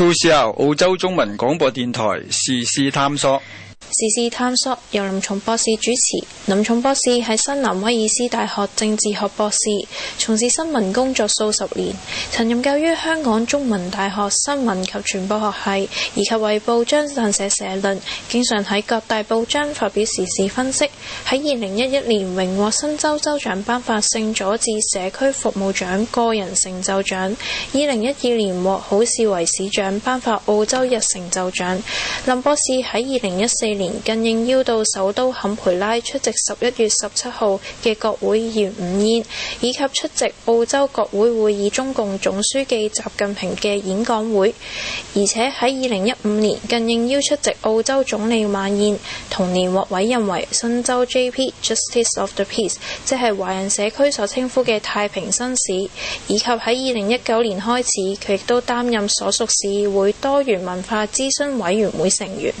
到時候，澳洲中文廣播電台時事探索。時事探索由林聰博士主持。林聰博士喺新南威爾斯大學政治學博士，從事新聞工作數十年，曾任教於香港中文大學新聞及傳播學系，以及為報章撰寫社，社論，經常喺各大報章發表時事分析。喺二零一一年榮獲新州州長頒發聖佐治社區服務獎個人成就獎，二零一二年獲好市圍市長頒發澳洲日成就獎。林博士喺二零一四年更應邀到首都坎培拉出席十一月十七號嘅國會議員午宴，以及出席澳洲國會會議中共總書記習近平嘅演講會，而且喺二零一五年更應邀出席澳洲總理晚宴。同年，獲委任為新州 J.P. Justice of the Peace，即係華人社區所稱呼嘅太平紳士，以及喺二零一九年開始，佢亦都擔任所屬市議會多元文化諮詢委員會成員。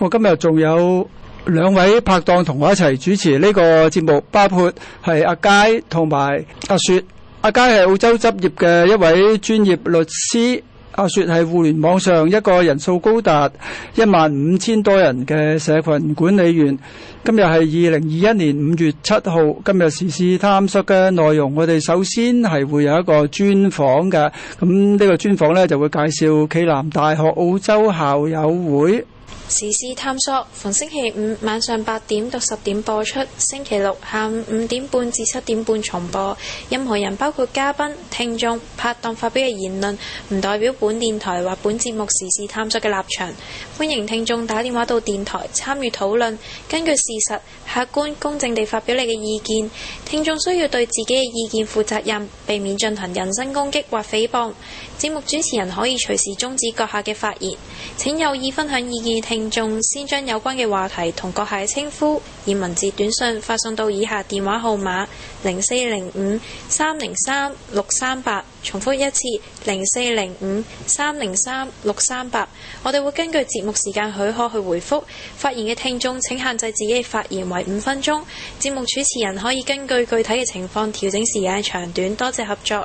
我今日仲有兩位拍檔同我一齊主持呢個節目，包括係阿佳同埋阿雪。阿佳係澳洲執業嘅一位專業律師，阿雪係互聯網上一個人數高達一萬五千多人嘅社群管理員。今日係二零二一年五月七號，今日時事探索嘅內容，我哋首先係會有一個專訪嘅。咁呢個專訪呢，就會介紹暨南大學澳洲校友會。時事探索逢星期五晚上八點到十點播出，星期六下午五點半至七點半重播。任何人包括嘉賓、聽眾、拍檔發表嘅言論，唔代表本電台或本節目時事探索嘅立場。歡迎聽眾打電話到電台參與討論，根據事實，客觀公正地發表你嘅意見。聽眾需要對自己嘅意見負責任，避免進行人身攻擊或誹謗。節目主持人可以隨時中止閣下嘅發言。請有意分享意見嘅聽眾，先將有關嘅話題同閣下嘅稱呼以文字短信發送到以下電話號碼：零四零五三零三六三八。300，重複一次：零四零五三零三六三八。300，我哋會根據節目時間許可去回覆發言嘅聽眾。請限制自己嘅發言為五分鐘。節目主持人可以根據具體嘅情況調整時間長短。多謝合作。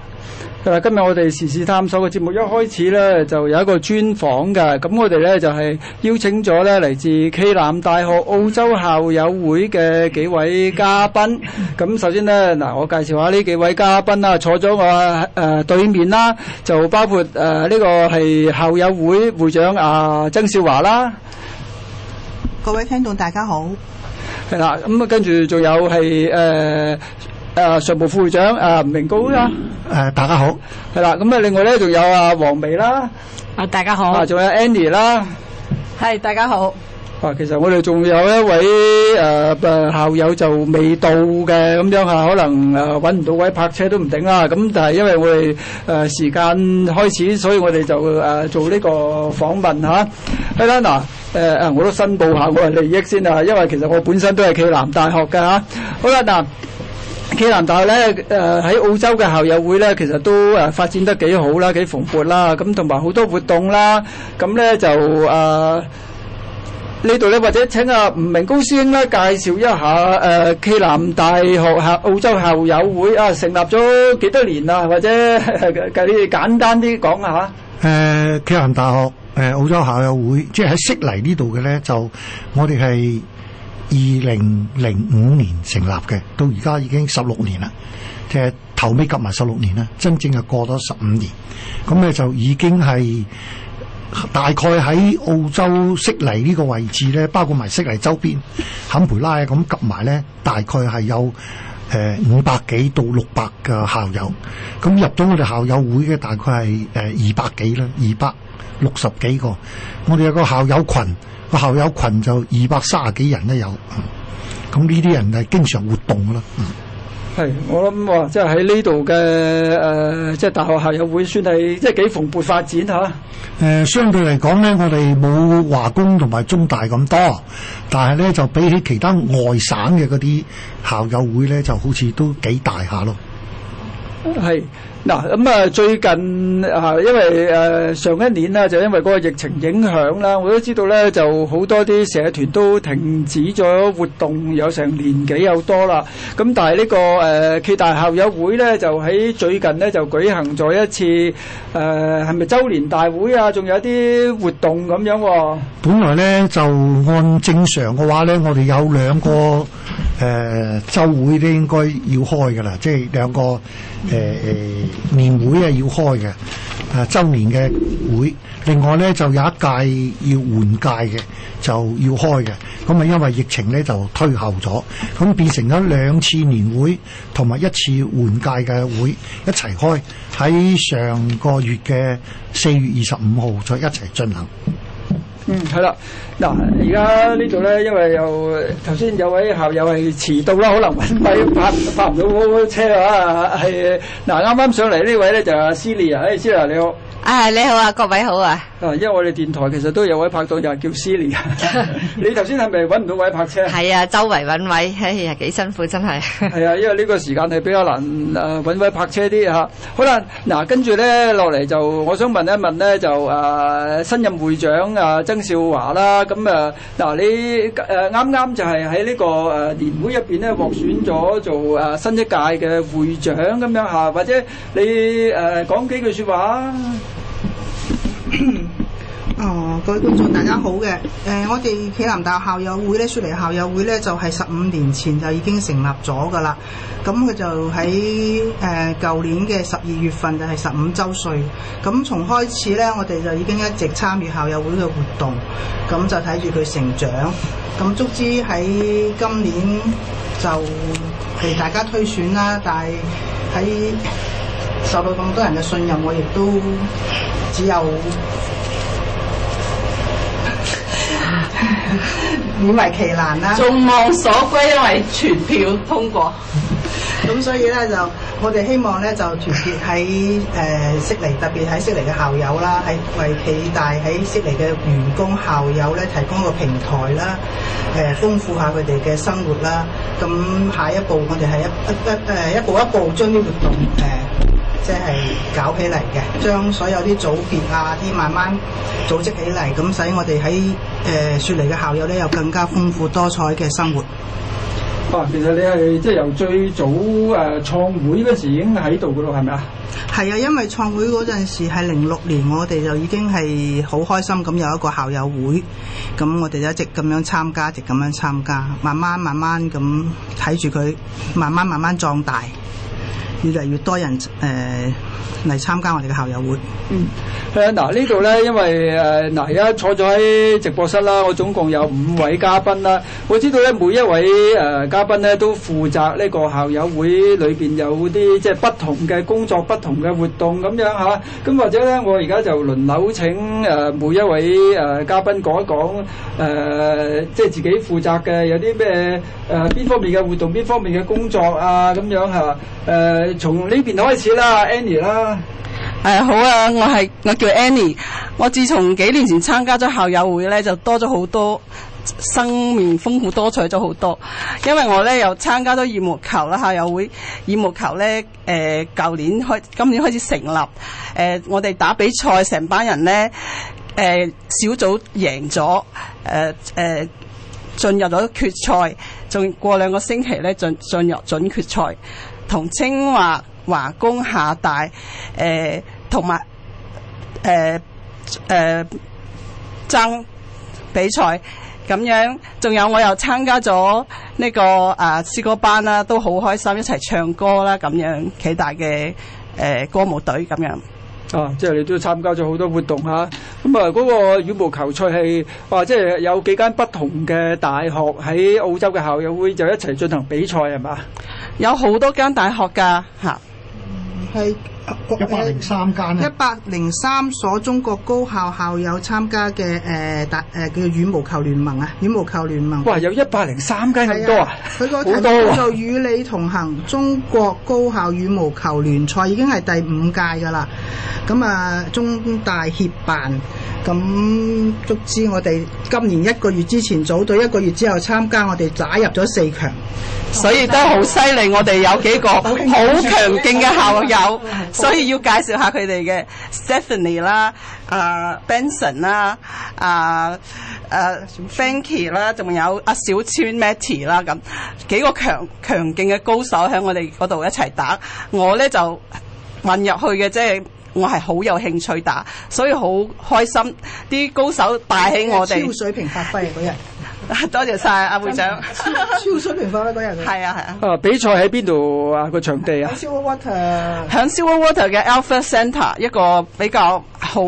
嗱，今日我哋時事探索嘅節目一開始咧，就有一個專訪嘅。咁我哋咧就係邀請咗咧嚟自暨南大學澳洲校友會嘅幾位嘉賓。咁首先咧，嗱，我介紹下呢幾位嘉賓啦，坐咗我誒對面啦。就包括誒呢個係校友會會長阿曾少華啦。各位聽眾大家好。係啦，咁啊，跟住仲有係誒。誒，常務副會長誒，吳明高啦。誒，大家好。係啦，咁啊，另外咧，仲有啊，黃眉啦。啊，大家好。啊，仲有 Annie 啦。係，大家好。啊，其實我哋仲有一位誒誒校友就未到嘅，咁樣吓，可能誒揾唔到位，泊車都唔定啦。咁但係因為我哋誒時間開始，所以我哋就誒做呢個訪問吓。係啦，嗱，誒誒，我都申報下我嘅利益先啊，因為其實我本身都係暨南大學㗎吓。好啦，嗱。暨南大學咧，誒喺澳洲嘅校友會咧，其實都誒發展得幾好啦，幾蓬勃啦，咁同埋好多活動啦，咁咧就誒呢度咧，或者請阿吳明高師兄咧介紹一下誒暨南大學校澳洲校友會啊，成立咗幾多年啦，或者你哋簡單啲講下。誒暨南大學誒澳洲校友會，即係喺悉尼呢度嘅咧，就我哋係，二零零五年成立嘅，到而家已經十六年啦。即係頭尾及埋十六年啦，真正係過咗十五年。咁咧就已經係大概喺澳洲悉尼呢個位置咧，包括埋悉尼周邊、坎培拉咁及埋咧，大概係有誒五百幾到六百個校友。咁入咗我哋校友會嘅大概係誒二百幾啦，二百六十幾個。我哋有個校友群。校友群就二百卅幾人都有，咁呢啲人係經常活動噶啦。係、嗯，我諗話即係喺呢度嘅誒，即係大學校友會算係即係幾蓬勃發展嚇。誒、啊，相對嚟講咧，我哋冇華工同埋中大咁多，但係咧就比起其他外省嘅嗰啲校友會咧，就好似都幾大下咯。係。嗱咁啊，最近啊，因為誒上一年咧，就因為嗰個疫情影響啦，我都知道咧，就好多啲社團都停止咗活動有成年幾有多啦。咁但係呢個誒暨大校友會咧，就喺最近咧就舉行咗一次誒，係咪周年大會啊？仲有啲活動咁樣喎。本來咧就按正常嘅話咧，我哋有兩個誒週會都，應該要開噶啦，即係兩個。誒誒年會啊要開嘅，誒週年嘅會，另外呢，就有一屆要換屆嘅，就要開嘅。咁啊，因為疫情呢，就推後咗，咁變成咗兩次年會同埋一次換屆嘅會一齊開，喺上個月嘅四月二十五號再一齊進行。嗯，係啦。嗱、啊，而家呢度咧，因為又頭先有位校友係遲到啦，可能揾唔到，發發唔到車啊。係，嗱、就是哎，啱啱上嚟呢位咧就阿 i 斯利啊，唉，斯利啊，你好。啊，你好啊，各位好啊！啊，因為我哋電台其實都有位拍檔，就係叫 Cilly。你頭先係咪揾唔到位拍車？係啊，周圍揾位哎呀，幾辛苦真係。係啊，因為呢個時間係比較難誒揾位拍車啲吓。好啦，嗱，跟住咧落嚟就，我想問一問咧，就誒新任會長誒曾少華啦，咁啊嗱，你誒啱啱就係喺呢個誒年會入邊咧，獲選咗做誒新一屆嘅會長咁樣吓，或者你誒講幾句說話啊？ 哦，各位觀眾大家好嘅，誒、呃，我哋暨南大學校友會咧，雪梨校友會咧就係十五年前就已經成立咗噶啦，咁佢就喺誒舊年嘅十二月份就係十五週歲，咁從開始咧我哋就已經一直參與校友會嘅活動，咁就睇住佢成長，咁足之喺今年就被大家推選啦，但係喺。受到咁多人嘅信任，我亦都只有勉為其難啦。眾望所歸，因為全票通過，咁所以咧就我哋希望咧就團結喺誒悉尼，特別喺悉尼嘅校友啦，喺為暨大喺悉尼嘅員工校友咧提供一個平台啦，誒豐富下佢哋嘅生活啦。咁下一步我哋係一一誒一步一步將啲活動誒。即係搞起嚟嘅，將所有啲組別啊，啲慢慢組織起嚟，咁使我哋喺誒雪梨嘅校友咧，有更加豐富多彩嘅生活。啊，其實你係即係由最早誒、呃、創會嗰時已經喺度噶咯，係咪啊？係啊，因為創會嗰陣時係零六年，我哋就已經係好開心咁有一個校友會，咁我哋就一直咁樣參加，一直咁樣參加，慢慢慢慢咁睇住佢，慢慢慢慢壯大。越嚟越多人誒嚟參加我哋嘅校友會。嗯，誒嗱、啊、呢度咧，因為誒嗱而家坐咗喺直播室啦。我總共有五位嘉賓啦。我知道咧每一位誒、呃、嘉賓咧都負責呢個校友會裏邊有啲即係不同嘅工作、不同嘅活動咁樣嚇。咁、啊、或者咧，我而家就輪流請誒、呃、每一位誒、呃、嘉賓講一講誒、呃，即係自己負責嘅有啲咩誒邊方面嘅活動、邊方面嘅工作啊咁樣嚇誒。啊呃從呢邊開始啦，Annie 啦，誒、啊、好啊，我係我叫 Annie，我自從幾年前參加咗校友會咧，就多咗好多，生命豐富多彩咗好多。因為我咧又參加咗羽毛球啦校友會羽毛球咧，誒、呃、舊年開，今年開始成立，誒、呃、我哋打比賽，成班人咧，誒、呃、小組贏咗，誒、呃、誒進入咗決賽，仲過兩個星期咧進進入準決賽。同清華、華工、廈大，誒同埋誒誒爭比賽。咁樣仲有我又參加咗呢、那個啊詩歌班啦，都好開心，一齊唱歌啦，咁樣暨大嘅誒、呃、歌舞隊咁樣。啊！即係你都參加咗好多活動嚇，咁啊嗰、那個羽毛球賽係哇、啊！即係有幾間不同嘅大學喺澳洲嘅校友會就一齊進行比賽係嘛？有好多間大學㗎嚇，係一百零三間、啊。一百零三所中國高校校友參加嘅誒大誒叫羽毛球聯盟啊！羽毛球聯盟哇！有一百零三間咁多啊！佢個、啊、題目叫做與你同行—— 啊、中國高校羽毛球聯賽已經係第五屆㗎啦。咁啊，中大協辦咁足知我哋今年一個月之前組隊，一個月之後參加，我哋打入咗四強，所以都係好犀利。我哋有幾個好強勁嘅校友， 所以要介紹下佢哋嘅 Stephanie 啦、啊 Benson 啦、啊誒、啊、Frankie 啦，仲有阿小川 Mattie 啦，咁幾個強強勁嘅高手喺我哋嗰度一齊打。我咧就混入去嘅，即係。我係好有興趣打，所以好開心。啲高手帶起我哋超水平發揮嗰、啊、日， 多謝晒阿會長超。超水平發揮嗰日係啊係啊。誒，比賽喺邊度啊？個場地啊。喺 Silver、啊、water 喺 Silverwater 嘅 Alpha Center，一個比較好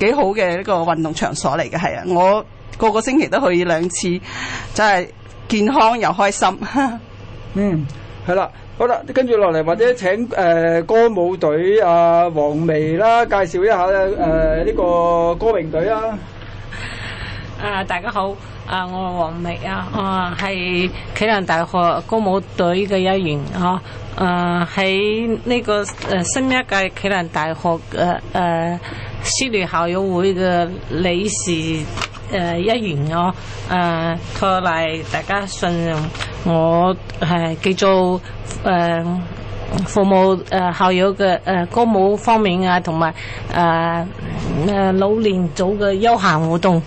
幾好嘅一個運動場所嚟嘅，係啊。我個個星期都去兩次，真、就、係、是、健康又開心。 嗯，係啦。好啦，跟住落嚟或者請誒、呃、歌舞隊阿黃眉啦，介紹一下誒呢、呃這個歌詠隊啦。啊，大家好，啊我係黃眉，啊，我係暨南大學歌舞隊嘅一員嗬、啊，啊喺呢、那個誒、啊、新一屆暨南大學誒誒。啊暨大校友會嘅理事誒一、呃、員咯，誒、啊，托賴大家信任我係繼續誒服務誒、啊、校友嘅誒、啊、歌舞方面啊，同埋誒誒老年組嘅休閒活動。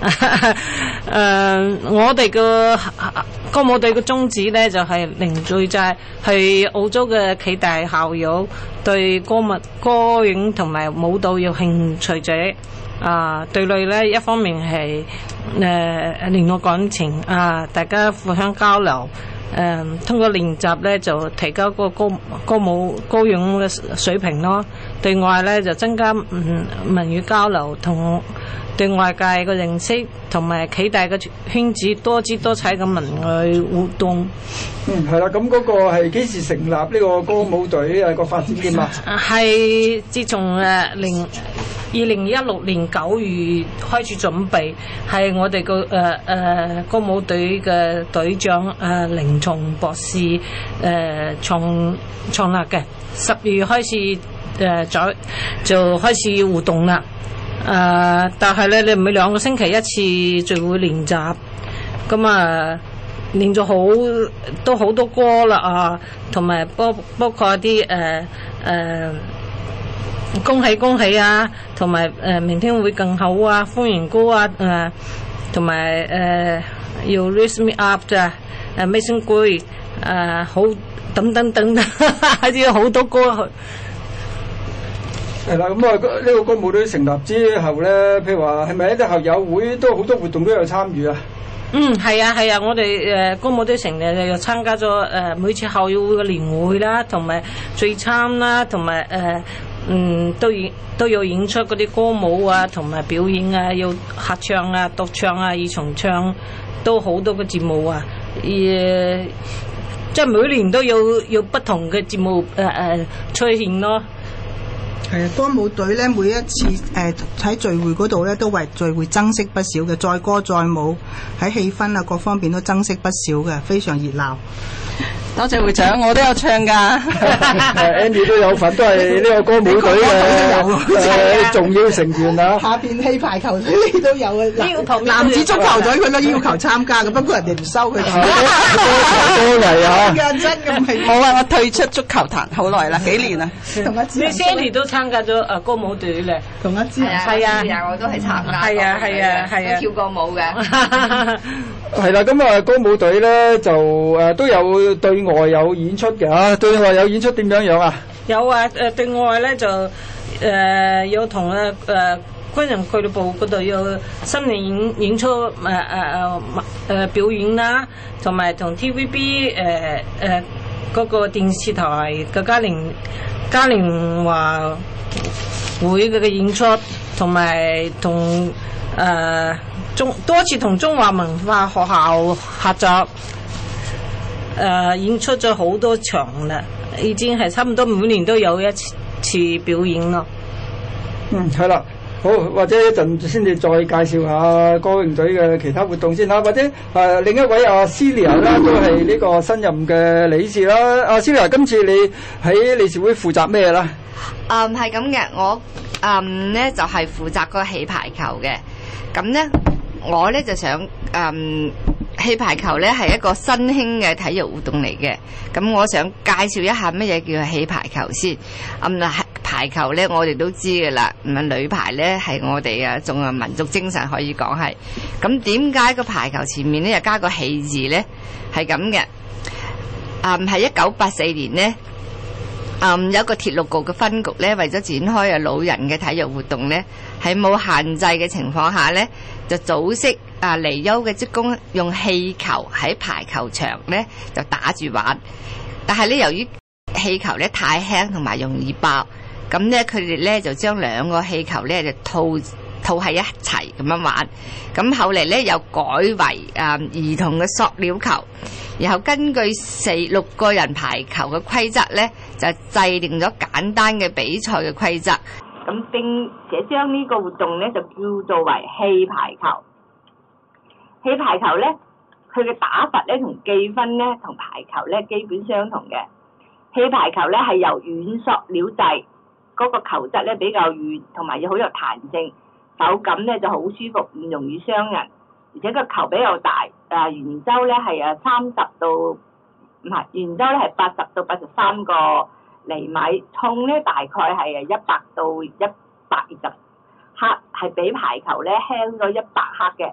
誒，我哋嘅歌舞隊嘅宗旨咧就係凝聚在係澳洲嘅暨大校友對歌舞歌詠同埋舞蹈有興趣者啊，對類咧一方面係誒聯絡感情啊，大家互相交流，誒通過練習咧就提高個歌歌舞歌詠嘅水平咯。對外咧就增加嗯文語交流，同對外界嘅認識，同埋暨大嘅圈子多姿多彩嘅文藝活動。嗯，係啦，咁嗰個係幾時成立呢個歌舞隊啊？個發展點啊？係自從誒零二零一六年九月開始準備，係我哋個誒誒歌舞隊嘅隊長誒凌重博士誒創創立嘅十月開始。誒，再、呃、就，就開始互動啦。誒、呃，但係咧，你每兩個星期一次聚會練習，咁啊，練咗好都好多歌啦啊，同埋包包括啲誒誒，恭喜恭喜啊，同埋誒明天會更好啊，歡迎歌啊，誒、啊，同埋誒要 Raise Me Up 啊誒，Amazing Grace 誒，好等等等等，有好多歌。係啦，咁啊，呢、這個歌舞隊成立之後咧，譬如話係咪一啲校友會都好多活動都有參與、嗯、啊？嗯，係啊，係啊，我哋誒、呃、歌舞隊成日又參加咗誒、呃、每次校友會嘅年會啦，同埋聚餐啦，同埋誒嗯都演都有演出嗰啲歌舞啊，同埋表演啊，又合唱啊、獨唱啊、二重唱，都好多個節目啊，亦即係每年都有有不同嘅節目誒誒、呃呃、出現咯。係，歌舞隊咧，每一次誒喺聚會嗰度咧，都為聚會增色不少嘅。載歌載舞，喺氣氛啊各方面都增色不少嘅，非常熱鬧。多謝會長，我都有唱㗎。Andy 都有份，都係呢個歌舞隊嘅，誒重要成員啊。下邊氣排球隊都有啊。要求男子足球隊佢都要求參加嘅，不過人哋唔收佢。都係啊。真嘅唔係。我啊，我退出足球壇好耐啦，幾年啦。同阿志。呢 Sandy 都參加咗誒歌舞隊咧。同阿志。係啊，我都係參加。係啊，係啊，係啊，跳過舞嘅。係啦，咁啊，歌舞隊咧就誒都有對外有演出嘅嚇，對外有演出點樣樣啊？有啊，誒、呃、對外咧就誒、呃、有同啊，誒、呃、軍人俱樂部嗰度有新年演演出誒誒誒誒表演啦、啊，同埋同 TVB 誒誒嗰個電視台嘅嘉年嘉年華會嘅演出，同埋同誒中多次同中華文化學校合作。誒，演出咗好多場啦，已經係差唔多每年都有一次表演咯，嗯。嗯，係啦，好或者一陣先至再介紹下歌詠隊嘅其他活動先吓，或者誒、呃、另一位阿、啊、Celia 啦，都係呢個新任嘅理事啦。阿、啊、Celia，今次你喺理事會負責咩啦，嗯？嗯，係咁嘅，我嗯咧就係、是、負責個氣排球嘅。咁呢，我咧就想嗯。氣排球咧係一個新興嘅體育活動嚟嘅，咁我想介紹一下乜嘢叫氣排球先。咁啊，排球咧我哋都知嘅啦，咁啊女排咧係我哋啊仲有民族精神可以講係。咁點解個排球前面咧又加個氣字咧？係咁嘅。啊，係一九八四年咧，啊有個鐵路局嘅分局咧，為咗展開啊老人嘅體育活動咧，喺冇限制嘅情況下咧，就組織。啊！離休嘅職工用氣球喺排球場咧就打住玩，但係咧由於氣球咧太輕同埋容易爆，咁咧佢哋咧就將兩個氣球咧就套套喺一齊咁樣玩。咁後嚟咧又改為、啊、兒童嘅塑料球，然後根據四六個人排球嘅規則咧就制定咗簡單嘅比賽嘅規則，咁並且將呢個活動咧就叫做為氣排球。氣排球咧，佢嘅打法咧同記分咧同排球咧基本相同嘅。氣排球咧係由軟塑料製，嗰、那個球質咧比較軟，同埋又好有彈性，手感咧就好舒服，唔容易傷人。而且個球比較大，誒、啊、圓周咧係誒三十到，唔係圓周咧係八十到八十三個厘米，重咧大概係誒一百到一百二十克，係比排球咧輕咗一百克嘅。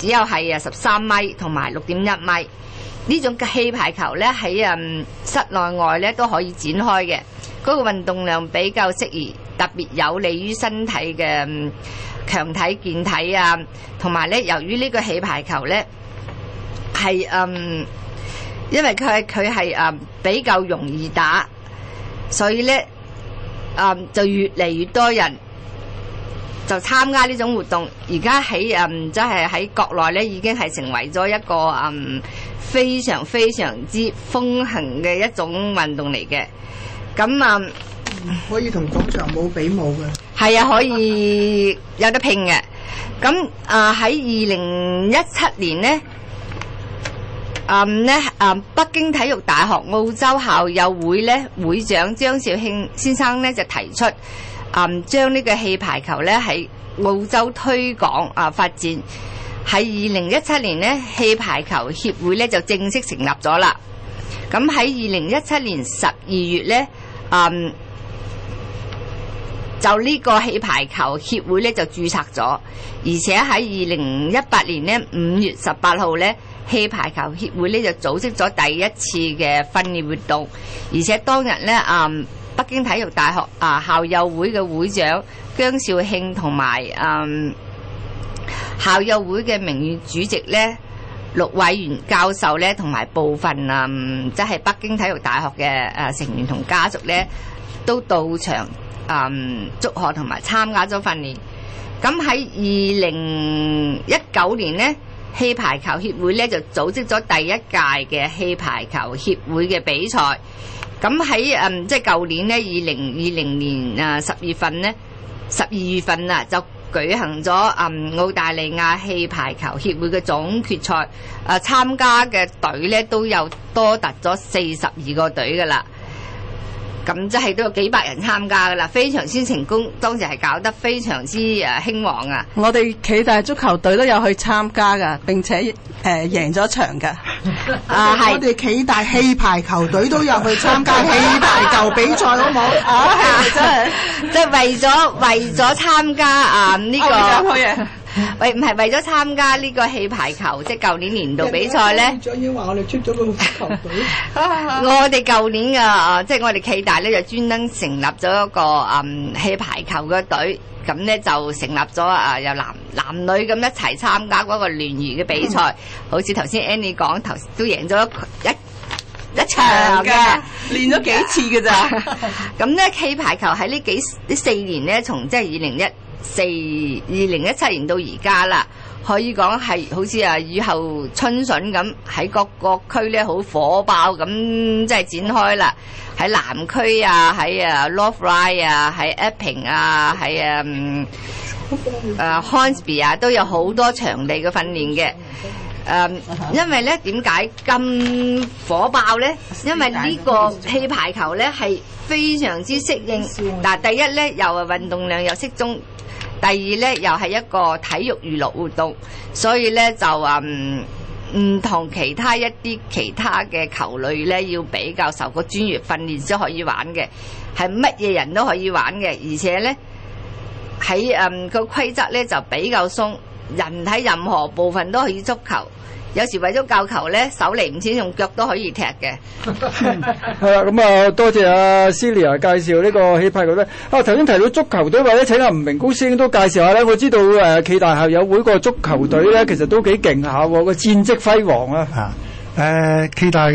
只有係啊十三米同埋六點一米呢種氣排球咧，喺啊室內外咧都可以展開嘅。嗰個運動量比較適宜，特別有利於身體嘅強體健體啊。同埋咧，由於呢個氣排球咧係嗯，因為佢係佢係誒比較容易打，所以咧啊就越嚟越多人。就參加呢種活動，而家喺嗯即係喺國內咧，已經係成為咗一個嗯非常非常之風行嘅一種運動嚟嘅。咁啊，可以同廣場舞比武嘅，係啊，可以有得拼嘅。咁啊喺二零一七年咧，嗯咧啊，北京體育大學澳洲校友會咧會長張兆慶先生咧就提出。嗯，將呢個氣排球呢喺澳洲推廣啊發展。喺二零一七年呢，氣排球協會呢就正式成立咗啦。咁喺二零一七年十二月呢，嗯，就呢個氣排球協會呢就註冊咗，而且喺二零一八年呢五月十八號呢，氣排球協會呢就組織咗第一次嘅訓練活動，而且當日呢。嗯。北京體育大學啊校友會嘅會長姜少慶，同埋嗯，校友會嘅名譽主席咧，陸偉源教授咧，同埋部分啊即係北京體育大學嘅誒成員同家族咧，都到場嗯，祝賀同埋參加咗訓練。咁喺二零一九年咧，氣排球協會咧，就組織咗第一屆嘅氣排球協會嘅比賽。咁喺嗯，即係舊年咧，二零二零年啊十月份咧，十二月份啊，就舉行咗嗯澳大利亞氣排球協會嘅總決賽，啊參加嘅隊咧，都有多達咗四十二個隊噶啦。咁即係都有幾百人參加噶啦，非常之成功。當時係搞得非常之誒興旺啊！我哋暨大足球隊都有去參加噶，並且、呃、贏咗場噶。啊，係。我哋暨大氣排球隊都有去參加氣排球比賽，好冇 啊！真係即係為咗為咗參加啊呢、呃這個。啊喂唔係為咗參加呢個氣排球，即係舊年年度比賽咧？話我哋出咗個球隊。 我哋舊年噶，即係我哋暨大咧就專登成立咗一個嗯氣排球嘅隊，咁咧就成立咗啊、呃，男男女咁一齊參加嗰個聯誼嘅比賽。嗯、好似頭先 Annie 講，頭都贏咗一一場嘅，練咗幾次嘅咋？咁咧氣排球喺呢幾呢四年咧，從即係二零一。就是四二零一七年到而家啦，可以講係好似啊雨後春筍咁喺各個區咧好火爆咁，即係展開啦。喺南區啊，喺啊 Loftus 啊，喺 Epping 啊，喺啊啊 Hornsby 啊，都有好多場地嘅訓練嘅。誒，因為咧點解咁火爆咧？因為呢個氣排球咧係非常之適應嗱，第一咧又係運動量又適中。第二咧，又係一個體育娛樂活動，所以咧就嗯唔同其他一啲其他嘅球類咧，要比較受過專業訓練先可以玩嘅，係乜嘢人都可以玩嘅，而且咧喺嗯個規則咧就比較鬆，人體任何部分都可以足球。有時為咗教球咧，手嚟唔止用腳都可以踢嘅。係啊，咁啊、 嗯嗯嗯，多謝阿、啊、Silia 介紹呢個氣排球咧。啊，頭先提到足球隊，或者請阿吳明高師兄都介紹下咧。我知道誒，暨、啊、大校友會個足球隊咧，其實都幾勁下，個戰績輝煌啊。暨、嗯啊、大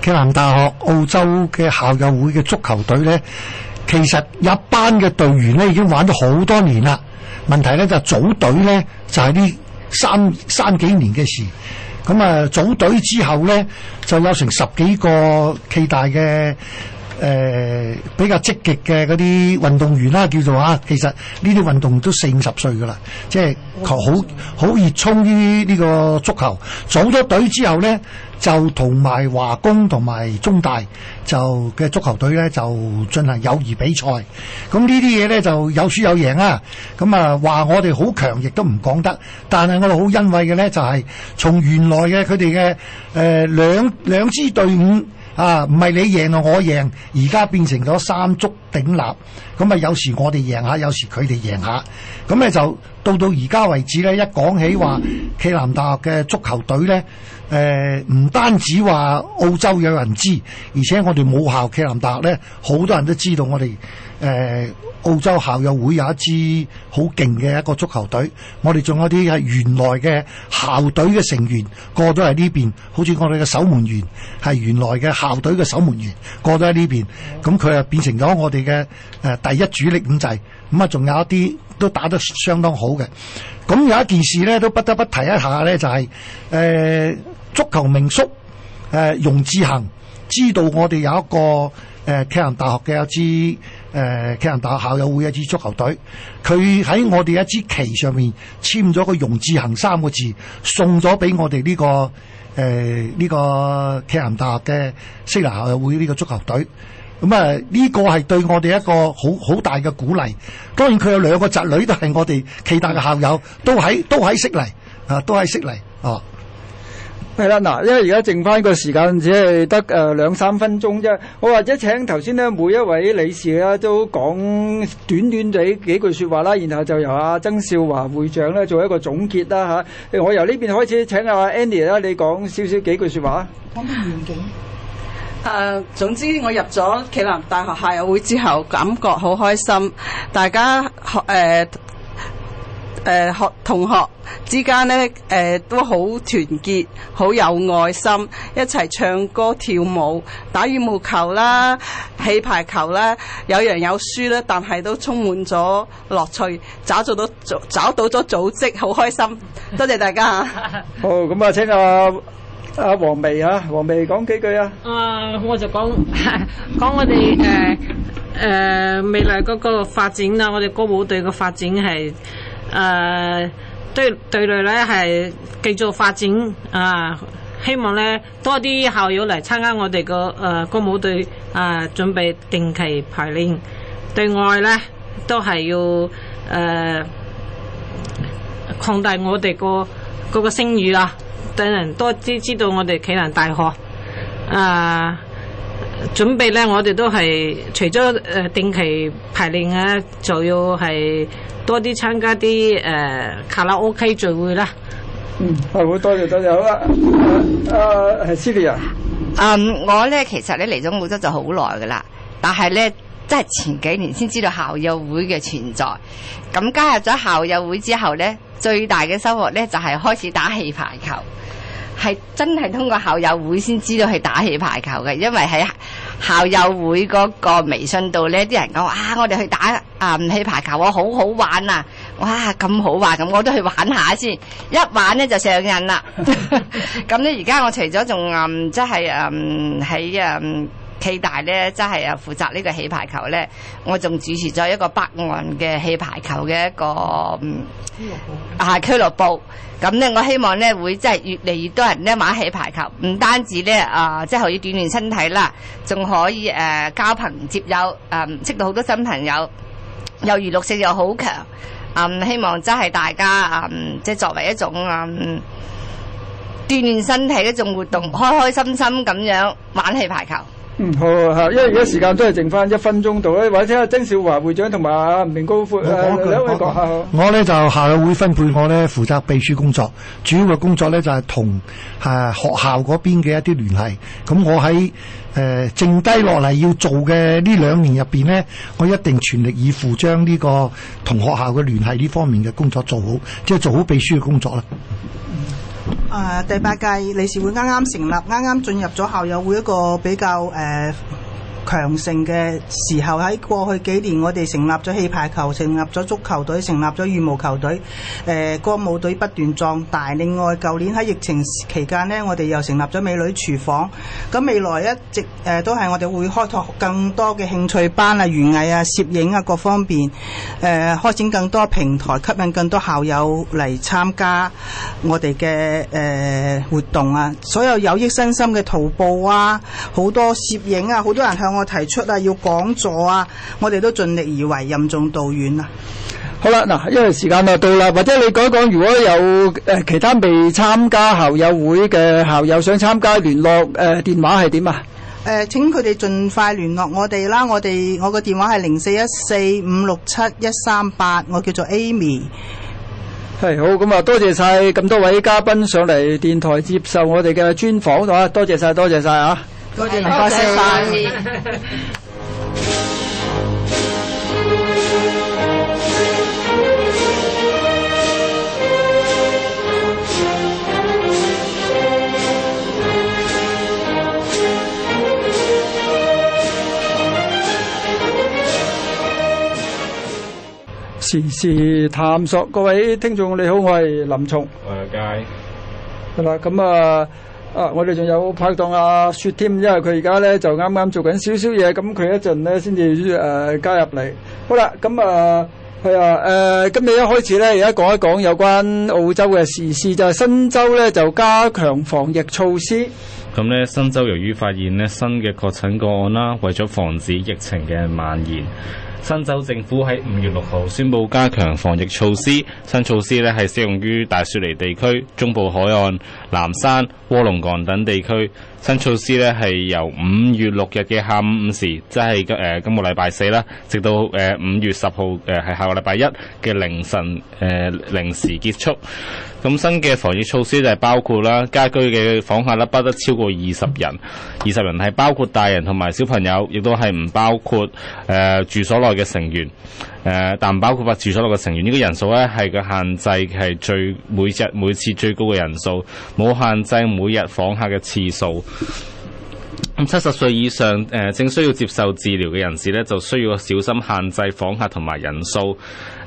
暨南大學澳洲嘅校友會嘅足球隊咧，其實一班嘅隊員咧已經玩咗好多年啦。問題咧就係組隊咧就係啲。三三幾年嘅事，咁啊組隊之後咧，就有成十幾個暨大嘅誒、呃、比較積極嘅嗰啲運動員啦、啊，叫做啊，其實呢啲運動員都四五十歲噶啦，即係好好熱衷於呢個足球。組咗隊之後咧。就同埋華工同埋中大就嘅足球隊呢，就進行友誼比賽。咁呢啲嘢呢，就有輸有贏啊！咁啊話我哋好強，亦都唔講得。但係我哋好欣慰嘅呢，就係從原來嘅佢哋嘅誒兩兩支隊伍啊，唔係你贏啊我贏，而家變成咗三足鼎立。咁啊，有時我哋贏下，有時佢哋贏下。咁咧就到到而家為止呢，一講起話暨南大學嘅足球隊呢。誒，唔、呃、單止話澳洲有人知，而且我哋母校暨南大學呢，好多人都知道我哋、誒、呃、澳洲校友會有一支好勁嘅一個足球隊。我哋仲有啲係原來嘅校隊嘅成員過咗喺呢邊，好似我哋嘅守門員係原來嘅校隊嘅守門員過咗喺呢邊，咁佢啊，變成咗我哋嘅、誒第一主力咁滯咁啊，仲、嗯、有一啲都打得相當好嘅。咁有一件事呢，都不得不提一下呢，就係、是、誒。呃足球名宿誒、呃、容志行知道我哋有一個誒暨南大學嘅一支誒暨南大學校友會一支足球隊，佢喺我哋一支旗上面簽咗個容志行三個字，送咗俾我哋呢、這個誒呢、呃這個暨南大學嘅悉尼校友會呢個足球隊。咁、嗯、啊，呢、呃這個係對我哋一個好好大嘅鼓勵。當然佢有兩個侄女都係我哋暨大嘅校友，都喺都喺悉尼啊，都喺悉尼係啦，嗱，因為而家剩翻個時間只係得誒兩三分鐘啫。我或者請頭先咧，每一位理事都講短短地幾句說話啦，然後就由阿曾少華會長咧做一個總結啦吓。我由呢邊開始，請阿 Annie 啦，你講少少幾句說話啊。講願景？誒，總之我入咗暨南大學校友會之後，感覺好開心，大家誒。呃誒、呃、同學之間咧，誒、呃、都好團結，好有愛心，一齊唱歌跳舞、打羽毛球啦、氣排球啦。有人有輸啦，但係都充滿咗樂趣，找做到找到咗組織，好開心。多謝大家 好咁啊！請阿阿黃眉啊，黃眉講幾句啊。啊、呃，我就講講我哋誒、呃呃、未來嗰個發展啊，我哋歌舞隊嘅發展係。誒、呃，對對內咧係繼續發展，啊、呃，希望咧多啲校友嚟參加我哋個誒歌舞隊，啊、呃，準備定期排練。對外咧都係要誒、呃，擴大我哋個、嗰個聲譽啊，等人多知知道我哋暨南大學，啊、呃。準備咧，我哋都係除咗誒定期排練啊，就要係多啲參加啲誒、呃、卡拉 O、OK、K 聚會啦。嗯，係會多謝多謝，好啦。誒、啊，係朱麗人。嗯，我咧其實咧嚟咗澳洲就好耐噶啦，但係咧即係前幾年先知道校友會嘅存在。咁加入咗校友會之後咧，最大嘅收穫咧就係、是、開始打氣排球。係真係通過校友會先知道去打氣排球嘅，因為喺校友會嗰個微信度咧，啲人講啊，我哋去打啊氣、嗯、排球啊，好好玩啊！哇，咁好玩，咁我都去玩下先。一玩咧就上癮啦。咁咧而家我除咗仲嗯，即係嗯喺暨大咧真係啊，負責個牌呢個氣排球咧。我仲主持咗一個北岸嘅氣排球嘅一個俱啊俱樂部。咁咧，我希望咧會真係越嚟越多人咧玩氣排球，唔單止咧啊、呃，即係可以鍛鍊身體啦，仲可以誒、呃、交朋友接友，誒、嗯、識到好多新朋友。又娛樂性又好強，啊、嗯，希望真係大家啊、嗯，即係作為一種啊鍛鍊身體一種活動，開開心心咁樣玩氣排球。嗯，好，吓，因為而家時間都係剩翻一分鐘度咧，或者阿曾少華會長同埋阿吳明高誒兩位講下，我呢就校友會分配我呢負責秘書工作，主要嘅工作呢就係同誒學校嗰邊嘅一啲聯繫。咁我喺誒剩低落嚟要做嘅呢兩年入面呢，我一定全力以赴將呢個同學校嘅聯繫呢方面嘅工作做好，即係做好秘書嘅工作啦。誒、啊，第八屆理事會啱啱成立，啱啱進入咗校友會一個比較誒。啊強盛嘅時候喺過去幾年，我哋成立咗氣排球、成立咗足球隊，成立咗羽毛球隊誒、呃、歌舞隊不斷壯大。另外，舊年喺疫情期間咧，我哋又成立咗美女廚房。咁未來一直誒、呃、都係我哋會開拓更多嘅興趣班啊、園藝啊、攝影啊各方面誒、呃、開展更多平台，吸引更多校友嚟參加我哋嘅誒活動啊！所有有益身心嘅徒步啊、好多攝影啊、好多人向。我提出啊，要講座啊，我哋都盡力而為，任重道遠啊。好啦，嗱，因為時間就到啦，或者你講一講，如果有誒、呃、其他未參加校友會嘅校友想參加聯絡誒、呃、電話係點啊？誒、呃，請佢哋盡快聯絡我哋啦。我哋我個電話係零四一四五六七一三八，8，我叫做 Amy。係好，咁啊，多謝晒，咁多位嘉賓上嚟電台接受我哋嘅專訪，吓，多謝晒，多謝晒啊！多謝林先生。時事探索，各位聽眾你好，我係林松。誒，好啦，咁啊。啊！我哋仲有拍檔阿雪添，因為佢而家咧就啱啱做緊少少嘢，咁佢一陣呢先至誒加入嚟。好啦，咁啊係啊誒，今日一開始呢，而家講一講有關澳洲嘅時事，就係新州呢，就加強防疫措施。咁呢，新州由於發現呢新嘅確診個案啦，為咗防止疫情嘅蔓延，新州政府喺五月六號宣布加強防疫措施。新措施呢係適用於大雪梨地區、中部海岸。南山、臥龍崗等地區。新措施咧，係由五月六日嘅下午五時，即係誒今個禮拜四啦，直到誒五月十號誒係下個禮拜一嘅凌晨誒零、呃、時結束。咁新嘅防疫措施就係包括啦，家居嘅訪客咧不得超過二十人，二十人係包括大人同埋小朋友，亦都係唔包括誒住所內嘅成員。誒，但唔包括住所內嘅成員。呢、呢個人數咧係個限制，係最每日每次最高嘅人數，冇限制每日訪客嘅次數。咁七十歲以上誒，正需要接受治療嘅人士咧，就需要小心限制訪客同埋人數。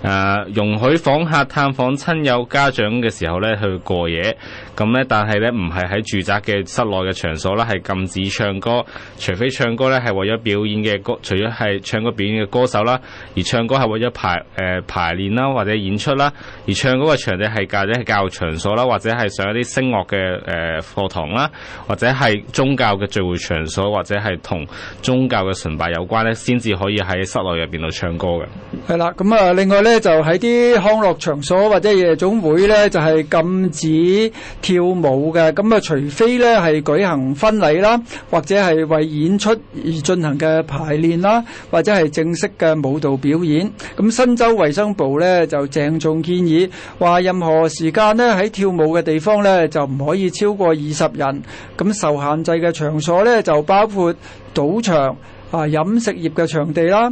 誒、啊、容許訪客探訪親友家長嘅時候咧去過夜，咁咧但係咧唔係喺住宅嘅室內嘅場所啦，係禁止唱歌，除非唱歌咧係為咗表演嘅歌，除咗係唱歌表演嘅歌手啦，而唱歌係為咗排誒、呃、排練啦，或者演出啦，而唱歌嘅場地係教者係教育場所啦，或者係上一啲聲樂嘅誒課堂啦，或者係宗教嘅聚會場所，或者係同宗教嘅崇拜有關咧，先至可以喺室內入邊度唱歌嘅。係啦，咁啊，另外咧。咧就喺啲康樂場所或者夜總會咧，就係禁止跳舞嘅。咁啊，除非咧係舉行婚禮啦，或者係為演出而進行嘅排練啦，或者係正式嘅舞蹈表演。咁新州衛生部咧就鄭重建議，話任何時間咧喺跳舞嘅地方咧就唔可以超過二十人。咁受限制嘅場所咧就包括賭場啊、飲食業嘅場地啦。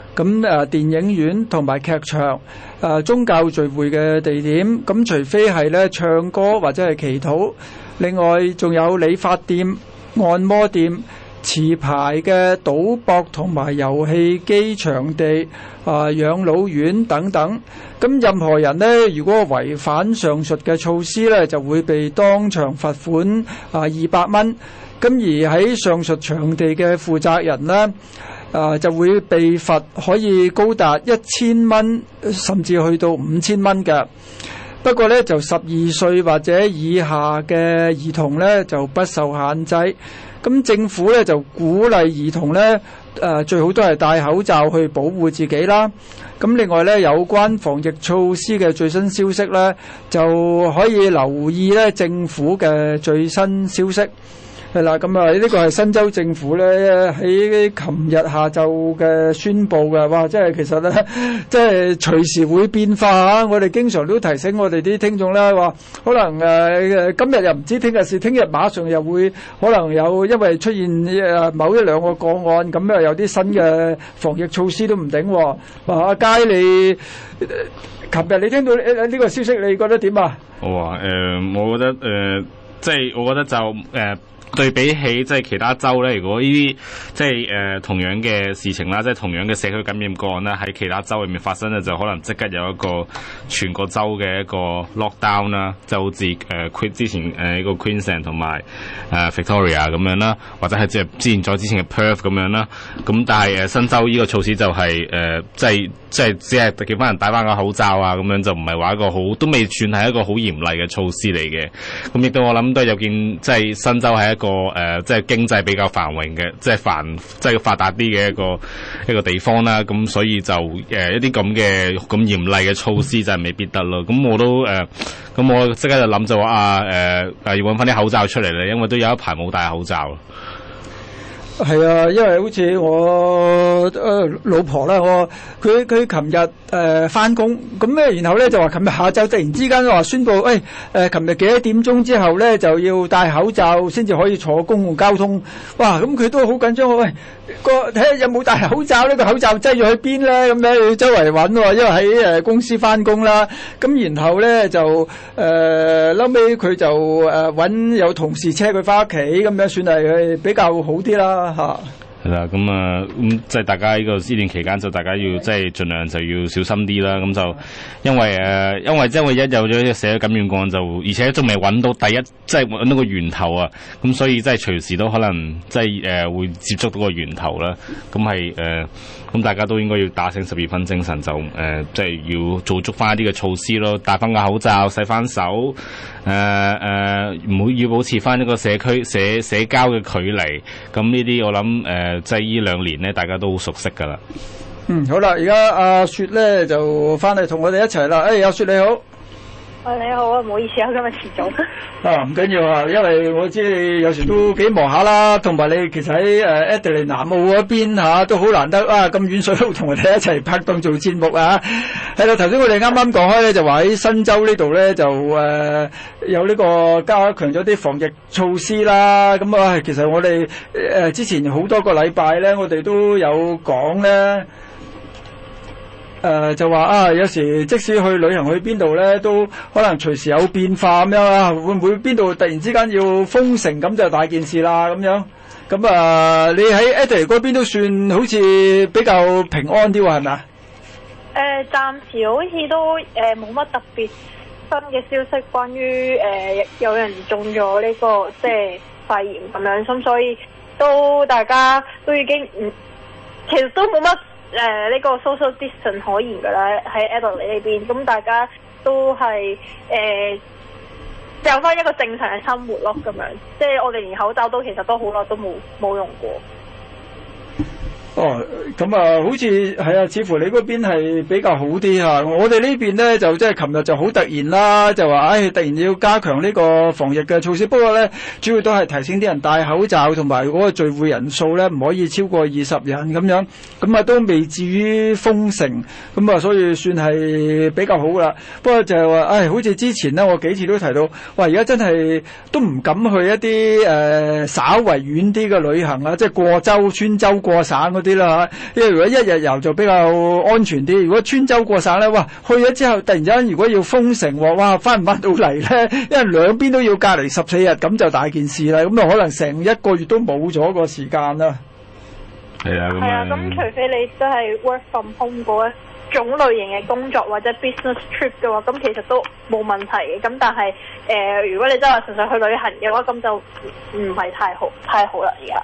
咁電影院同埋劇場、啊，宗教聚會嘅地點，咁除非係咧唱歌或者係祈禱，另外仲有理髮店、按摩店、持牌嘅賭博同埋遊戲機場地、啊，養老院等等。咁任何人呢，如果違反上述嘅措施呢，就會被當場罰款啊二百蚊。咁而喺上述場地嘅負責人呢，啊，就會被罰，可以高達一千蚊，甚至去到五千蚊嘅。不過呢，就十二歲或者以下嘅兒童呢，就不受限制。咁政府呢，就鼓勵兒童呢，啊，最好都係戴口罩去保護自己啦。咁另外呢，有關防疫措施嘅最新消息呢，就可以留意呢政府嘅最新消息。係啦，咁啊，呢、這個係新州政府咧喺琴日下晝嘅宣佈嘅。哇，即係其實咧，即係隨時會變化啊！我哋經常都提醒我哋啲聽眾咧話，可能誒誒，今日又唔知，聽日事，聽日，馬上又會可能有因為出現誒某一兩個個個案，咁又有啲新嘅防疫措施都唔定。哇，阿佳你，你琴日你聽到呢個消息，你覺得點啊？我啊、哦，誒、呃，我覺得誒、呃，即係我覺得就誒。呃對比起即係其他州咧，如果呢啲即係同樣嘅事情啦，即係同樣嘅社區感染個案啦，喺其他州入面發生咧，就可能即刻有一個全個州嘅一個 lockdown 啦，就好似 q u 之前誒呢個 Queensland 同埋誒 Victoria 咁樣啦，或者係即係之前再之前嘅 Perth 咁樣啦，咁但係誒新州依個措施就係誒即係。呃就是即係只係叫翻人戴翻個口罩啊，咁樣就唔係話一個好，都未算係一個好嚴厲嘅措施嚟嘅。咁亦都我諗都係有見，即係新州係一個、呃、即係經濟比較繁榮嘅，即係繁即係發達啲嘅一個一個地方啦、啊。咁所以就、呃、一啲咁嘅咁嚴厲嘅措施就係未必得咯。咁我都、呃、咁我即刻就諗就話啊、呃、要搵翻啲口罩出嚟啦，因為都有一排冇戴口罩。係啊，因為好似我誒、呃、老婆啦，我佢佢琴日誒翻工，咁咧、呃，然後咧就話琴日下晝突然之間話宣佈，誒、哎、誒，琴、呃、日幾多點鐘之後咧就要戴口罩先至可以坐公共交通。哇，咁、嗯、佢都好緊張，喂、哎，個睇下有冇戴口罩呢？個口罩擠咗去邊咧？咁樣要周圍揾喎，因為喺誒、呃、公司翻工啦。咁然後咧就誒、呃、後尾佢就誒揾、呃、有同事車佢翻屋企，咁樣算係比較好啲啦。係啦，咁啊，咁即係大家呢、這個思年期間，就大家要即係盡量就要小心啲啦。咁、嗯、就因為誒、呃，因為即係我為一有咗啲社區感染個案就，就而且仲未揾到第一，即係揾到個源頭啊。咁、嗯、所以即係隨時都可能即係誒會接觸到個源頭啦。咁係誒。咁大家都應該要打醒十二分精神，就、呃，就誒，即係要做足翻一啲嘅措施咯，戴翻個口罩，洗翻手，誒、呃、誒，每、呃、要保持翻一個社區社社交嘅距離。咁呢啲我諗誒，即係依兩年咧，大家都好熟悉噶啦。嗯，好啦，而家阿雪咧就翻嚟同我哋一齊啦。誒、哎，阿雪你好。喂，你好啊，唔好意思啊，今日遲咗。啊，唔緊、啊、要緊啊，因為我知你有時都幾忙下啦，同埋你其實喺誒埃德尼南澳嗰邊吓，都好難得啊，咁遠水都同我哋一齊拍檔做節目啊。係啦，頭先我哋啱啱講開咧，就話喺新州呢度咧就誒、呃、有呢個加強咗啲防疫措施啦。咁啊，其實我哋誒、呃、之前好多個禮拜咧，我哋都有講咧。誒、呃，就話啊，有時即使去旅行去邊度咧，都可能隨時有變化咁樣啦。會唔會邊度突然之間要封城咁就大件事啦？咁樣咁啊、嗯呃，你喺埃 i 嗰邊都算好似比較平安啲喎，係嘛？誒、呃，暫時好似都誒冇乜特別新嘅消息，關於誒、呃、有人中咗呢、這個即係肺炎咁樣，所以都大家都已經唔，其實都冇乜。誒呢、呃這個 social distance 可言㗎啦，喺 Adelaide 嚟呢邊，咁大家都係誒、呃、有翻一個正常嘅生活咯，咁樣，即係我哋連口罩都其實都好耐都冇冇用過。哦，咁啊，好似係啊，似乎你嗰邊係比較好啲吓。我哋呢邊咧就即係琴日就好突然啦，就話誒突然要加強呢個防疫嘅措施。不過咧，主要都係提醒啲人戴口罩同埋嗰個聚會人數咧唔可以超過二十人咁樣。咁啊都未至於封城，咁啊所以算係比較好噶啦。不過就係話誒，好似之前咧，我幾次都提到，哇！而家真係都唔敢去一啲誒、呃、稍為遠啲嘅旅行啊，即係過州，穿州過省。啲啦，因為如果一日遊就比較安全啲；如果穿州過省咧，哇，去咗之後突然之間如果要封城喎，哇，翻唔翻到嚟咧？因為兩邊都要隔離十四日，咁就大件事啦。咁就可能成一個月都冇咗個時間啦。係啊，係啊，咁除非你真係 work from home 一種類型嘅工作或者 business trip 嘅話，咁其實都冇問題嘅。咁但係誒、呃，如果你真係純粹去旅行嘅話，咁就唔係太好，嗯、太好啦而家。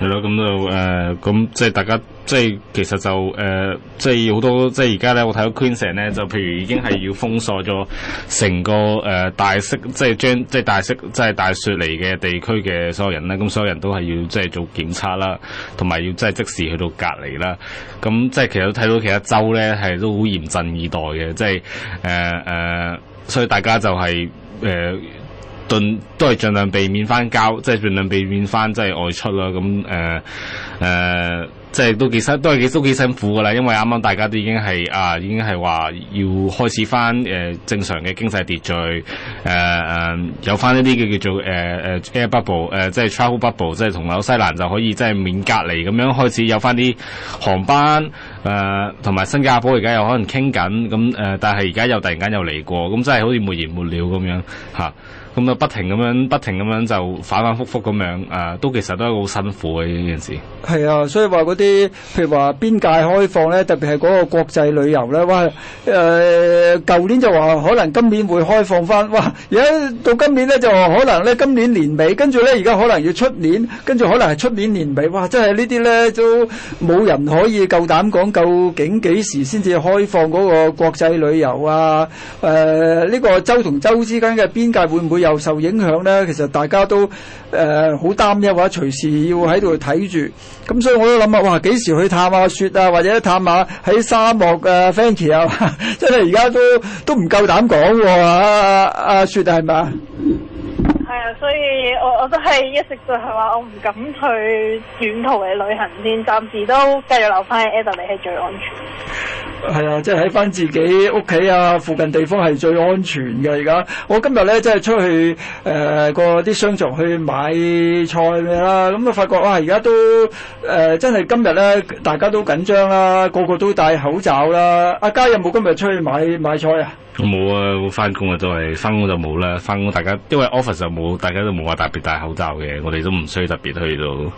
係咯，咁、嗯、就誒，咁即係大家，即係其實就誒，即係好多，即係而家咧，我睇到 Queensland 咧，就譬如已經係要封鎖咗成個誒、呃、大式即係將即係大式即係大雪梨嘅地區嘅所有人啦。咁所有人都係要即係做檢測啦，同埋要即係即時去到隔離啦。咁即係其實睇到其他州咧，係都好嚴陣以待嘅，即係誒誒所以大家就係、是、誒。呃都係盡量避免翻交，即係盡量避免翻，即係外出啦。咁誒誒，即係都幾辛，都係都幾辛苦噶啦。因為啱啱大家都已經係啊，已經係話要開始翻誒正常嘅經濟秩序誒誒，有翻一啲嘅叫做誒誒 air bubble，誒即係 travel bubble，即係同紐西蘭就可以即係免隔離咁樣開始有翻啲航班誒，同埋新加坡而家又可能傾緊咁誒，但係而家又突然間又嚟過，咁真係好似沒完沒了咁樣嚇。咁啊，不停咁樣不停咁樣，就反反复复咁樣啊，都其實都係好辛苦嘅呢件事。係啊，所以話啲，譬如話邊界開放咧，特別係嗰個國際旅遊咧，喂誒舊年就話可能今年會開放翻，哇！而家到今年咧就話可能咧今年年尾，跟住咧而家可能要出年，跟住可能係出年年尾，哇！真係呢啲咧都冇人可以夠膽講究竟幾時先至開放嗰個國際旅遊啊？誒、呃、呢個州同州之間嘅邊界會唔會有？受受影響咧，其實大家都誒好、呃、擔憂或者隨時要喺度睇住，咁所以我都諗下，話幾時去探下雪啊，或者探下喺沙漠嘅 fancy 啊，即係而家都都唔夠膽講喎，阿阿阿雪係咪？係啊，所以我我都係一直就係話我唔敢去遠途嘅旅行先，暫時都繼續留翻喺 Edo 你係最安全的。係啊，即係喺翻自己屋企啊，附近地方係最安全嘅。而家我今日咧，即係出去誒個啲商場去買菜啦。咁、嗯、啊，發覺啊，而家都誒、呃、真係今日咧，大家都緊張啦，個個都戴口罩啦。阿嘉有冇今日出去買買菜沒啊？冇啊，翻工啊，都係翻工就冇啦。翻工大家因為 office 就冇，大家都冇話特別戴口罩嘅，我哋都唔需要特別去到誒，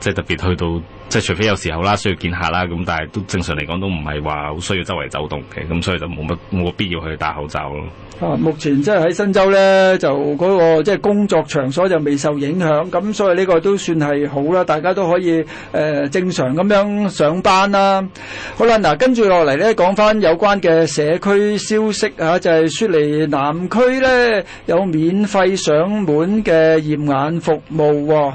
即係特別去到。呃即是特別去到即係除非有時候啦，需要見客啦，咁但係都正常嚟講都唔係話好需要周圍走動嘅，咁所以就冇乜冇必要去戴口罩咯。啊，目前即係喺新州咧，就嗰、那個即係、就是、工作場所就未受影響，咁所以呢個都算係好啦，大家都可以誒、呃、正常咁樣上班啦。好啦，嗱、啊，跟住落嚟咧，講翻有關嘅社區消息嚇、啊，就係、是、雪梨南區咧有免費上門嘅驗眼服務喎、哦。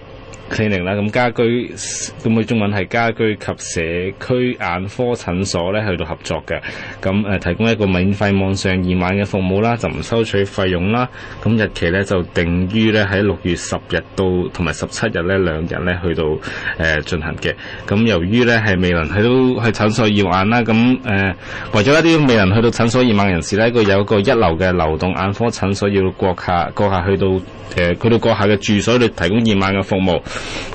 c l 啦，咁家居，咁佢中文係家居及社區眼科診所咧，去到合作嘅，咁提供一個免費網上驗眼嘅服務啦，就唔收取費用啦。咁日期咧就定於咧喺六月十日到同埋十七日呢兩日咧去到、呃、進行嘅。咁由於咧係未能去到去診所驗眼啦，咁、呃、誒為咗一啲未能去到診所驗眼嘅人士咧，佢有一個一流嘅流動眼科診所要到閣下閣下去到、呃、去到閣下嘅住所嚟提供驗眼嘅服務。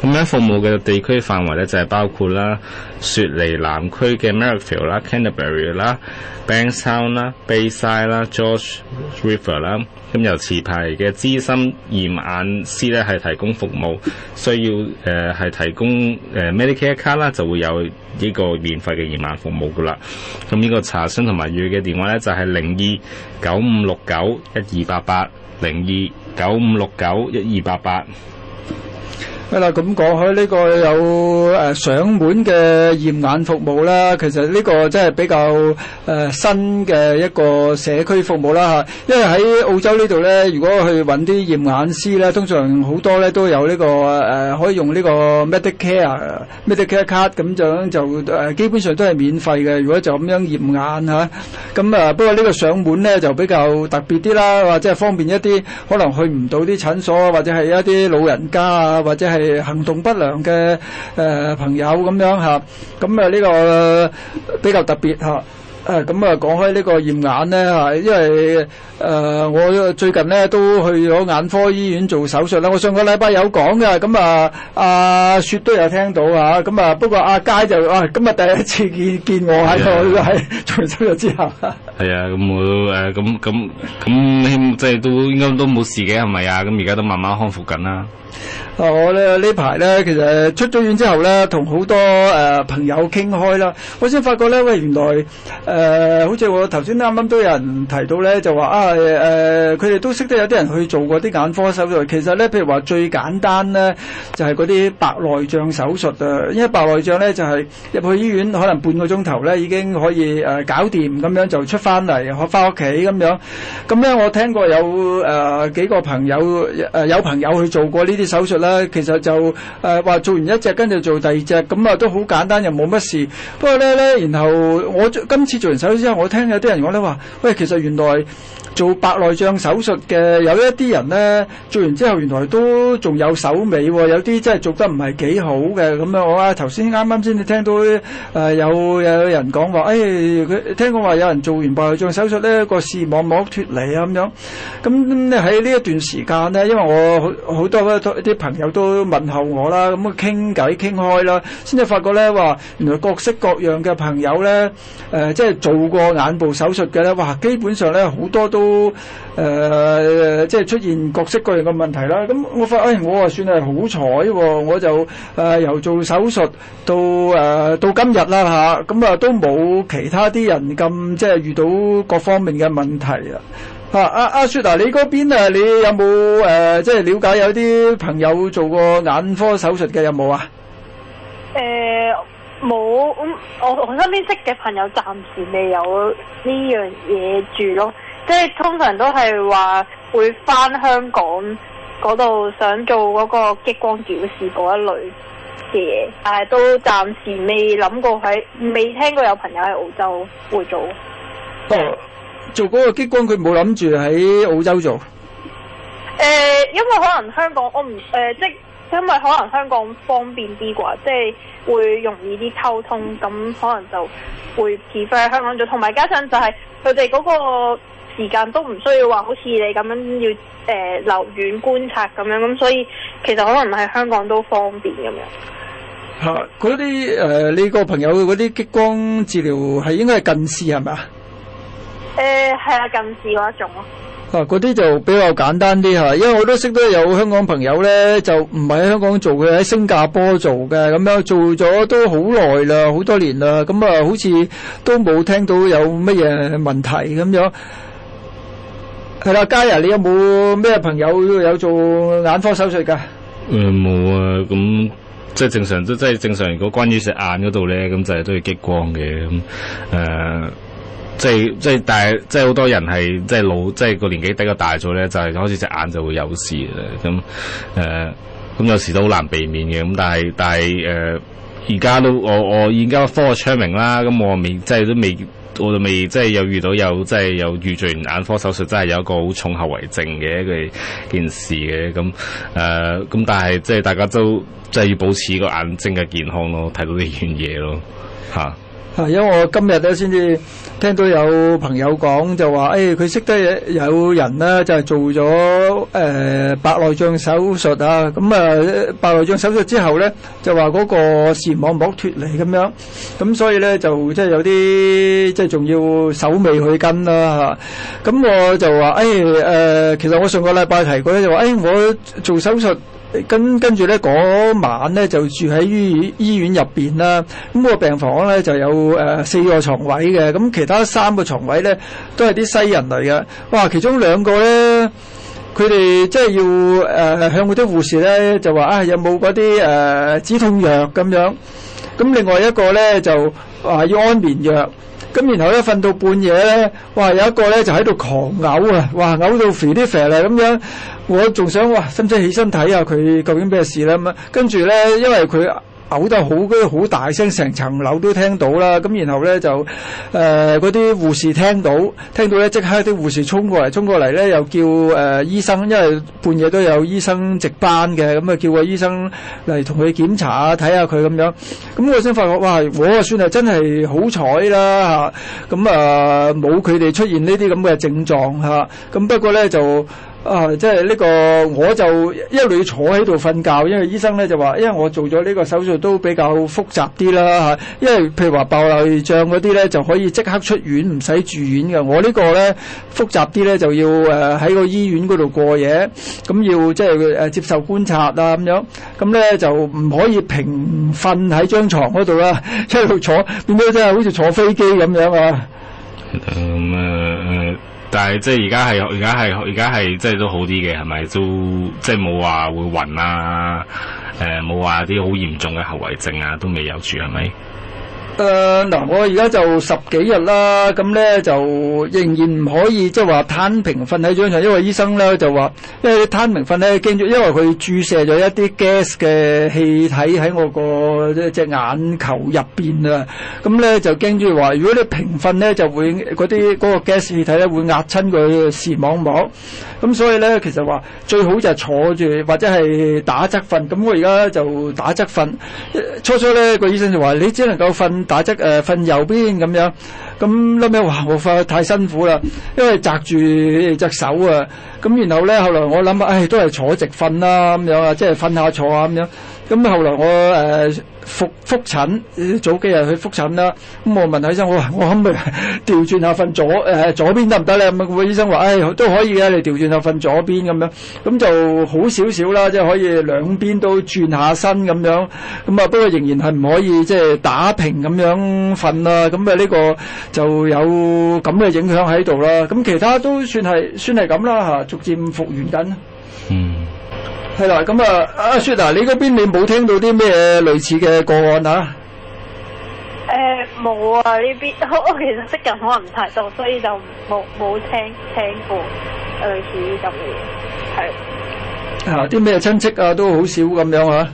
咁咧，服務嘅地區範圍咧就係、是、包括啦，雪梨南區嘅 Maryfield 啦、Canterbury 啦、Bankstown 啦、Bayside 啦、George River 啦、啊。咁、啊、由持牌嘅資深驗眼師咧係提供服務，需要誒係、呃、提供誒 Medicare 卡啦，呃、card, 就會有呢個免費嘅驗眼服務噶啦。咁呢個查詢同埋預約嘅電話咧就係零二九五六九一二八八，零二九五六九一二八八。係啦，咁講開呢個有誒、呃、上門嘅驗眼服務啦，其實呢個真係比較誒、呃、新嘅一個社區服務啦吓，因為喺澳洲呢度咧，如果去揾啲驗眼師咧，通常好多咧都有呢、這個誒、呃、可以用呢個 Medicare Medicare card 咁樣就誒、呃、基本上都係免費嘅。如果就咁樣驗眼吓咁啊、呃、不過呢個上門咧就比較特別啲啦，或者係方便一啲，可能去唔到啲診所啊，或者係一啲老人家啊，或者係。行動不良嘅誒、呃、朋友咁樣吓，咁啊呢個比較特別吓，誒咁啊講開呢個驗眼咧吓、啊，因為誒、呃、我最近咧都去咗眼科醫院做手術啦。我上個禮拜有講嘅，咁啊阿、啊、雪都有聽到吓，咁啊不過阿、啊、佳就啊，今日第一次見見我喺度喺做完手術之後。係啊，咁我誒咁咁咁你即係都應該都冇事嘅係咪啊？咁而家都慢慢康復緊啦。我咧呢排呢，其實出咗院之後呢，同好多誒、呃、朋友傾開啦，我先發覺呢，喂，原來誒、呃，好似我頭先啱啱都有人提到呢，就話啊誒，佢、呃、哋都識得有啲人去做過啲眼科手術，其實呢，譬如話最簡單呢，就係嗰啲白內障手術啊，因為白內障呢，就係、是、入去醫院可能半個鐘頭呢，已經可以誒、呃、搞掂咁樣就出翻嚟返屋企咁樣。咁呢，我聽過有誒、呃、幾個朋友誒、呃、有朋友去做過呢啲。手術呢，其實就誒話、呃、做完一隻，跟住做第二隻，咁、嗯、啊都好簡單，又冇乜事。不過咧咧，然後我今次做完手術之後，我聽有啲人講咧話，喂，其實原來做白內障手術嘅有一啲人呢，做完之後，原來都仲有手尾喎、哦，有啲真係做得唔係幾好嘅咁樣。我啊頭先啱啱先至聽到、呃、有有人講話，誒、哎、佢聽講話有人做完白內障手術呢，個視網膜脫離啊咁樣。咁喺呢一段時間呢，因為我好好多一啲朋友都問候我啦，咁啊傾偈傾開啦，先至發覺咧，話原來各式各樣嘅朋友咧，誒即係做過眼部手術嘅咧，哇，基本上咧好多都誒即係出現各式各樣嘅問題啦。咁我發，我啊算係好彩喎，我就誒由做手術到誒到今日啦嚇，咁啊都冇其他啲人咁即係遇到各方面嘅問題啊。啊阿阿雪嗱，你嗰邊誒，你有冇誒、呃、即係了解有啲朋友做過眼科手術嘅有冇啊？誒、呃，冇，我我身邊識嘅朋友暫時未有呢樣嘢住咯，即係通常都係話會翻香港嗰度想做嗰個激光矯視嗰一類嘅嘢，但係都暫時未諗過喺，未聽過有朋友喺澳洲會做。哦做嗰個激光佢冇諗住喺澳洲做，誒、呃，因為可能香港我唔誒，即係因為可能香港方便啲啩，即係會容易啲溝通，咁可能就會 prefer 香港做，同埋加上就係佢哋嗰個時間都唔需要話好似你咁樣要誒、呃、留院觀察咁樣，咁所以其實可能喺香港都方便咁樣。嚇、啊，嗰啲誒，你個朋友嗰啲激光治療係應該係近視係咪？誒，係、嗯、啊，近視嗰一種咯。啊，嗰啲就比較簡單啲吓，因為我都識得有香港朋友咧，就唔係喺香港做嘅，喺新加坡做嘅，咁樣做咗都好耐啦，好多年啦，咁啊，好似都冇聽到有乜嘢問題咁樣。係啦，嘉仁，你有冇咩朋友都有做眼科手術噶？誒、嗯，冇啊，咁、嗯、即係正常都即係正常。正常如果關於隻眼嗰度咧，咁就係都要激光嘅咁誒。嗯嗯即係即係，但係即係好多人係即係老，即係個年紀比較大咗咧，就係開始隻眼就會有事咧。咁誒，咁、呃、有時都好難避免嘅。咁但係但係誒，而、呃、家都我我而家科學昌明啦，咁我未即係都未，我就未即係有遇到有即係有預罪完眼科手術，真係有一個好重後遺症嘅一個件事嘅。咁誒，咁、呃、但係即係大家都即係要保持個眼睛嘅健康咯，睇到啲遠嘢咯，吓、啊。係，因為我今日咧先至聽到有朋友講就話，誒佢識得有人咧就係做咗誒白內障手術啊，咁啊白內障手術之後咧就話嗰個視網膜脫離咁樣，咁所以咧就即係有啲即係仲要手尾去跟啦嚇，咁我就話誒誒，其實我上個禮拜提過咧就話，誒我做手術。跟跟住咧，嗰晚咧就住喺醫院醫院入邊啦。咁個病房咧就有誒四個床位嘅，咁其他三個床位咧都係啲西人嚟嘅。哇，其中兩個咧，佢哋即係要誒向嗰啲護士咧就話啊，有冇嗰啲誒止痛藥咁樣？咁另外一個咧就話、啊、要安眠藥，咁然後呢，瞓到半夜咧，哇有一個咧就喺度狂嘔啊，哇嘔到肥啲肥啦咁樣，我仲想哇，使唔使起身睇下佢究竟咩事啦咁啊？跟住咧因為佢。嘔得好，好大聲，成層樓都聽到啦。咁然後呢，就，誒、呃，嗰啲護士聽到，聽到呢即刻啲護士衝過嚟，衝過嚟呢又叫誒、呃、醫生，因為半夜都有醫生值班嘅，咁啊叫個醫生嚟同佢檢查，睇下佢咁樣。咁我先發覺，哇！我啊算係真係好彩啦吓，咁啊冇佢哋出現呢啲咁嘅症狀吓。咁、啊、不過呢，就。啊！即係呢個，我就一路要坐喺度瞓覺，因為醫生咧就話，因為我做咗呢個手術都比較複雜啲啦。因為譬如話白內障嗰啲咧，就可以即刻出院唔使住院嘅。我呢個咧複雜啲咧，就要誒喺、呃、個醫院嗰度過夜，咁要即係、呃、接受觀察啊咁樣。咁咧就唔可以平瞓喺張床嗰度啦，出去坐變咗真係好似坐飛機咁樣啊！Um, uh, 但係，即係而家係，而家係，而家係，即係都好啲嘅，係咪？都即係冇話會暈啊，誒，冇話啲好嚴重嘅後遺症啊，都未有住，係咪？誒，嗱、呃，我而家就十幾日啦，咁咧就仍然唔可以即係話攤平瞓喺張床，因為醫生咧就話，因為攤平瞓咧驚住，因為佢注射咗一啲 gas 嘅氣體喺我個隻眼球入邊啊，咁咧就驚住話，如果你平瞓咧就會嗰啲、嗰個 gas 氣體咧會壓親佢視網膜，咁所以咧其實話最好就坐住或者係打側瞓，咁我而家就打側瞓，初初咧個醫生就話你只能夠瞓。打側誒瞓右邊咁樣，咁後屘，哇我瞓得太辛苦啦，因為紮住隻手啊，咁然後咧後來我諗啊，唉、哎、都係坐直瞓啦咁樣啊，即係瞓下坐下咁樣。咁後來我誒復復診，早幾日去復診啦。咁我問醫生，我話我可唔可以調轉下瞓左誒左邊得唔得咧？咁個醫生話，誒都可以嘅，你調轉下瞓左邊咁樣，咁就好少少啦，即係可以兩邊都轉下身咁樣。咁啊，不過仍然係唔可以即係打平咁樣瞓啦。咁啊，呢個就有咁嘅影響喺度啦。咁其他都算係算係咁啦，嚇，逐漸復原緊。嗯。係啦，咁啊，阿雪嗱、啊，你嗰邊你冇聽到啲咩類似嘅個案啊？誒、呃，冇啊，呢邊我其實識人可能唔太多，所以就冇冇聽聽過類似咁嘅嘢，係啊，啲咩親戚啊都好少咁樣啊。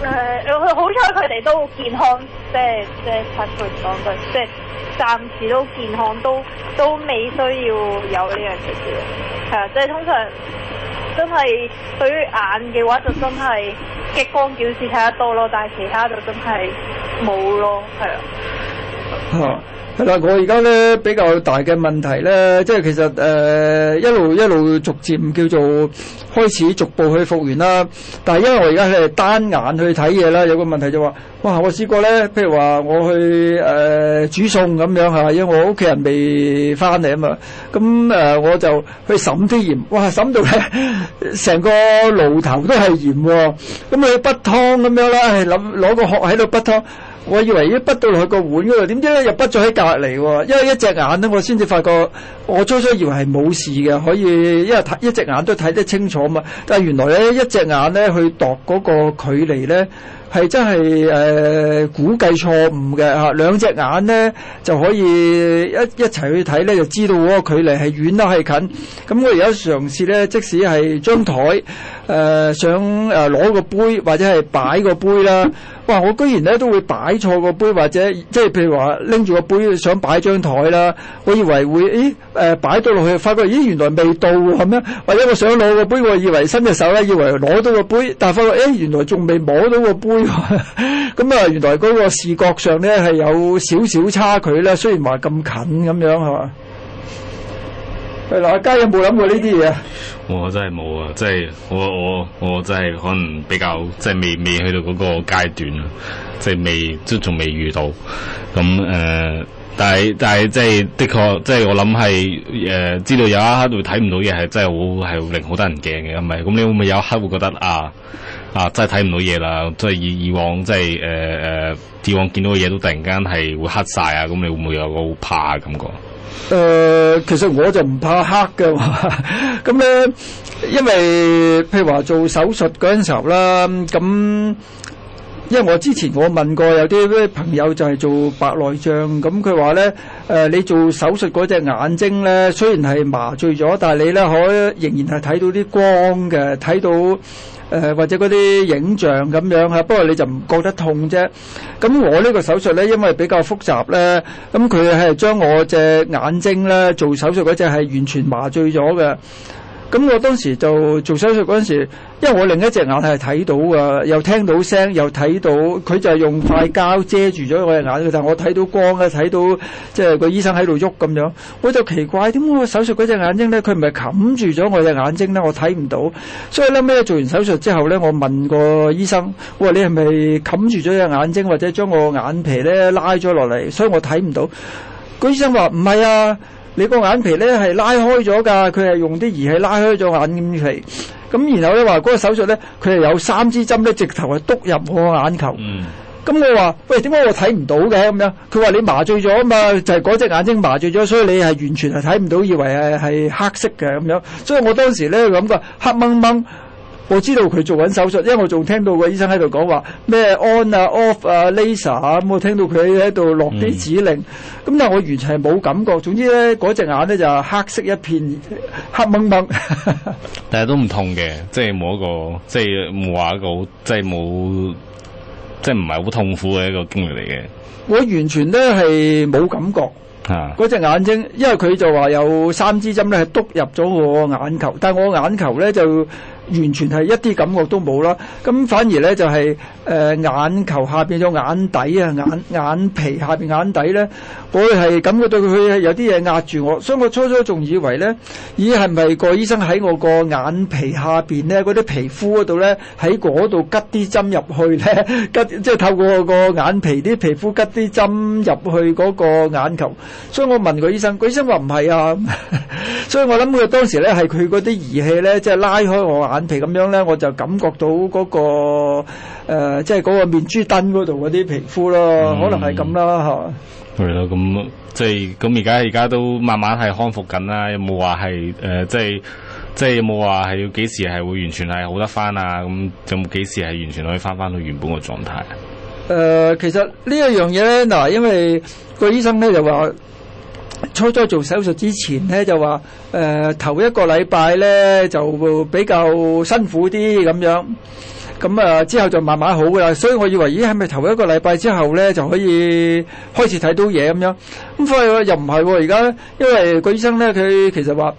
誒，嗯、好彩佢哋都健康，即係即係拆句講句，即係暫時都健康，都都未需要有呢樣嘢。係啊，即係通常真係對於眼嘅話，就真係激光矯視睇得多咯，但係其他就真係冇咯，係啊。嗯。係啦，我而家咧比較大嘅問題咧，即係其實、呃、一路一路逐漸叫做開始逐步去復原啦。但係因為我而家係單眼去睇嘢啦，有個問題就話：哇！我試過咧，譬如話我去誒、呃、煮餸咁樣，係因為我屋企人未翻嚟啊嘛？咁、呃、我就去審啲鹽，哇！審到咧成個爐頭都係鹽喎，哦。咁你去卜湯咁樣啦，係諗攞個殼喺度卜湯。我以為一筆到落去個碗嗰度，點知咧又筆咗喺隔籬喎。因為一隻眼咧，我先至發覺，我初初以為係冇事嘅，可以因為一隻眼都睇得清楚嘛。但係原來咧，一隻眼咧去度嗰個距離咧。係真係誒、呃、估計錯誤嘅吓兩隻眼咧就可以一一齊去睇咧，就知道嗰個距離係遠啦係近。咁、嗯、我而家嘗試咧，即使係張台誒想誒攞個杯或者係擺個杯啦，哇！我居然咧都會擺錯個杯，或者即係譬如話拎住個杯想擺張台啦，我以為會誒擺到落去，發覺咦原來未到喎，咁樣或者我想攞個杯，我以為伸隻手咧，以為攞到個杯，但係發覺誒原來仲未摸到個杯。咁啊、 嗯，原來嗰個視覺上咧係有少少差距咧，雖然話咁近咁樣係嘛？係嗱，阿嘉有冇諗過呢啲嘢？我真係冇啊，即係我我我真係可能比較即係未未去到嗰個階段啊，即係未仲未遇到咁誒、嗯呃，但係但係即係的確即係我諗係誒，知道有一刻都會睇唔到嘢，係真係好係令好多人驚嘅，唔係，咁你會唔會有一刻會覺得啊？啊！真係睇唔到嘢啦，即係以以往，即係誒誒以往見到嘅嘢都突然間係會黑晒啊！咁你會唔會有個好怕嘅感覺？誒、呃，其實我就唔怕黑嘅，咁咧，因為譬如話做手術嗰陣時候啦，咁因為我之前我問過有啲朋友就係做白內障，咁佢話咧誒，你做手術嗰隻眼睛咧，雖然係麻醉咗，但係你咧可仍然係睇到啲光嘅，睇到。誒或者嗰啲影像咁樣吓，不過你就唔覺得痛啫。咁我呢個手術呢，因為比較複雜呢，咁佢係將我隻眼睛呢做手術嗰隻係完全麻醉咗嘅。咁我當時就做手術嗰陣時，因為我另一隻眼係睇到啊，又聽到聲，又睇到，佢就係用塊膠遮住咗我隻眼，但我睇到光啊，睇到即係個醫生喺度喐咁樣，我就奇怪點解我手術嗰隻眼睛咧，佢唔係冚住咗我隻眼睛咧，我睇唔到，所以咧咩做完手術之後咧，我問個醫生，喂，你係咪冚住咗隻眼睛，或者將我眼皮咧拉咗落嚟，所以我睇唔到？個醫生話唔係啊。你個眼皮咧係拉開咗㗎，佢係用啲儀器拉開咗眼皮。咁然後咧話嗰個手術咧，佢係有三支針咧，直頭係篤入我個眼球。咁、嗯、我話：喂，點解我睇唔到嘅咁樣？佢話你麻醉咗啊嘛，就係、係、嗰隻眼睛麻醉咗，所以你係完全係睇唔到，以為係黑色嘅咁樣。所以我當時咧咁個黑掹掹。我知道佢做緊手術，因為我仲聽到個醫生喺度講話咩 on 啊、off 啊、laser 咁。我聽到佢喺度落啲指令，咁、嗯、但係我完全係冇感覺。總之咧，嗰隻眼咧就是、黑色一片黑掹掹，黑掹掹。但係都唔痛嘅，即係冇一個，即係冇話一個，即係冇，即係唔係好痛苦嘅一個經歷嚟嘅。我完全咧係冇感覺啊。嗰隻眼睛，因為佢就話有三支針咧，係督入咗我眼球，但係我眼球咧就。完全係一啲感覺都冇啦，咁反而咧就係、是、誒、呃、眼球下邊有眼底啊，眼眼皮下邊眼底咧，我係感覺到佢有啲嘢壓住我，所以我初初仲以為咧，咦係咪個醫生喺我眼、就是、個眼皮下邊咧，嗰啲皮膚嗰度咧，喺嗰度拮啲針入去咧，拮即係透過個眼皮啲皮膚拮啲針入去嗰個眼球，所以我問個醫生，個醫生話唔係啊， 所以我諗佢當時咧係佢嗰啲儀器咧，即、就、係、是、拉開我啊。眼皮咁樣咧，我就感覺到嗰、嗰個即係嗰個面珠墩嗰度嗰啲皮膚咯，嗯、可能係咁啦嚇。係啦，咁即係咁而家而家都慢慢係康復緊啦，有冇話係誒？即係即係有冇話係要幾時係會完全係好得翻啊？咁有冇幾時係完全可以翻翻到原本個狀態？誒、呃，其實呢一樣嘢咧，嗱，因為個醫生咧就話。初初做手術之前呢，就話誒頭一個禮拜呢就會比較辛苦啲咁樣，咁啊之後就慢慢好啦，所以我以為咦係咪頭一個禮拜之後呢，就可以開始睇到嘢咁樣，咁所以又唔係喎，而家因為個醫生呢，佢其實話。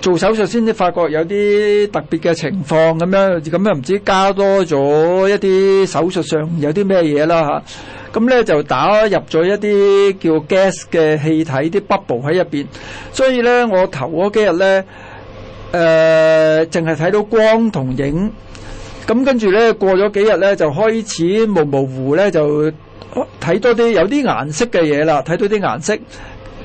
做手術先至發覺有啲特別嘅情況咁樣，咁又唔知加多咗一啲手術上有啲咩嘢啦嚇。咁、啊、咧就打入咗一啲叫 gas 嘅氣體啲 bubble，喺入邊，所以咧我頭嗰幾日咧，誒淨係睇到光同影。咁跟住咧過咗幾日咧就開始模模糊，咧就睇多啲有啲顏色嘅嘢啦，睇到啲顏色。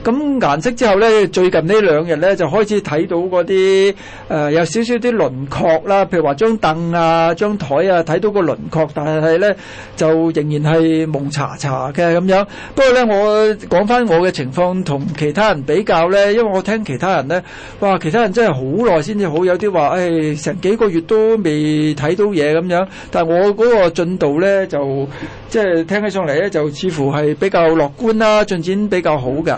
咁顏色之後呢，最近呢兩日呢，就開始睇到嗰啲誒有少少啲輪廓啦，譬如話張凳啊、張枱啊，睇到個輪廓，但係呢，就仍然係蒙查查嘅咁樣。不過呢，我講返我嘅情況同其他人比較呢，因為我聽其他人呢，哇，其他人真係好耐先至好，有啲話誒成幾個月都未睇到嘢咁樣。但係我嗰個進度呢，就即係、就是、聽起上嚟呢，就似乎係比較樂觀啦，進展比較好㗎。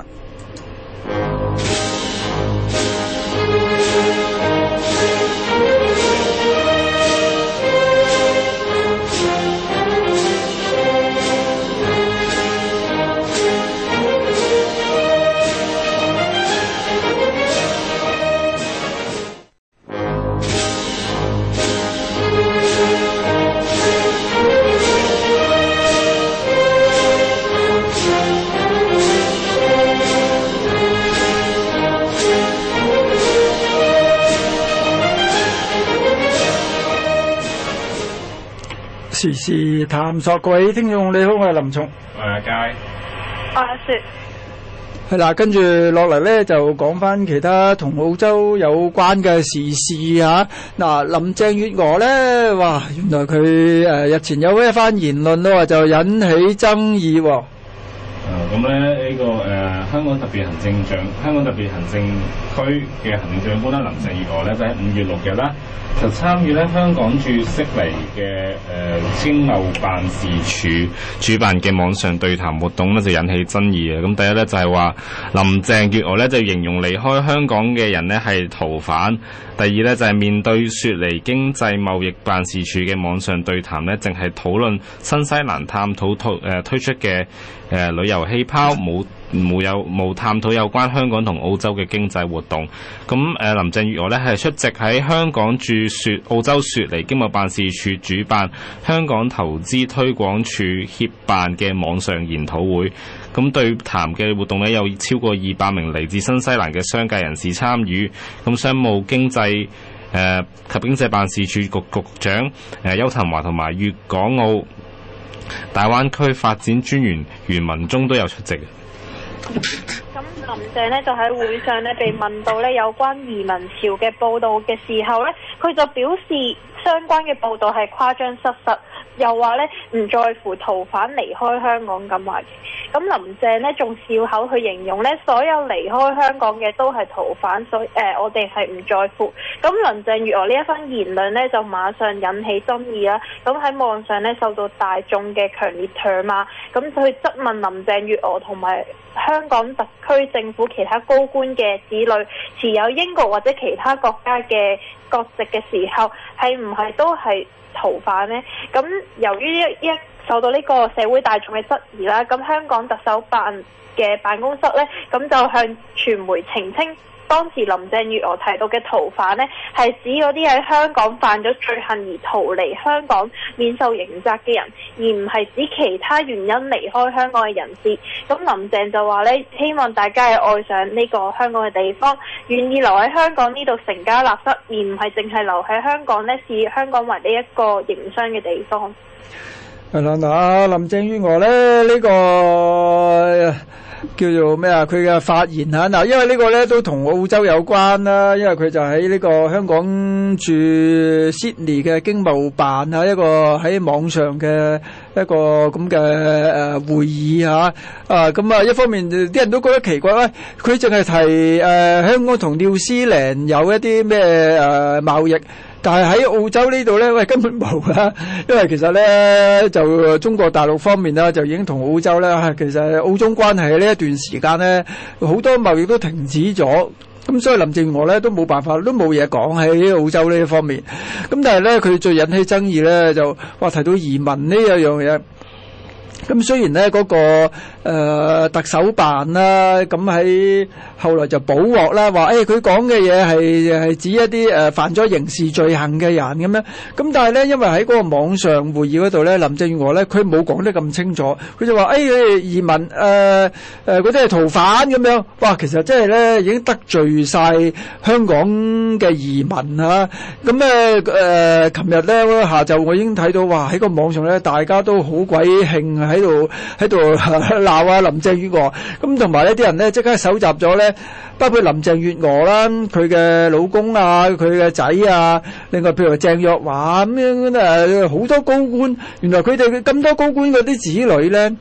時事探索鬼，各位聽眾，你好，我係林松。阿佳、啊。阿、啊、雪。係嗱，跟住落嚟咧，就講翻其他同澳洲有關嘅時事吓。嗱、啊啊，林鄭月娥咧，哇，原來佢誒、呃、日前有一番言論都話就引起爭議。誒、啊，咁咧呢、這個誒。呃香港特別行政長，香港特別行政區嘅行政長官林鄭月娥咧，就喺、是、五月六日咧，就參與咧香港駐悉尼嘅誒經貿辦事處主辦嘅網上對談活動咧，就引起爭議啊。咁第一咧就係、是、話林鄭月娥咧就形容離開香港嘅人咧係逃犯。第二咧就係、是、面對雪梨經濟貿易辦事處嘅網上對談咧，淨係討論新西蘭探討推誒推出嘅誒、呃、旅遊氣泡冇。冇有冇探討有關香港同澳洲嘅經濟活動咁？誒，林鄭月娥咧係出席喺香港駐雪澳洲雪梨經貿辦事處主辦、香港投資推廣處協，協辦嘅網上研討會咁對談嘅活動咧，有超過二百名嚟自新西蘭嘅商界人士參與。咁，商務經濟誒、呃、及經濟辦事處局局長誒邱騰華同埋粵港澳大灣區發展專員袁文忠都有出席。咁 林鄭呢，就喺會上呢，被問到呢，有關移民潮嘅報道嘅時候呢，佢就表示。相關嘅報道係誇張失實，又話咧唔在乎逃犯離開香港咁話，咁林鄭呢仲笑口去形容呢所有離開香港嘅都係逃犯，所以，呃，我哋係唔在乎。咁林鄭月娥呢一番言論呢就馬上引起爭議啦，咁喺網上呢受到大眾嘅強烈唾罵，咁就去質問林鄭月娥同埋香港特區政府其他高官嘅子女持有英國或者其他國家嘅。國籍嘅時候係唔係都係逃犯咧？咁由於一一受到呢個社會大眾嘅質疑啦，咁香港特首辦嘅辦公室咧，咁就向傳媒澄清。當時林鄭月娥提到嘅逃犯呢係指嗰啲喺香港犯咗罪行而逃離香港免受刑責嘅人，而唔係指其他原因離開香港嘅人士。咁林鄭就話呢希望大家係愛上呢個香港嘅地方，願意留喺香港呢度成家立室，而唔係淨係留喺香港呢，視香港為呢一個營商嘅地方。係啦，嗱，林鄭月娥咧，呢、這個叫做咩啊？佢嘅發言嚇嗱，因為呢個咧都同澳洲有關啦，因為佢就喺呢個香港住 Sydney 嘅經貿辦啊，一個喺網上嘅。一個咁嘅誒會議嚇，啊咁啊一方面啲人都覺得奇怪啦，佢淨係提誒香港同尿絲靈有一啲咩誒貿易，但係喺澳洲呢度咧，喂根本冇啦，因為其實咧就中國大陸方面啦，就已經同澳洲咧，其實澳中關係呢一段時間咧，好多貿易都停止咗。咁所以林鄭月娥咧都冇辦法，都冇嘢講喺澳洲呢一方面。咁但係咧，佢最引起爭議咧就話提到移民呢一樣嘢。咁雖然咧嗰、那個、呃、特首辦啦、啊，咁喺後來就補鑊啦，欸、話誒佢講嘅嘢係係指一啲誒、呃、犯咗刑事罪行嘅人咁樣。咁但係咧，因為喺嗰個網上會議嗰度咧，林鄭月娥咧佢冇講得咁清楚，佢就話誒、欸、移民誒誒嗰啲係逃犯咁樣。哇！其實真係咧已經得罪曬香港嘅移民啊！咁咧誒，琴日咧下晝我已經睇到，哇！喺個網上咧大家都好鬼興啊。喺度喺度鬧啊！林鄭月娥咁同埋呢啲人咧即刻蒐集咗咧，包括林鄭月娥啦，佢嘅老公啊，佢嘅仔啊，另外譬如鄭若驊咁樣誒，好多高官，原來佢哋咁多高官嗰啲子女咧。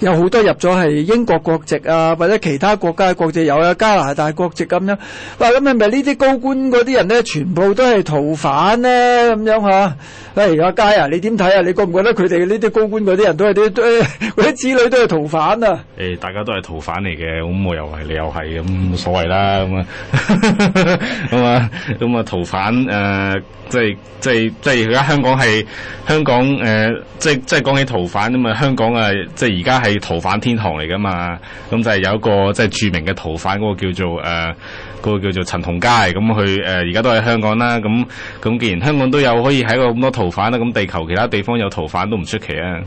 有好多入咗係英國國籍啊，或者其他國家國籍有加拿大國籍咁樣。哇、啊，咁係咪呢啲高官嗰啲人咧，全部都係逃犯咧咁樣嚇。喂、哎，阿佳啊，你點睇啊？你覺唔覺得佢哋呢啲高官嗰啲人都係啲，嗰啲子女都係逃犯啊？欸、大家都係逃犯嚟嘅，咁我又係，你又係，咁冇所謂啦，咁啊，咁 啊，咁啊，逃犯、呃、即係即係即係而家香港係香港、呃、即即係講起逃犯咁嘛，香港啊，即係而家。而家係逃犯天堂嚟㗎嘛，咁就係有一個即係、就是、著名嘅逃犯嗰、嗰個叫做誒嗰、呃嗰個叫做陳同佳，咁佢誒而家都喺香港啦，咁咁既然香港都有可以喺個咁多逃犯啦，咁地球其他地方有逃犯都唔出奇啊。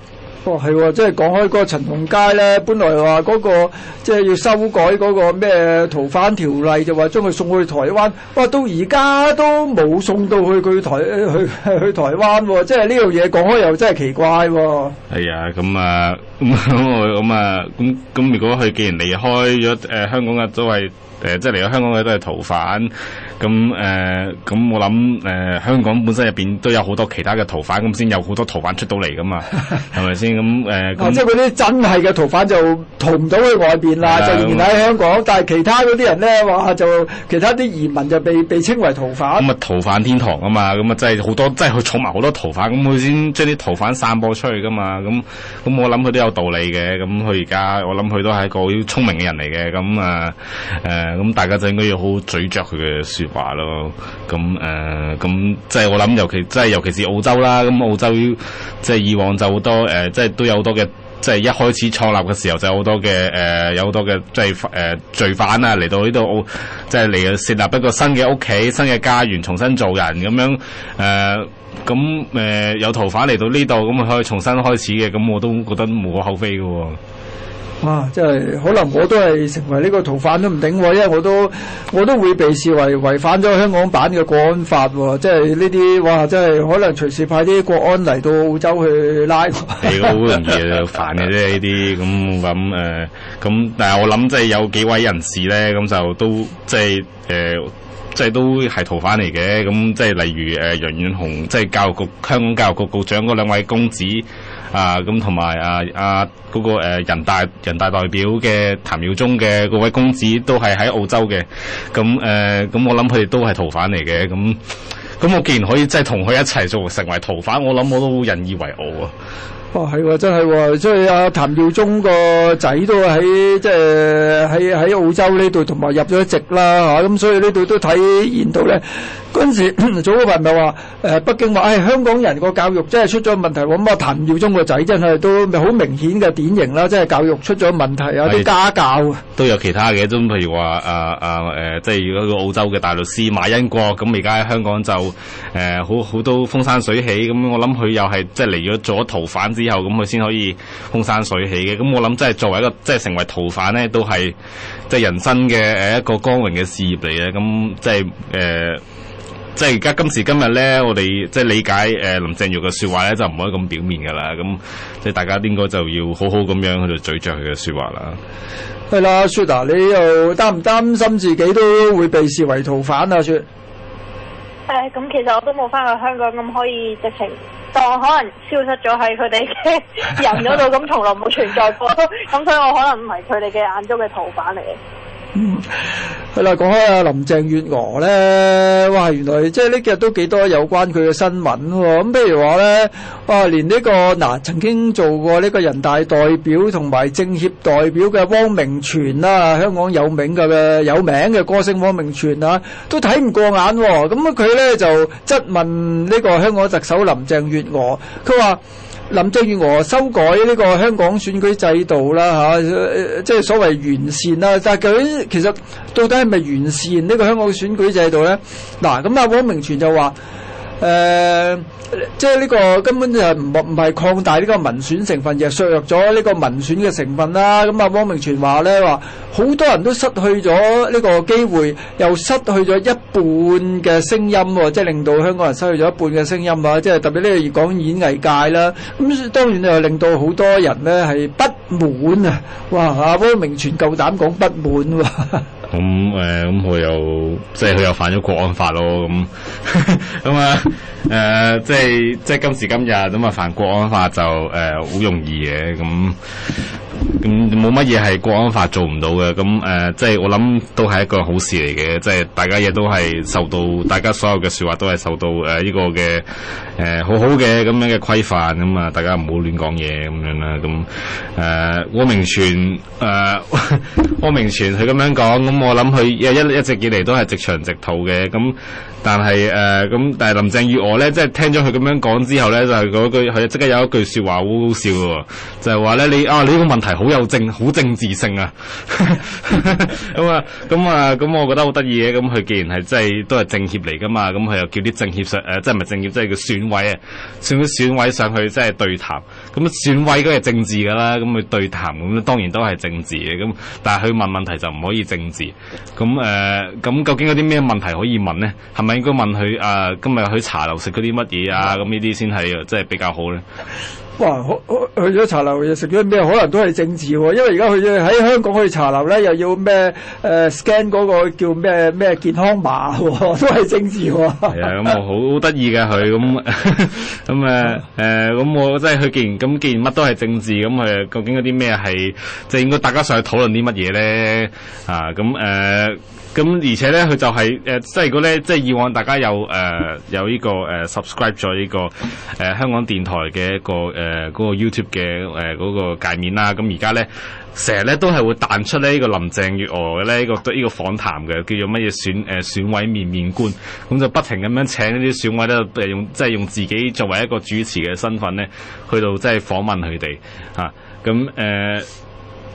哦，係、哦、即係講開嗰個陳同佳咧，本來話嗰、那個即係要修改嗰個咩逃犯條例，就話將佢送去台灣。哇，到而家都冇送到去佢台去去台灣喎、哦，即係呢樣嘢講開又真係奇怪喎、哦。係啊、哎，咁啊，咁啊，咁咁，那那那那如果佢既然離開咗誒、呃、香港嘅都係誒、呃，即係嚟到香港嘅都係逃犯。咁誒，咁、呃、我諗誒、呃，香港本身入面都有好多其他嘅逃犯，咁先有好多逃犯出到嚟噶嘛，係咪先？咁誒，咁、呃啊、即係嗰啲真係嘅逃犯就逃唔到去外面啦，的就仍然喺香港。那但係其他嗰啲人咧，哇、啊，就其他啲移民就被被稱為逃犯。咁啊，逃犯天堂啊嘛，咁啊即係好多即係佢藏埋好多逃犯，咁佢先將啲逃犯散播出去噶嘛。咁咁我諗佢都有道理嘅。咁佢而家我諗佢都係一個好聰明嘅人嚟嘅。咁啊誒、咁大家就應該要好好咀嚼佢嘅話咯，咁誒，咁、呃、即係我諗，尤其即係尤其是澳洲啦，咁澳洲即係以往就好多誒、呃，即係都有好多嘅，即係一開始創立嘅時候就有好多嘅誒、呃，有好多嘅即係誒、呃、罪犯啊嚟到呢度即係嚟設立一個新嘅屋企、新嘅家園，重新做人咁樣誒，咁、呃、誒、呃、有逃犯嚟到呢度咁可以重新開始嘅，咁我都覺得無可厚非㗎、哦。哇！即係可能我都係成為呢個逃犯都唔定喎，因為我都我都會被視為違反咗香港版嘅國安法喎。即係呢啲哇！即係可能隨時派啲國安嚟到澳洲去拉。係好容易又煩嘅啫，呢啲咁咁誒咁。但係我諗即係有幾位人士咧，咁就都即係誒，即係都係逃犯嚟嘅。咁即係例如誒楊遠雄，即係教育局香港教育局局長嗰兩位公子，啊，咁同埋啊啊，嗰、那個誒、啊、人大人大代表嘅譚耀宗嘅嗰位公子都係喺澳洲嘅，咁誒，咁、呃、我諗佢哋都係逃犯嚟嘅，咁，咁我既然可以即係同佢一齊做，成為逃犯，我諗我都好引以為傲啊！哦，係、啊，真係喎、啊就是啊啊，所以阿譚耀宗個仔都喺即係喺喺澳洲呢度，同埋入咗籍啦嚇，咁所以呢度都體現到咧陣時早嗰排咪話誒北京話，誒、哎、香港人個教育真係出咗問題，咁啊譚耀宗個仔真係都咪好明顯嘅典型啦，即、就、係、是、教育出咗問題啊，啲是家教都有其他嘅，咁譬如話啊啊誒即係如果個澳洲嘅大律師馬恩國，咁而家喺香港就誒好好多風生水起，咁我諗佢又係即係嚟咗咗逃犯之。以後咁佢先可以風生水起嘅，咁我諗即係作為一個即係、就是、成為逃犯咧，都係即係人生嘅誒一個光榮嘅事業嚟嘅。咁即係誒，即係而家今時今日咧，我哋即係理解誒林鄭月娥嘅說話咧，就唔可以咁表面噶啦，咁即係大家應該就要好好咁樣去度咀嚼佢嘅說話啦。係啦，雪啊，你又擔唔擔心自己都會被視為逃犯啊？雪？唉，咁其實我都冇翻去香港，咁可以直情當我可能消失咗喺佢哋嘅人嗰度，咁從來冇存在過，咁所以我可能唔係佢哋嘅眼中嘅逃犯嚟嘅。係啦，講開阿林鄭月娥呢，哇，原來即係呢幾日都幾多有關佢嘅新聞咁。譬如話呢，哇，連呢個嗱曾經做過呢個人大代表同埋政協代表嘅汪明荃啊，香港有名嘅有名嘅歌星汪明荃啊，都睇唔過眼咁。佢呢就質問呢個香港特首林鄭月娥，佢話，林鄭月娥修改呢個香港選舉制度啦、啊、即係所謂完善啦，但係究竟其實到底係咪完善呢個香港選舉制度咧？嗱、啊，咁阿汪明荃就話。誒，即係呢個根本就唔唔係擴大呢個民選成分，而削弱咗呢個民選嘅成分啦。咁啊，汪明荃話咧話，好多人都失去咗呢個機會，又失去咗一半嘅聲音，即係令到香港人失去咗一半嘅聲音啊！即係特別呢個講演藝界啦，咁當然又令到好多人咧係不滿啊！哇，阿汪明荃夠膽講不滿喎！咁誒，咁佢、呃、又即係佢又犯咗國安法咯，咁咁啊，誒，即係即係今時今日咁啊，犯國安法就誒好、呃、容易嘅咁。咁冇乜嘢係國安法做唔到嘅，咁誒，即、呃、係、就是、我諗都係一個好事嚟嘅，即、就、係、是、大家亦都係受到，大家所有嘅說話都係受到誒呢、呃這個嘅誒、呃、好好嘅咁樣嘅規範咁啊，大家唔好亂講嘢咁樣啦，咁誒汪明荃誒汪、呃、 明荃佢咁樣講，咁我諗佢一一直以嚟都係直腸直肚嘅，咁但係誒咁但係林鄭月娥咧，即、就、係、是、聽咗佢咁樣講之後咧，就係、是、嗰句佢即刻有一句說話好好笑嘅，就係話咧，你啊，你呢個問題。係好有政好政治性啊！ 咁啊，咁啊，咁我覺得好得意嘅。咁佢既然係真係都係政協嚟噶嘛，咁佢又叫啲政協上，呃，即係唔係政協，即係叫選委啊，選啲選委上去即係對談。咁選委都係政治噶啦，咁佢對談咁，當然都係政治嘅。咁但係佢問問題就唔可以政治。咁、呃、咁究竟有啲咩問題可以問呢？係咪應該問佢啊？今日去茶樓食嗰啲乜嘢啊？咁呢啲先係即係比較好咧。哇！去去去咗茶樓又食咗咩？可能都係政治喎，因為而家去咗喺香港去茶樓咧，又要咩誒 scan 嗰個叫咩咩健康碼喎，都係政治喎。係啊、嗯，咁我好得意㗎佢咁咁誒誒，咁、 嗯、我真係佢既然咁，既然乜都係政治，咁誒，究竟有啲咩係即係應該大家上去討論啲乜嘢咧？啊，咁誒。嗯咁而且咧，佢就係、是呃、即係如果咧，即係以往大家有誒、呃、有呢、這個誒 subscribe 咗呢個誒、呃、香港電台嘅一個誒嗰、呃那個 YouTube 嘅誒嗰、呃那個界面啦。咁而家咧，成日咧都係會彈出呢依個林鄭月娥嘅咧依個呢、這個訪談嘅，叫做乜嘢選誒、呃、選委面面觀。咁就不停咁樣請啲選委咧，用即係、就是、用自己作為一個主持嘅身份咧，去到即係訪問佢哋吓咁誒。啊。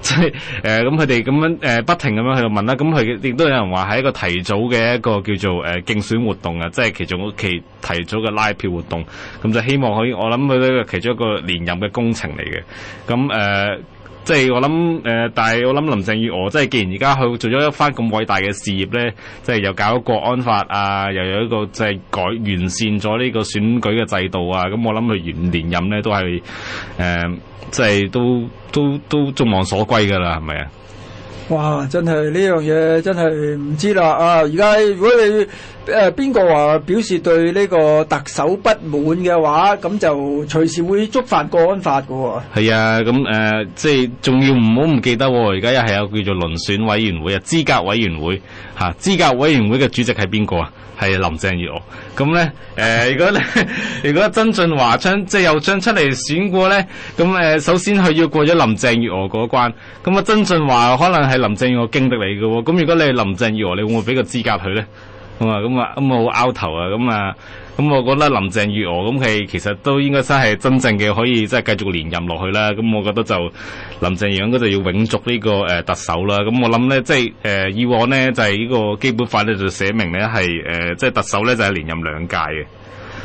即係誒咁，佢哋咁樣誒、呃、不停咁樣去問啦。咁佢亦都有人話係一個提早嘅一個叫做誒、呃、競選活動啊，即係其中期提早嘅拉票活動。咁、嗯、就希望可以，我諗佢呢個其中一個連任嘅工程嚟嘅。咁、嗯、誒。呃即係我諗誒、呃，但係我諗林鄭月娥，即係既然而家佢做咗一番咁偉大嘅事業咧，即係又搞國安法啊，又有一個即係改完善咗呢個選舉嘅制度啊，咁我諗佢連連任咧都係誒，即係都都都眾望所歸噶啦，係咪啊？哇！真係呢樣嘢真係唔知啦啊！而家如果你誒，邊個話表示對呢個特首不滿嘅話，咁就隨時會觸犯國安法噶、哦。係啊，咁誒、呃，即係仲要唔好唔記得、哦。而家又係有叫做輪選委員會啊，資格委員會吓，資、啊、格委員會嘅主席係邊個啊？係林鄭月娥。咁咧，誒、呃，如果咧， 如果曾俊華將即係又將出嚟選過咧，咁誒，首先佢要過咗林鄭月娥嗰關。咁啊，曾俊華可能係林鄭月娥驚得嚟噶。咁如果你係林鄭月娥，你會唔會俾個資格佢咧？咁啊，咁啊，嗯，咁啊，好拗頭啊，咁啊，咁我覺得林鄭月娥，咁佢其實都應該真係真正嘅可以真係繼續連任落去啦，咁我覺得就林鄭月娥應該就要永續呢、這個誒、呃、特首啦，咁我諗咧，即係誒、呃、以往咧就係、是、呢個基本法咧就寫明咧係誒即係特首咧就係、是、連任兩屆嘅。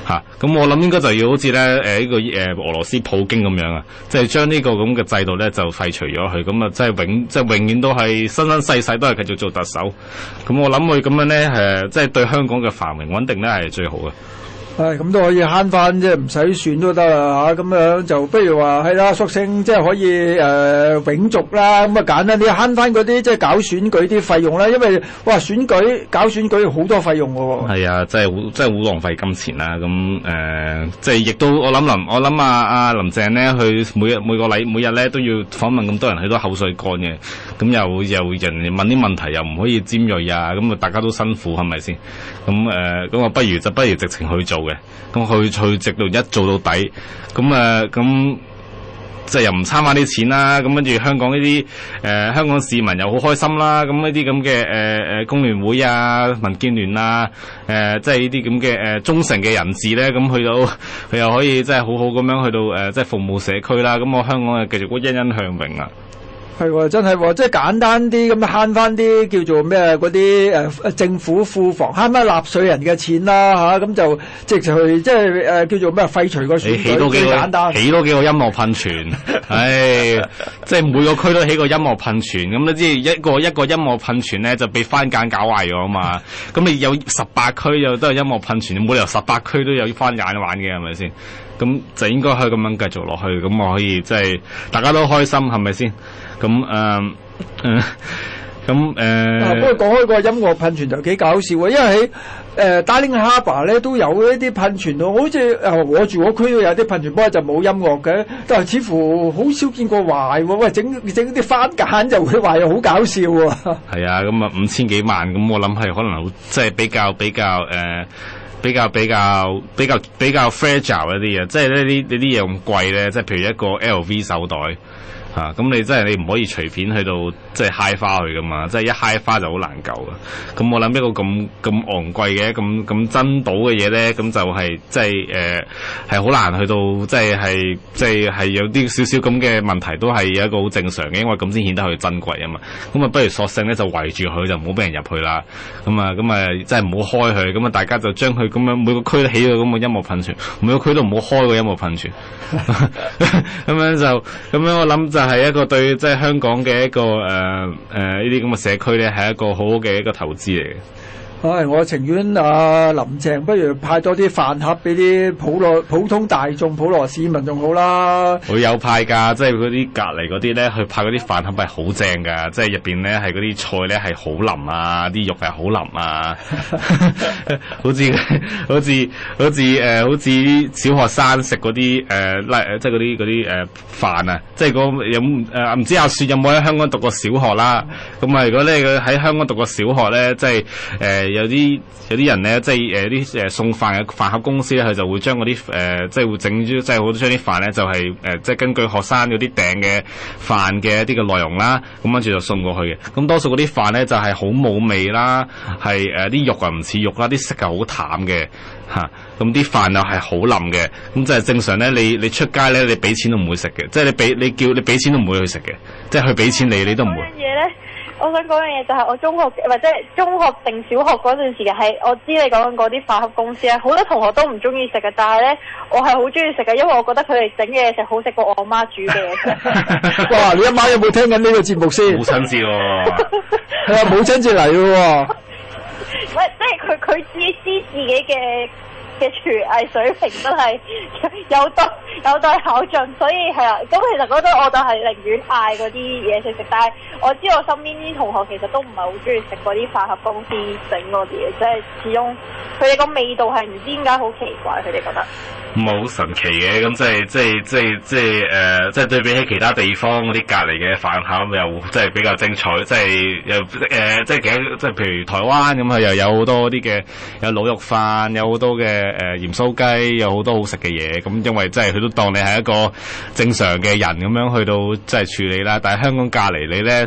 吓，咁、啊、我諗應該就要好似咧，誒、呃、呢、這個誒、呃、俄羅斯普京咁樣啊，即係將呢個咁嘅制度咧就廢除咗佢。咁啊即係永即係、就是、永遠都係生生世世都係繼續做特首，咁我諗佢咁樣咧誒，即、呃、係、就是、對香港嘅繁榮穩定咧係最好嘅。咁都可以慳翻，即係唔使選都得啦，吓，咁樣就不如話係啦，索性即係可以誒、呃、永續啦，咁啊簡單啲慳翻嗰啲即係搞選舉啲費用啦，因為哇選舉搞選舉好多費用喎、哦。係啊，就是、真係真係好浪費金錢啦、啊，咁誒即係亦都我諗林，我諗阿阿林鄭呢，佢每日每個禮每日咧都要訪問咁多人，喺度口水乾嘅，咁又又人問啲問題又唔可以尖鋭啊，咁啊大家都辛苦係咪先？咁咁、呃、我不如就不如直情去做。咁佢佢直到一做到底，咁啊咁即係、又唔差翻啲錢啦，咁跟住香港呢啲誒香港市民又好開心啦，咁呢啲咁嘅誒誒工聯會啊、民建聯啊，誒即係呢啲咁嘅誒忠誠嘅人士咧，咁去到佢又可以即係好好咁樣去到誒即係服務社區啦，咁我香港又繼續都欣欣向榮啊！係喎、哦，真係喎、哦，即係簡單啲咁，慳返啲叫做咩嗰啲政府庫房慳返納稅人嘅錢啦嚇，咁、啊、就直接去即係、啊、叫做咩廢除個稅，幾簡單，起多幾個音樂噴泉，係即係每個區都起個音樂噴泉咁。你知一個一個音樂噴泉呢就被番間搞壞咗嘛，咁 你有十八區又都係音樂噴泉，冇理由十八區都有番間玩嘅係咪先？咁就應該可以咁樣繼續落去，咁我可以即係、就是、大家都開心係咪先？是咁、嗯嗯嗯嗯嗯、啊，咁誒，不過講開個音樂噴泉就幾搞笑喎，因為喺誒、呃、Darling Harbour 咧，都有一啲噴泉咯，好似誒我住我區都有啲噴泉，不過就冇音樂嘅，但係似乎好少見過壞，喂整整啲花簡就會壞，又好搞笑喎。係 啊，咁啊五千幾萬，咁我諗係可能即係、就是、比較比較誒，比較、呃、比較比較比較 fragile 一啲嘢，即係咧呢呢啲嘢咁貴咧，即係譬如一個 LV 手袋。啊，咁你真係你唔可以隨便去到即係揩花去噶嘛，即係一揩花就好難救噶。咁我諗一個咁咁昂貴嘅咁咁珍寶嘅嘢咧，咁就係即係誒係好難去到即係係即係係有啲少少咁嘅問題都係有一個好正常嘅，因為咁先顯得佢珍貴啊嘛。咁啊，不如索性咧就圍住佢就唔好俾人入去啦。咁啊咁啊，即係唔好開佢。咁啊，大家就將佢咁樣每個區都起咗咁嘅音樂噴泉，每個區都唔好開個音樂噴泉。咁 樣就咁樣，我諗就係。係一個對即係香港嘅一個誒誒呢啲咁嘅社區咧，係一個好好嘅一個投資嚟嘅。唉、哎，我情願阿林鄭不如派多啲飯盒俾啲普羅普通大眾普羅市民仲好啦。佢有派噶，即係嗰啲隔籬嗰啲咧，去派嗰啲飯盒係好正噶，即係入邊咧係嗰啲菜咧係好腍啊，啲肉係好腍啊， 好似好似好似誒，好似、呃、小學生食嗰啲誒拉，即係嗰啲嗰啲誒飯啊，即係、嗰個、有誒唔、呃、知阿雪有冇喺香港讀過小學啦？咁啊，嗯、如果咧佢喺香港讀過小學咧，即係誒。呃有啲有啲人咧，即係啲、呃、送飯嘅飯盒公司咧，佢就會將嗰啲即係會整咗，即係好多將啲飯咧，就係、是呃、即係根據學生嗰啲訂嘅飯嘅一啲嘅內容啦，咁跟住就送過去嘅。咁多數嗰啲飯咧就係好冇味啦，係啲、呃、肉，肉啊唔似肉啦，啲食係好淡嘅，咁啲飯又係好腍嘅，咁就係正常咧。你你出街咧，你俾錢都唔會食嘅，即、就、係、是、你俾你叫你俾錢都唔會去食嘅，即係佢俾錢你你都唔會。嘢咧。我想講樣嘢就係、是、我中學或者、就是、中學定小學嗰段時間係，我知道你講緊嗰啲飯盒公司啊，好多同學都唔中意食嘅，但係咧我係好中意食嘅，因為我覺得佢哋整嘢食好食過我阿媽煮嘅嘢食。 哇！你阿媽有冇聽緊呢個節目先？好親切喎，係 啊，冇親切嚟喎。即係佢佢知知自己嘅嘅廚藝水平都係有待有待考進，所以係啊。咁其實嗰度我就係寧願嗌嗰啲嘢食食，但係。我知我身邊啲同學其實都唔係好中意食嗰啲飯盒公司整嗰啲嘢，即係始終佢哋個味道係唔知點解好奇怪，佢哋覺得唔係好神奇嘅，咁即係即係即係即係誒，即係對比起其他地方啲隔離嘅飯盒又即係比較精彩，即係又誒即係幾即係譬如台灣咁佢又有好多啲嘅有魯肉飯，有好多嘅誒鹽酥雞，有好多好食嘅嘢，咁因為即係佢都當你係一個正常嘅人咁樣去到即係處理啦。但係香港隔離你咧。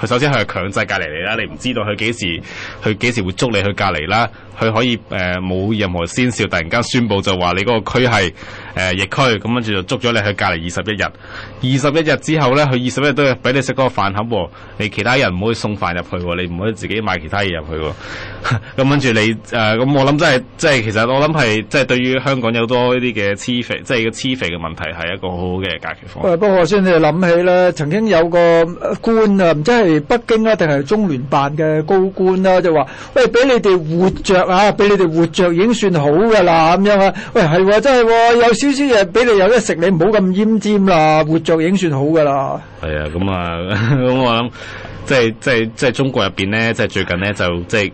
佢首先佢係強制隔離你啦，你唔知道佢幾時佢幾時會捉你去隔離啦。佢可以誒冇、呃、任何先兆，突然間宣佈就話你嗰個區係、呃、疫區，咁跟住就捉咗你去隔離二十一日。二十一日之後咧，佢二十一日都俾你食嗰個飯盒喎，你其他人唔可以送飯入去喎，你唔可以自己買其他嘢入去喎。咁跟住你誒，咁、呃、我諗真係，即係其實我諗係，即係對於香港有多呢啲嘅黐肥，即、就、係、是、個黐肥嘅問題係一個很好好嘅解決方法。誒，不過我先你諗起啦，曾經有個官啊，唔知係。北京啊，定係中聯辦嘅高官啦，啊，就話：喂，俾你哋活着啊，俾你哋活着已經算好噶啦，咁樣啊？喂，係，啊、真係、啊，有少少嘢，俾你有得食，你唔好咁奄尖啦，活着已經算好噶啦。係啊，咁、嗯、啊、咁、嗯、我諗，即係即係即係中國入邊咧，即係最近咧就即係。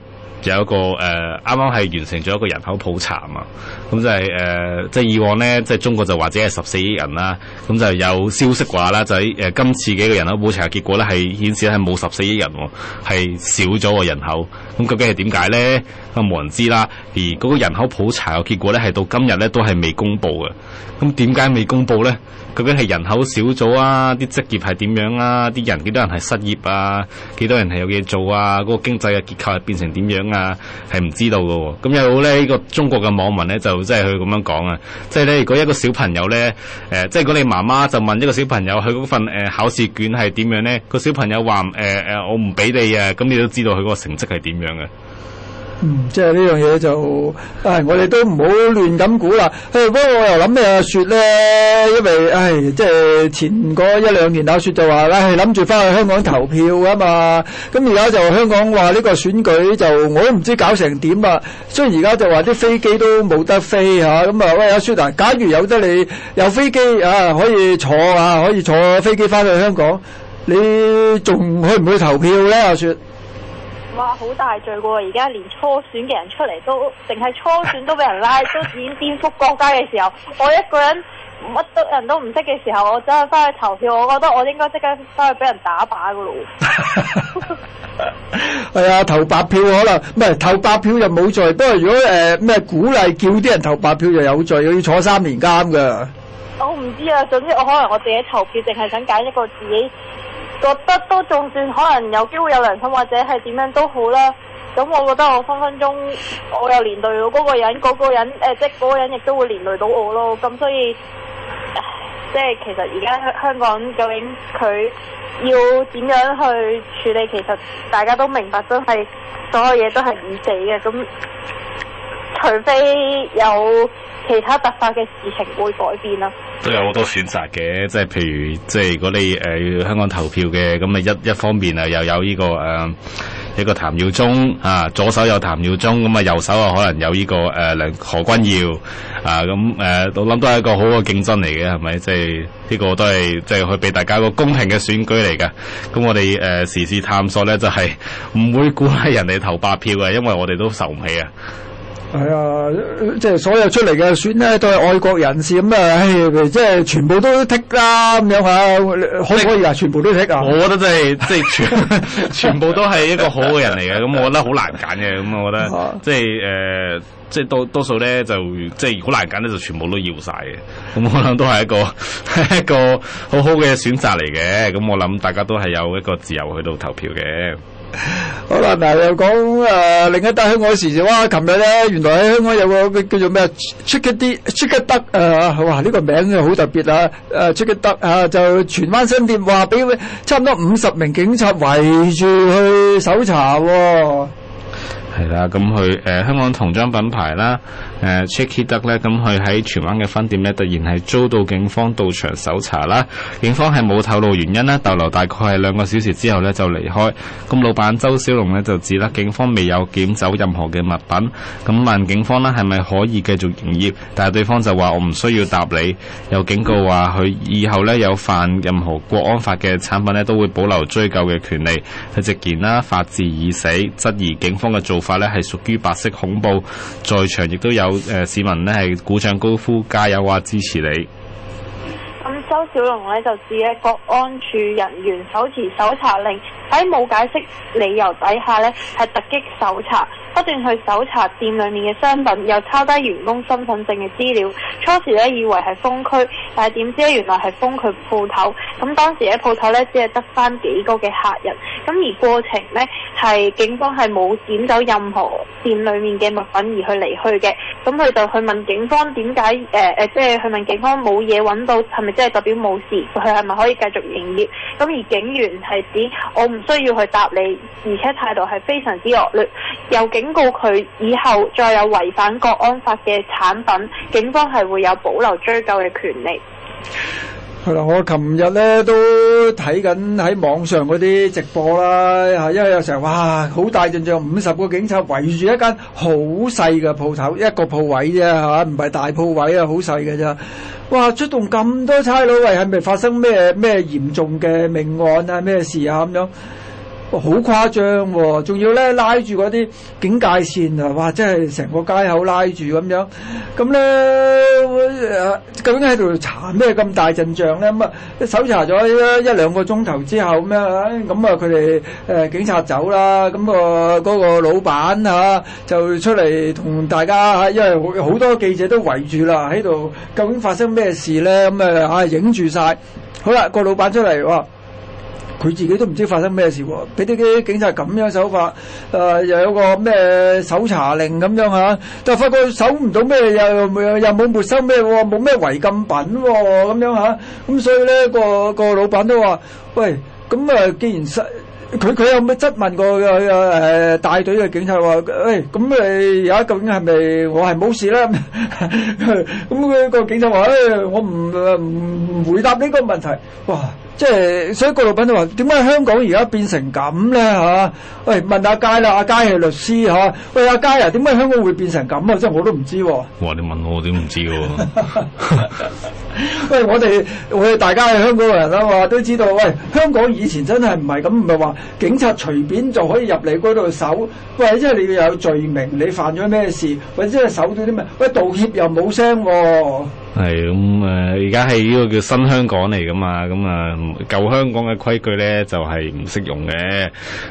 有一個誒，啱啱係完成咗一個人口普查嘛，咁就係、是、誒，即、呃、係、就是、以往咧，即、就、係、是、中國就或者係十四億人啦，咁就有消息話啦，就喺誒今次嘅一個人口普查嘅結果咧，係顯示咧係冇十四億人喎、啊，係少咗個人口，咁究竟係點解咧？咁冇人知啦，而嗰個人口普查嘅結果咧，係到今日咧都係未公布嘅，咁點解未公布咧？究竟係人口少咗啊？啲職業係點樣啊？啲人幾多人係失業啊？幾多人係有嘢做啊？嗰個經濟嘅結構係變成點樣啊？係唔知道㗎喎。咁有咧呢個中國嘅網民呢，就真係佢咁樣講啊，即係呢，如果一個小朋友呢，呃，即係如果你媽媽就問一個小朋友佢嗰份、呃、考試卷係點樣呢？個小朋友話誒誒我唔俾你呀。咁你都知道佢嗰個成績係點樣嘅。嗯，即係呢樣嘢就，唉，我哋都唔好亂咁估啦。誒，不過我又諗起阿雪咧，因為，唉，即係前嗰一兩年阿雪就話咧，諗住翻去香港投票啊嘛。咁而家就香港話呢個選舉就，我都唔知搞成點啊。雖然而家就話啲飛機都冇得飛嚇，咁啊喂阿雪嗱，假如有得你有飛機啊，可以坐啊，可以坐飛機翻去香港，你仲會唔會投票咧？阿雪？哇，好大罪喎！而家連初選嘅人出嚟都，淨係初選都俾人拉，都已經顛覆國家嘅時候，我一個人乜都人都唔識嘅時候，我走去翻去投票，我覺得我應該即刻翻去俾人打靶噶咯。係啊、 哎，投白票可能唔投白票又冇罪，不過如果誒咩，呃、鼓勵叫啲人投白票就有罪，要坐三年監噶。我唔知啊，總之我可能我自己投票，淨係想揀一個自己覺得都仲算可能有機會有良心或者係點樣都好啦。咁我覺得我分分鐘，我又連累到嗰個人，嗰、嗰個人誒，即係嗰個人亦都會連累到我咯。咁所以，即係、就是、其實而家香港究竟佢要點樣去處理？其實大家都明白，都係所有嘢都係唔死嘅咁。除非有其他突發嘅事情會改變啦，都有好多選擇嘅，即係譬如即係如果你誒、呃、香港投票嘅，咁啊一一方面啊又有呢、這個誒、呃、一個譚耀宗啊，左手有譚耀宗咁啊，右手啊可能有呢、這個誒梁、呃、何君堯。啊，咁誒、呃、我諗都係一個好嘅競爭嚟嘅，係咪？即係呢、這個都係即係去俾大家一個公平嘅選舉嚟嘅。咁我哋誒、呃、時事探索咧就係、是、唔會鼓勵人哋投白票嘅，因為我哋都受唔起啊。係啊，即係所有出嚟嘅選咧都係愛國人士咁啊，唉，嗯，哎，即係全部都剔啦咁樣吓，可唔可以啊？拿全部都剔啊？我覺得真係即係全全部都係一個好嘅人嚟嘅，咁 我覺得好難揀嘅，咁我覺得即係誒，即係多多數咧就即係好難揀咧，就全部都要晒嘅，咁我諗都係一個 一個好好嘅選擇嚟嘅，咁我諗大家都係有一個自由去到投票嘅。好啦，嗱又講誒、呃，另一單香港時事就哇，琴日咧，原來喺香港有個叫做咩啊，Chickeeduck、Chickeeduck 啊，哇呢、這個名又好特別啊，誒 Chickeeduck 啊就荃灣新店話俾差唔多五十名警察圍住去搜查，啊，係啦，咁佢誒香港童裝品牌啦。誒 Chickeeduck 咧，咁佢喺荃灣嘅分店呢，突然係遭到警方到場搜查啦。警方係冇透露原因啦，逗留大概係兩個小時之後呢就離開。咁老闆周小龍呢，就指啦警方未有檢走任何嘅物品。咁問警方呢，係咪可以繼續營業，但係對方就話我唔需要答你。又警告話佢以後呢有犯任何國安法嘅產品呢，都會保留追究嘅權利。佢直言啦，法治已死，質疑警方嘅做法呢係屬於白色恐怖。在場亦都有，有市民呢係鼓掌高呼加油啊，支持你。咁周小龍呢就指呢國安處人員手持搜查令喺冇解釋理由底下呢，係突擊搜查。不斷去搜查店裡面嘅商品，又抄低員工身份證嘅資料。初時咧以為係封區，但係點知咧原來係封佢鋪頭。咁當時咧鋪頭咧只係得返幾個嘅客人。咁而過程呢，係警方係冇點走任何店裡面嘅物品而去離去嘅。咁佢就去問警方點解誒誒，即係去問警方冇嘢揾到係咪即係代表冇事，佢係咪可以繼續營業？咁而警員係指：「我唔需要去答你，而且態度係非常之惡劣。有警警告佢以後再有違反國安法嘅產品，警方係會有保留追究嘅權利。係啦，我琴日咧都睇緊喺網上嗰啲直播啦，嚇，因為有時候哇好大陣仗，五十個警察圍住一間好細嘅鋪頭，一個鋪位啫，嚇，唔係大鋪位啊，好細嘅啫。哇，出動咁多差佬，係係咪發生咩咩嚴重嘅命案啊？咩事啊？咁樣。好、哦、誇張喎、哦！仲要咧拉住嗰啲警戒線啊！哇，真係成個街口拉住咁樣。咁咧、啊、究竟喺度查咩咁大陣仗咧？咁、嗯、啊，搜查咗一,一兩個鐘頭之後咁樣，咁啊，佢、啊、哋、啊啊、警察走啦。咁、啊那個嗰、那個老闆啊，就出嚟同大家因為好多記者都圍住啦喺度，究竟發生咩事咧？咁啊嚇影、啊、住晒好啦，個老闆出嚟喎。佢自己都唔知發生咩事喎，俾啲啲警察咁樣手法，誒又有個咩搜查令咁樣吓，但係發覺搜唔到咩嘢，又冇沒收咩喎，冇咩違禁品喎，咁樣吓，咁所以咧個個老闆都話：喂，咁啊，既然佢佢有咩質問過誒帶隊嘅警察話，誒咁誒而家究竟係咪我係冇事咧？咁佢個警察話：誒我唔唔回答呢個問題，哇！即係，所以郭老闆就話：點解香港而家變成咁咧、啊？喂，問阿佳啦，阿佳係律師、啊、喂，阿佳啊，點解香港會變成咁啊？即係我都唔知喎。哇！你問我，我都唔知喎、啊？ 喂，我哋我哋大家係香港人啊嘛，都知道。喂，香港以前真係唔係咁，唔係話警察隨便就可以入你嗰度搜。喂，即、就、係、是、你要有罪名，你犯咗咩事？或者係搜到啲咩？喂，道歉又冇聲喎、啊。係咁誒，而家係呢個叫新香港嚟㗎嘛，咁、嗯、啊舊香港嘅規矩咧就係、是、唔適用嘅。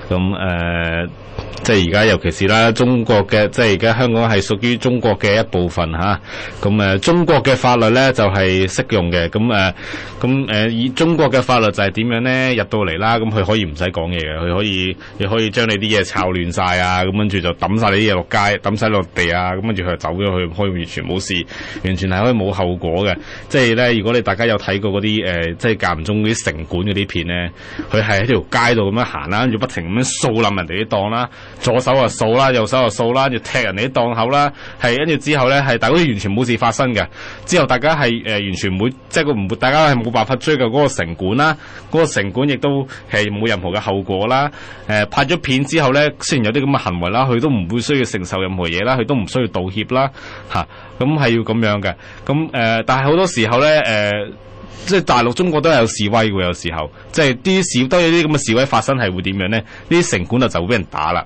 咁、嗯、誒、呃，即係而家尤其是啦，中國嘅即係而家香港係屬於中國嘅一部分嚇。咁、嗯、中國嘅法律咧就係、是、適用嘅。咁、嗯、誒，咁、嗯呃、以中國嘅法律就係點樣咧？入到嚟啦，咁、嗯、佢可以唔使講嘢嘅，佢可以你可以將你啲嘢炒亂晒啊，咁跟住就抌晒你啲嘢落街，抌晒落地啊，咁跟住佢就走咗去，可以完全冇事，完全係可以冇後。果嘅，即係咧，如果你大家有睇過嗰啲誒，即係間唔中嗰啲城管嗰啲片咧，佢係喺條街度咁樣行啦，跟住不停咁樣掃冧人哋啲檔啦，左手啊掃啦，右手啊掃啦，又踢人哋啲檔口啦，係跟住之後咧，係大家都完全冇事發生嘅。之後大家係誒、呃、完全冇，即係佢唔會，大家係冇辦法追究嗰個城管啦，嗰、那個城管亦都係冇任何嘅後果啦。誒、呃、拍咗片之後咧，雖然有啲咁嘅行為啦，佢都唔會需要承受任何嘢啦，佢都唔需要道歉啦，嚇、啊。咁係要咁樣嘅，咁誒、呃，但係好多時候咧，誒、呃，即係大陸中國都有示威喎，有時候，即係啲事都有啲咁嘅示威發生，係會點樣咧？啲城管啊就俾人打啦。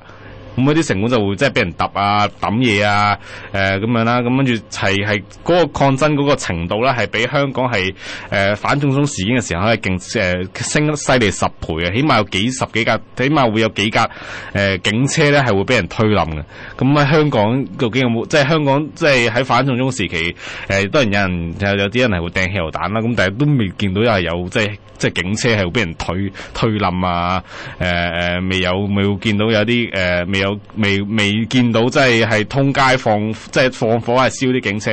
咁嗰啲城管就會即係俾人揼啊、抌嘢啊，誒、呃、咁樣啦、啊，咁跟住係係嗰個抗爭嗰個程度咧，係比香港係誒反送中事件嘅時候咧勁誒升得犀利十倍啊，起碼有幾十幾架，起碼會有幾架誒警車咧係會俾人推冧嘅。咁喺香港究竟有冇即係香港即係喺反送中時期誒、呃呃嗯呃，當然有人有有啲人係會掟汽油彈啦，咁但係都未見到有係有即係即係警車係會俾人推推冧啊。誒、呃、誒未有未會見到有啲誒、呃、未有。未未見到即係係通街放即係放火係燒啲警車，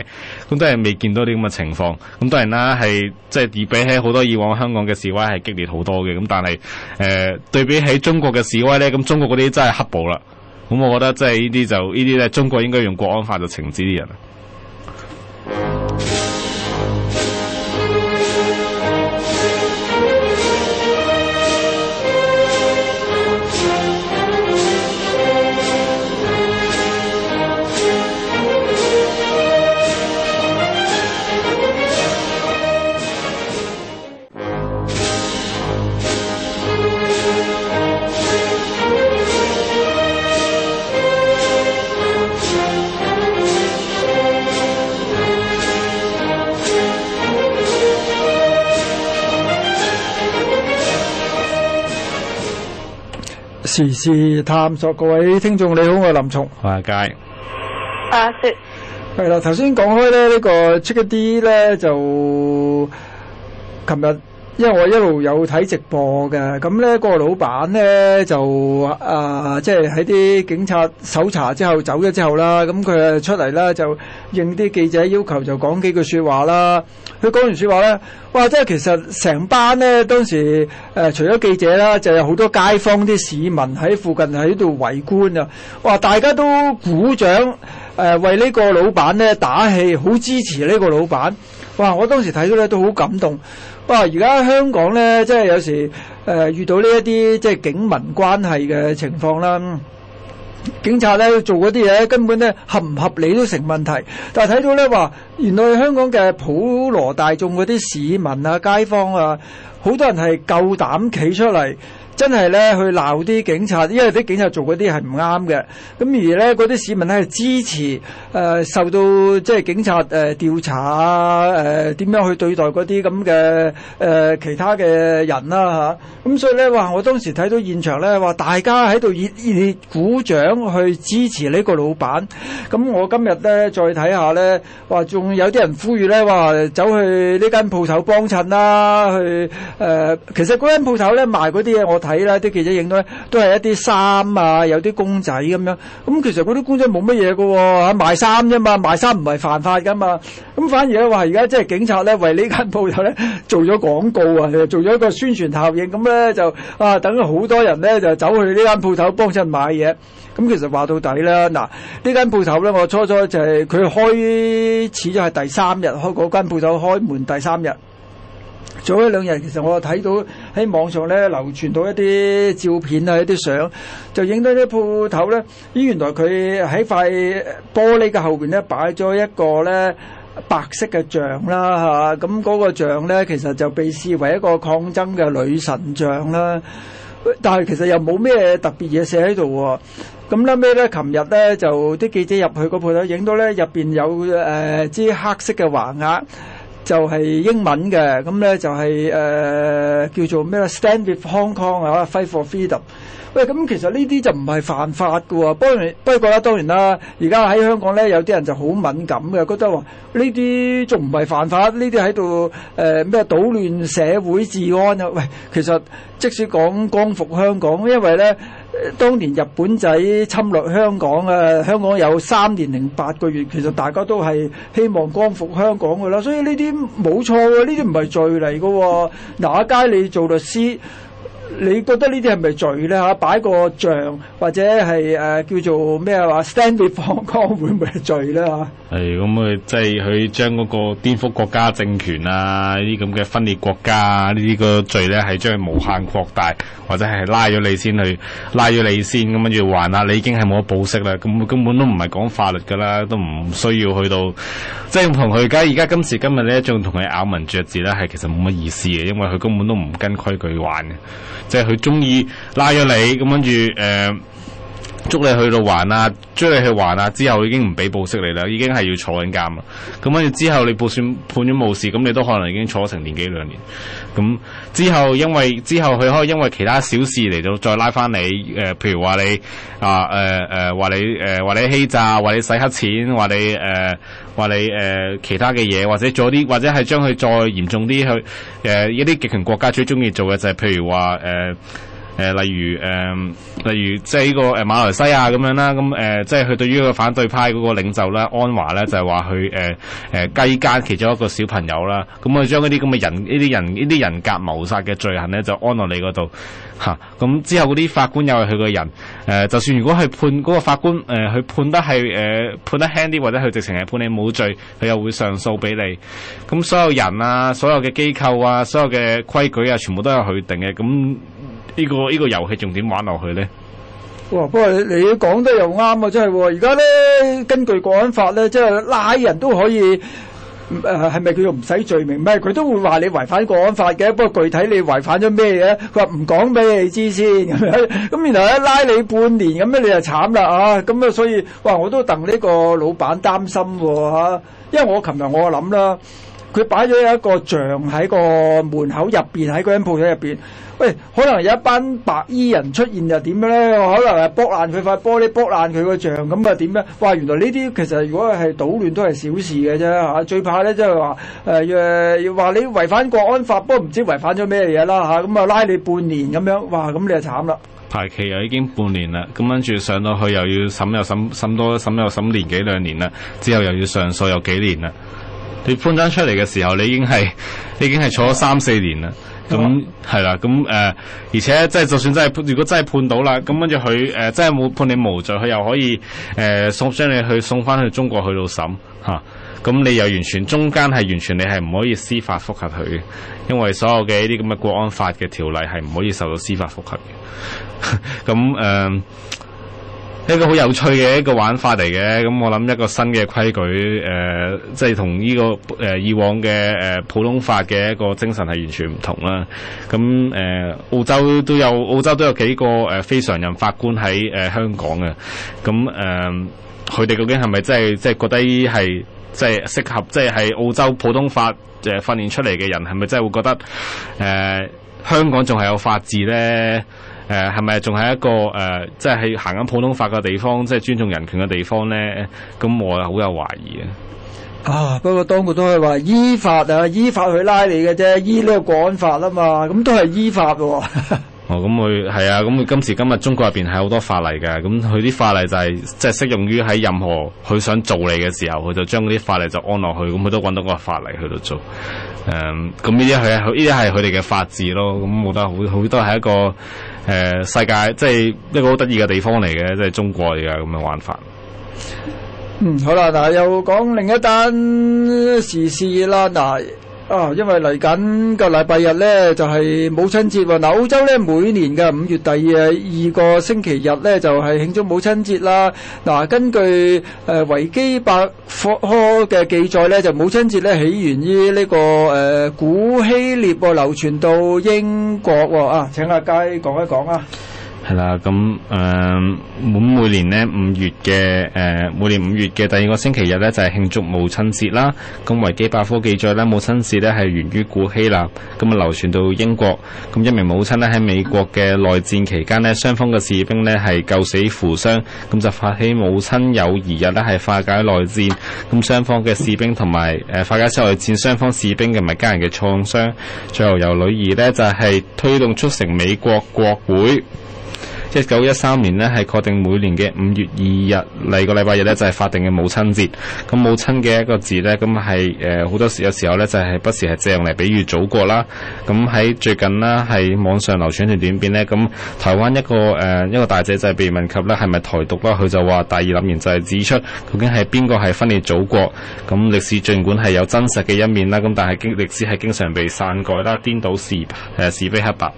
咁都係未見到啲咁嘅情況。咁當然啦，係即係而比起好多以往香港嘅示威係激烈好多嘅。咁但係誒、呃、對比起中國嘅示威呢，咁中國嗰啲真係黑暴啦。咁我覺得即係呢啲就呢啲咧，中國應該用國安法就懲治啲人啦。時事探索，各位聽眾你好，我係林松，我係佳，啊，是係啦，頭先講開咧，這個 D 呢個 Chickeeduck 就，琴日。因為我一路有睇直播嘅，咁呢個老闆呢，就啊，即係喺啲警察搜查之後走咗之後啦，咁佢出嚟啦就應啲記者要求就講幾句説話啦。佢講完説話呢，哇！即係其實成班呢，當時誒、呃，除咗記者啦，就有好多街坊啲市民喺附近喺度圍觀啊！哇！大家都鼓掌誒、呃，為呢個老闆呢打氣，好支持呢個老闆。哇！我當時睇到咧都好感動。哇！而家香港咧，即係有時、呃、遇到呢一啲即係警民關係嘅情況啦，警察咧做嗰啲嘢根本咧合唔合理都成問題。但係睇到咧話，原來香港嘅普羅大眾嗰啲市民啊、街坊啊，好多人係夠膽企出嚟。真係咧去鬧啲警察，因為啲警察做嗰啲係唔啱嘅。咁而咧嗰啲市民咧係支持誒、呃、受到即係、就是、警察誒調查啊誒點樣去對待嗰啲咁嘅誒其他嘅人啦、啊、吓，咁、啊、所以咧話，我當時睇到現場咧話，大家喺度熱烈鼓掌去支持呢個老闆。咁我今日咧再睇下咧話，仲有啲人呼籲咧話走去呢間鋪頭幫襯啦，去誒、呃、其實嗰間鋪頭咧賣嗰啲嘢我。睇啦，啲記者影到咧，都係一啲衫啊，有啲公仔咁樣。咁其實嗰啲公仔冇乜嘢嘅喎，賣衫啫嘛，賣衫唔係犯法嘅嘛。咁反而咧話，而家即係警察咧為呢間鋪頭咧做咗廣告啊，又做咗一個宣傳效應，咁咧就啊等好多人咧就走去呢間鋪頭幫襯買嘢。咁其實話到底咧，嗱呢間鋪頭咧，我初初就係佢開始咗就係第三日開嗰間鋪頭開門第三日。早一兩日，其實我睇到喺網上咧流傳到一啲照片啊，一啲相就影到啲鋪頭咧。咦，原來佢喺塊玻璃嘅後邊咧擺咗一個咧白色嘅像啦，嚇咁嗰個像咧其實就被視為一個抗爭嘅女神像啦。但係其實又冇咩特別嘢寫喺度喎。咁後尾咧，琴日咧就啲記者入去個鋪頭影到咧入邊有誒支、呃、黑色嘅橫額。就係英文嘅，咁咧就係、是、誒、呃、叫做咩 Stand with Hong Kong 啊，Fight for freedom。喂，咁其實呢啲就唔係犯法嘅喎。當然，不過咧當然啦，而家喺香港咧有啲人就好敏感嘅，覺得話呢啲仲唔係犯法？呢啲喺度誒咩？搗、呃、亂社會治安啊！喂，其實即使講光復香港，因為咧。當年日本仔侵略香港啊，香港有三年零八個月，其實大家都係希望光復香港噶啦，所以呢啲冇錯喎，呢啲唔係罪嚟噶喎。嗱，阿佳你做律師。你覺得呢啲係咪罪咧嚇？擺個像或者係誒、呃、叫做咩話，stand with Hong Kong 會唔會係罪咧嚇？係咁誒，即係佢將嗰個顛覆國家政權啊，呢啲咁嘅分裂國家啊，呢啲個罪咧係將佢無限擴大，或者係拉咗你先去，拉咗你先咁樣要還啊！你已經係冇得保釋啦，咁根本都唔係講法律噶啦，都唔需要去到即係同佢而家而家今時今日咧，仲同佢咬文嚼字咧，係其實冇乜意思嘅，因為佢根本都唔跟規矩玩嘅。即係佢中意拉咗你，咁跟住誒。呃捉你去到還啊，追你去還啊，之後已經唔俾保釋你啦，已經係要坐緊監啦。咁跟住之後你報算判判咗冇事，咁你都可能已經坐成年幾兩年。咁之後因為之後佢可以因為其他小事嚟到再拉翻你，誒、呃、譬如話你啊誒誒話你誒話、呃你，呃、你欺詐，話你洗黑錢，話你誒話、呃、你誒、呃呃、其他嘅嘢，或者做啲或者係將佢再嚴重啲去誒呢啲極權國家最中意做嘅就係、是、譬如話誒。呃誒、呃，例如誒、呃，例如即係呢、這個誒馬來西亞咁樣啦。咁、呃、誒，即係佢對於個反對派嗰個領袖咧，安華咧，就係話佢誒誒雞姦其中一個小朋友啦。咁佢將嗰啲咁嘅人呢啲人呢啲人格謀殺嘅罪行咧，就安落你嗰度嚇。咁、啊、之後嗰啲法官又係佢個人誒、呃，就算如果佢判嗰個法官誒，佢、呃、判得係誒、呃、判得輕啲，或者佢直情係判你冇罪，佢又會上訴俾你。咁所有人啊，所有嘅機構啊，所有嘅規矩啊，全部都係佢定嘅咁。呢個呢個遊戲仲點玩落去咧？哇！不過你你講得又啱啊，真係！而家咧根據國安法咧，即係拉人都可以誒，係咪叫做唔使罪名？唔係，佢都會話你違反國安法嘅。不過具體你違反咗咩嘢？佢話唔講俾你知先咁樣。咁然後咧拉你半年，咁咧你就慘啦啊！咁啊，所以哇，我都戥呢個老闆擔心吓，因為我琴日我諗啦，佢擺咗一個像喺個門口入邊，喺嗰間鋪仔入邊。喂，可能有一班白衣人出現又點樣咧？可能係剝爛佢塊玻璃，剝爛佢個像咁啊？點樣？哇！原來呢啲其實如果係搗亂都係小事嘅啫嚇。最怕咧即係話誒誒，要話、呃、你違反國安法，不過唔知違反咗咩嘢啦嚇。咁啊拉你半年咁樣，哇！咁你就慘啦。排期又已經半年啦，咁跟住上到去又要審又審審多審又審，審，審年幾兩年啦，之後又要上訴又幾年啦。你判單出嚟嘅時候，你已經係你已經係坐咗三四年啦。咁係啦，咁誒、呃，而且即係就算真係如果真係判到啦，咁跟住佢誒真係冇判你無罪，佢又可以誒、呃、送將你去送返去中國去到審吓咁、啊、你又完全中間係完全你係唔可以司法覆核佢嘅，因為所有嘅呢啲咁嘅國安法嘅條例係唔可以受到司法覆核嘅，咁誒。一個好有趣嘅一個玩法嚟嘅，咁我諗一個新嘅規矩，誒、呃，即係同呢個、呃、以往嘅普通法嘅一個精神係完全唔同啦。咁誒、呃，澳洲都有澳洲都有幾個、呃、非常人法官非常任法官喺、呃、香港嘅，咁誒，佢、呃、哋究竟係咪真係即係覺得係即係適合，即係喺澳洲普通法訓練出嚟嘅人，係咪真係會覺得誒、呃、香港仲係有法治咧？誒，係咪仲係一個誒，即、uh, 係行緊普通法嘅地方，即、就、係、是、尊重人權嘅地方咧？咁我又好有懷疑嘅。啊，不過當局都係話依法啊，依法去拉你嘅啫，依呢個國安法啊嘛，咁都係依法㗎。哦，咁佢係啊，咁佢今時今日中國入邊係好多法例嘅，咁佢啲法例就係即係適用於喺任何佢想做你嘅時候，佢就將嗰啲法例就安落去，咁佢都揾到個法例去度做。誒、um，咁呢啲係呢啲係佢哋嘅法治咯，咁我覺得好好多係一個。誒，世界即係一個好得意嘅地方嚟嘅，即係中國而家咁嘅玩法。嗯，好啦，嗱又講另一單時事啦，啊，因為嚟緊個禮拜日咧就係母親節喎。嗱，澳洲咧每年嘅五月第二二個星期日咧就係慶祝母親節啦。嗱，根據誒維基百科嘅記載咧，就母親節咧起源於呢個誒古希臘，流傳到英國。啊，請阿佳講一講啦。係啦，咁誒每每年呢五月嘅誒、呃、每年五月嘅第二個星期日呢，就係、是、慶祝母親節啦。咁維基百科記載呢，母親節呢係源於古希臘，咁啊，流傳到英國。咁一名母親呢，喺美國嘅內戰期間呢，雙方嘅士兵呢係救死扶傷，咁就發起母親友誼日呢係化解內戰。咁雙方嘅士兵同埋誒化解消內戰雙方士兵嘅埋家人嘅創傷，最後由女兒呢，就係、是、推動促成美國國會。一九一三年呢，係確定每年嘅五月二日嚟個禮拜日呢，就係、是、法定嘅母親節。咁母親嘅一個字呢，咁係誒好多時有時候呢，就係不時係借用嚟比喻祖國啦。咁喺最近啦，喺網上流傳一段短片咧，咁台灣一個誒、呃、一個大姐就係被問及咧係咪台獨啦，佢就話第二諗完就係指出，究竟係邊個係分裂祖國？咁歷史儘管係有真實嘅一面啦，咁但係經歷史係經常被篡改啦、顛倒是誒是非黑白。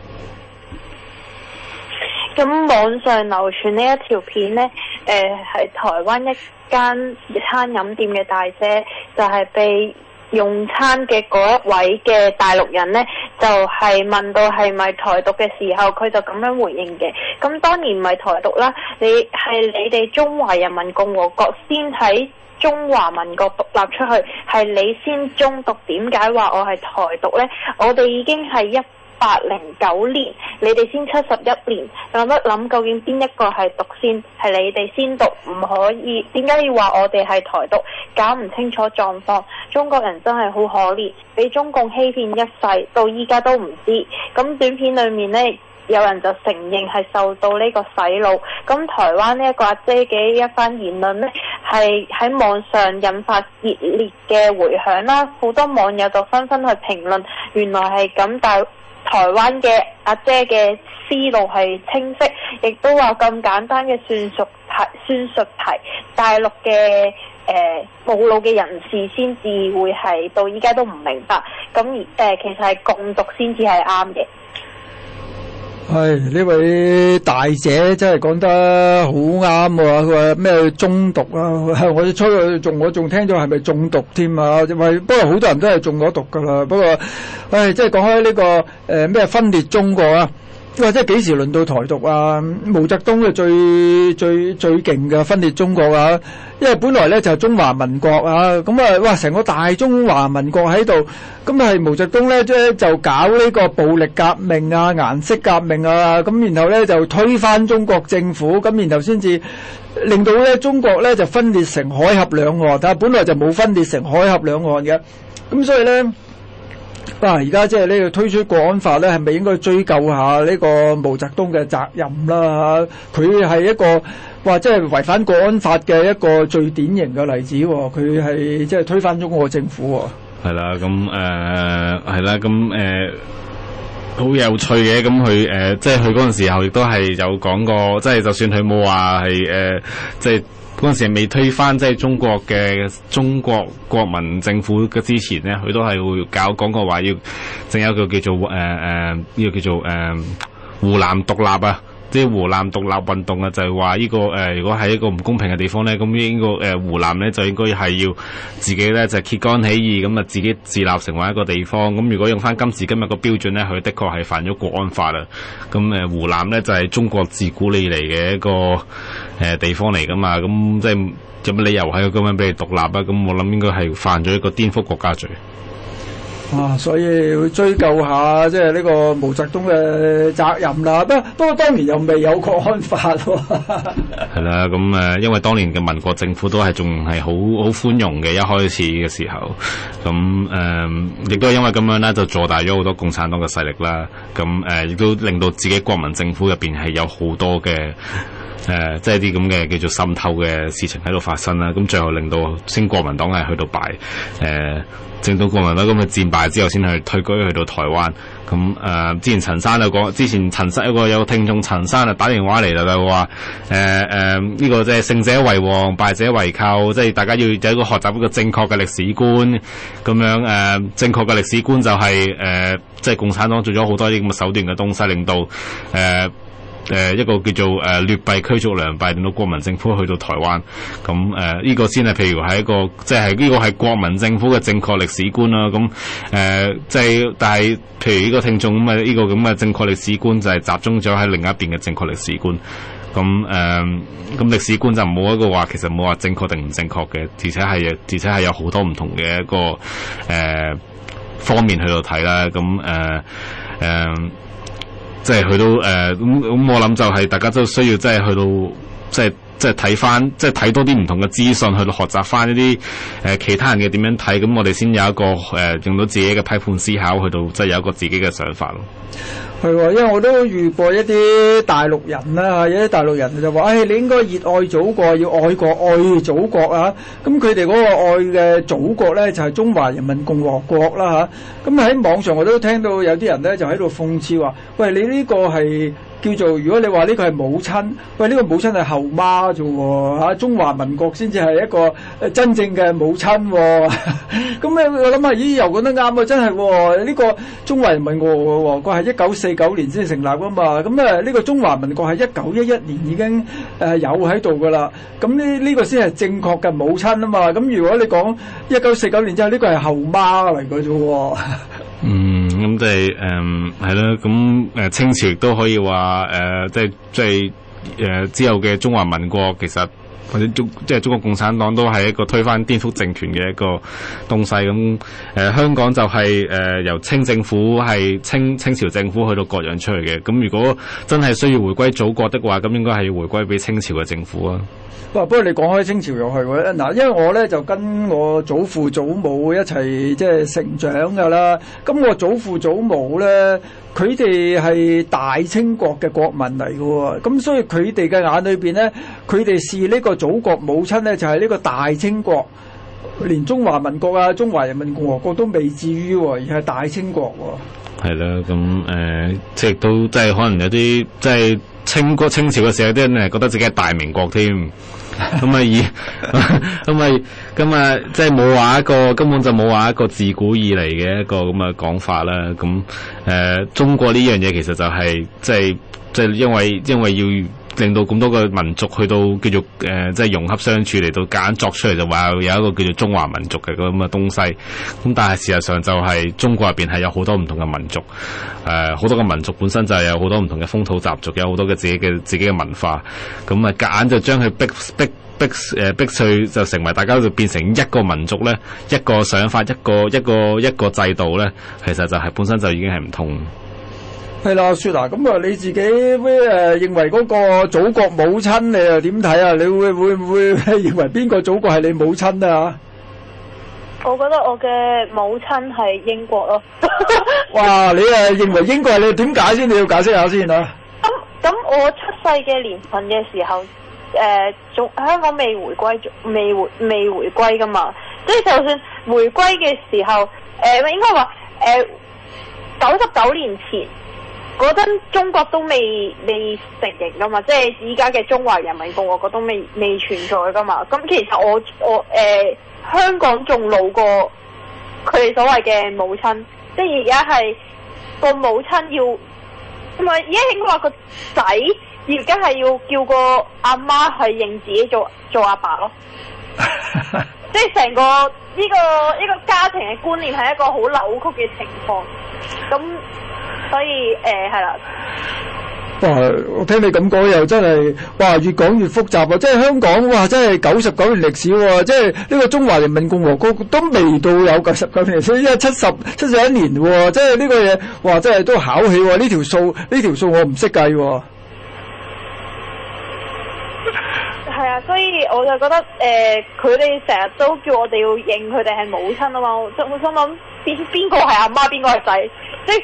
咁網上流傳呢一條片呢，係、呃、台灣一間餐飲店嘅大姐，就係、是、被用餐嘅嗰位嘅大陸人呢就係、是、問到係咪台獨嘅時候，佢就咁樣回應嘅。咁當然唔係台獨啦，你係你哋中華人民共和國先喺中華民國獨立出去，係你先中獨，點解話我係台獨呢？我哋已經係一八零九年，你哋先七十一年，有乜諗？究竟邊一個係獨先？係你哋先獨唔可以？點解要話我哋係台獨？搞唔清楚狀況，中國人真係好可憐，俾中共欺騙一世，到依家都唔知。咁短片裏面咧，有人就承認係受到呢個洗腦。咁台灣呢一個阿姐嘅一番言論咧，係喺網上引發熱烈嘅回響啦。好多網友就紛紛去評論，原來係咁但。台灣嘅阿姐嘅思路係清晰，亦都話咁簡單嘅算術題，算術題大陸嘅誒無腦嘅人士先至會係到依家都唔明白，咁誒、呃、其實係共讀先至係啱嘅。唉，呢位大姐真係講得好啱喎，佢話咩中毒啊？我出去仲我仲聽到係咪中毒添啊？不過好多人都係中咗毒㗎啦，不過唉，即係講開呢個咩、呃、分裂中國啊。哇！即係幾時輪到台獨啊？毛澤東嘅最最最勁嘅分裂中國啊！因為本來咧就係中華民國啊，咁啊哇，成個大中華民國喺度，咁係毛澤東咧即係就搞呢個暴力革命啊、顏色革命啊，咁然後咧就推翻中國政府，咁然後先至令到咧中國咧就分裂成海峽兩岸，但係本來就冇分裂成海峽兩岸嘅，咁所以咧。嗱，而家即係呢個推出國安法咧，係咪應該追究下呢個毛澤東嘅責任啦？佢、啊、係一個話即係違反國安法嘅一個最典型嘅例子，哦，佢係即係推翻咗我政府喎，哦。係啦，咁誒係啦，咁誒好有趣嘅，咁佢誒即係佢嗰陣時候亦都係有講過，即係就算佢冇話係誒即係。呃就是嗰陣時未推翻即係中國嘅中國國民政府嘅之前咧，佢都係會搞講過話要，仲有一個叫做誒誒呢個叫做誒、呃呃、湖南獨立啊。即係湖南獨立運動啊、這個，就係話呢個誒，如果喺一個唔公平嘅地方咧，咁應該誒湖南咧就應該係要自己咧就揭竿起義，咁啊自己自立成為一個地方。咁如果用翻今時今日個標準咧，佢的確係犯咗國安法啦。咁誒湖南咧就係、是、中國自古以嚟嘅一個誒、呃、地方嚟噶嘛，咁即係有乜理由喺度咁日咁樣俾佢獨立啊？咁我諗應該係犯咗一個顛覆國家罪。哇、啊！所以要追究下即係呢個毛澤東嘅責任啦，不不過當年又未有國安法咯、啊。係啦，咁誒，因為當年嘅民國政府都係仲係好好寬容嘅一開始嘅時候，咁誒亦都係因為咁樣咧，就坐大咗好多共產黨嘅勢力啦。咁誒亦都令到自己國民政府入邊係有好多嘅。誒、呃，即係啲咁嘅叫做滲透嘅事情喺度發生啦，咁最後令到先國民黨係去到敗，誒、呃，正當國民黨咁去戰敗之後先去退居去到台灣，咁誒、呃，之前陳生有講，之前陳生一個有聽眾陳生啊，打電話嚟、呃呃這個、就話，誒呢個即係勝者為王，敗者為寇，即係大家要有一個學習一個正確嘅歷史觀，咁樣誒、呃，正確嘅歷史觀就係、是、誒、呃，即係共產黨做咗好多啲咁嘅手段嘅東西，令到誒。呃誒、呃、一個叫做誒、呃、劣幣驅逐良幣，令到國民政府去到台灣，咁誒、呢個先係，譬如係一個，即係呢個係國民政府嘅正確歷史觀啦。咁誒，即、呃、係、就是、但係，譬如呢個聽眾咁、這、啊、個，呢、這個咁嘅正確歷史觀就係集中咗喺另一邊嘅正確歷史觀。咁誒，咁、呃、歷史觀就冇一個話，其實冇話正確定唔正確嘅，而且係而且係有好多唔同嘅一個誒、呃、方面去到睇啦。咁誒即係去到，誒、呃，咁咁我諗就係大家都需要，即係去到、就是，即係即係睇翻，即係睇多啲唔同嘅資訊，去到學習翻呢啲誒其他人嘅點樣睇，咁我哋先有一個誒、呃、用到自己嘅批判思考，去到即係有一個自己嘅想法咯。係、喎，因為我都遇過一啲大陸人啦，吓，有啲大陸人就話，誒，你應該熱愛祖國，要愛國愛祖國啊！咁佢哋嗰個愛嘅祖國呢，就係中華人民共和國啦，吓。咁喺網上我都聽到有啲人呢，就喺度諷刺話，喂，你呢個係叫做，如果你話呢個係母親，喂，呢個母親係後媽啫，吓，中華民國先至係一個真正嘅母親。咁咧，那我諗下，咦，又講得啱啊，真係喎，呢個中華人民共和國係係一九四九年先成立噶嘛，咁啊呢個中華民國係一九一一年已經誒、呃、有喺度噶啦，咁呢呢個先係正確嘅母親啊嘛，咁如果你講一九四九年之後呢，呢個係後媽嚟嘅啫喎。嗯，咁哋誒係咯，咁誒清朝亦都可以話誒，即係即係誒之後嘅中華民國其實。或者中即係中國共產黨都係一個推翻顛覆政權嘅一個東西咁，誒、呃、香港就係、是、誒、呃、由清政府係清清朝政府去到割讓出去嘅，咁如果真係需要回歸祖國的話，咁應該係要回歸俾清朝嘅政府啊。不過你講開清朝又係嗱，因為我咧就跟我祖父祖母一齊即係成長噶啦。咁我祖父祖母咧，佢哋係大清國嘅國民嚟嘅喎。咁所以佢哋嘅眼裏邊咧，佢哋視呢個祖國母親咧，就係呢個大清國，連中華民國啊、中華人民共和國都未至於而係大清國喎。係啦，咁誒、呃，即係都即係可能有啲即係。清國清朝嘅時候，啲人係覺得自己係大明國添，咁啊以，咁啊咁啊，即係冇話一個根本就冇話一個自古以嚟嘅一個咁嘅講法啦。咁誒、呃，中國呢樣嘢其實就係即係即係因為因為要。令到咁多嘅民族去到叫做、呃、即係融合相處嚟到，夾硬作出嚟就話有一個叫做中華民族嘅咁嘅東西。咁但係事實上就係中國入邊係有好多唔同嘅民族，誒、呃、好多嘅民族本身就係有好多唔同嘅風土習俗，有好多嘅自己嘅自己嘅文化。咁啊夾硬就將佢逼逼逼逼碎，逼逼就成為大家就變成一個民族咧，一個想法，一個一個一個制度咧，其實就係本身就已經係唔同。係啦、啊，雪啊，咁啊你自己咩誒、呃、認為嗰個祖國母親你又點睇啊？你會會唔會認為邊個祖國係你母親啊？我覺得我嘅母親係英國咯。哇！ 你誒認為英國係你點解先？你要解釋下先啊！咁咁、嗯嗯、我出世嘅年份嘅時候，誒、呃、仲，香港未回歸，未回未回歸噶嘛？即係就算回歸嘅時候，誒、呃、應該話誒九十九年前。嗰陣中國都未未承認㗎嘛，即係而家嘅中華人民共和國都未未存在㗎嘛。咁其實我我、呃、香港仲老過佢哋所謂嘅母親，即係而家係個母親要而家應該話個仔而家係要叫個阿媽去認自己做做阿爸，爸咯， 即係成個呢個呢個家庭嘅觀念係一個好扭曲嘅情況，咁。所以誒係、呃、啦，哇！我聽你咁講又真係，哇，越講越複雜啊！即係香港哇，真係九十九年歷史喎，即係呢個中華人民共和國都未到有九十九年，所以一七十七十一年喎，即係呢個嘢，哇，真係都考起喎！呢條數呢條數我唔識計喎。係 啊，所以我就覺得誒，佢哋成日都叫我哋要認佢哋係母親啊嘛，我我心諗邊邊個係阿媽，邊個係仔， 即係。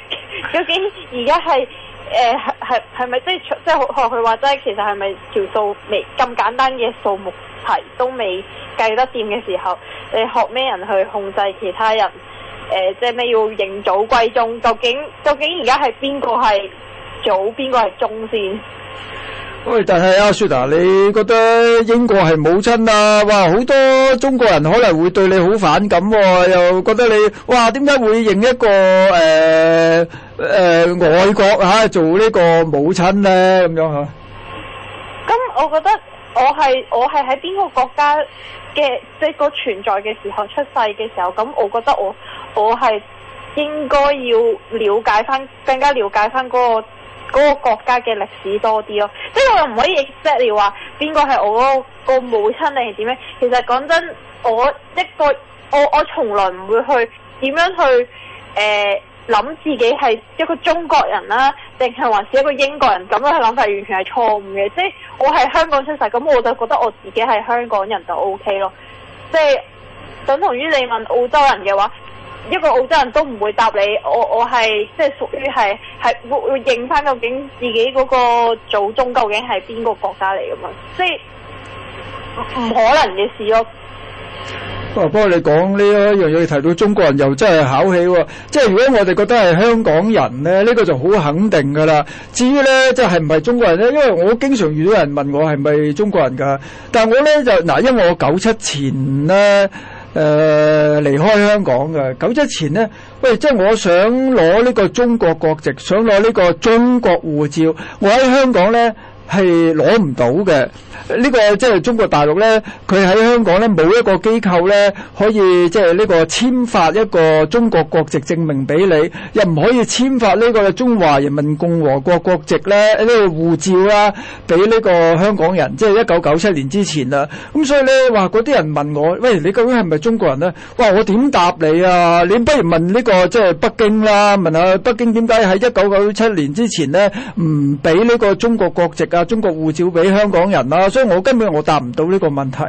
究竟而家係誒係係係咪即係即係學佢話，即係其實係咪條數未咁簡單嘅數目題都未計得掂嘅時候，你學咩人去控制其他人？誒、呃，即係咩要認祖歸宗？究竟究竟而家係邊個係祖，邊個係宗先？喂，但係阿雪 h、啊、你覺得英國係母親啊？哇，好多中國人可能會對你好反感喎、啊，又覺得你哇點解會認一個誒？呃誒、呃，外國吓、啊、做呢個母親咧，咁樣吓。咁、嗯、我覺得我係我係喺邊個國家嘅，即係個存在嘅時候出世嘅時候。咁我覺得我我係應該要了解翻，更加了解翻、嗰個、嗰個國家嘅歷史多啲咯。即係我又唔可以 expect 話邊個係我個、嗰個母親定係點樣。其實講真，我一個我我從來唔會去點樣去誒。呃諗自己係一個中國人啦，啊，定係還是一個英國人咁樣嘅諗法，完全係錯誤嘅。即係我係香港出世，咁我就覺得我自己係香港人就 OK 咯。即係等同於你問澳洲人嘅話，一個澳洲人都唔會答你，我我係即係屬於係係會會認返究竟自己嗰個祖宗究竟係邊個國家嚟噶嘛？即係唔可能嘅事囉。不過你講呢一樣嘢，要提到中國人又真係考起喎。即係如果我哋覺得係香港人呢，呢、呢個就好肯定㗎啦。至於呢，即係唔係中國人呢？因為我經常遇到人問我係咪中國人㗎。但我呢，就嗱，因為我九七前呢，誒、呃、離開香港㗎。九七前呢，喂，即係我想攞呢個中國國籍，想攞呢個中國護照，我喺香港呢。係攞唔到嘅，呢個即係中國大陸呢，佢喺香港呢，冇一個機構呢，可以即係呢個簽發一個中國國籍證明俾你，又唔可以簽發呢個中華人民共和國國籍呢，呢個護照啊，俾呢個香港人，即係一九九七年之前啊。咁所以呢，話嗰啲人問我，喂，你究竟係咪中國人呢？哇，我點答你啊？你不如問呢個即係北京啦，問下北京點解喺一九九七年之前呢，唔俾呢個中國國籍？啊！中國護照俾香港人啦、啊，所以我根本我答唔到呢個問題。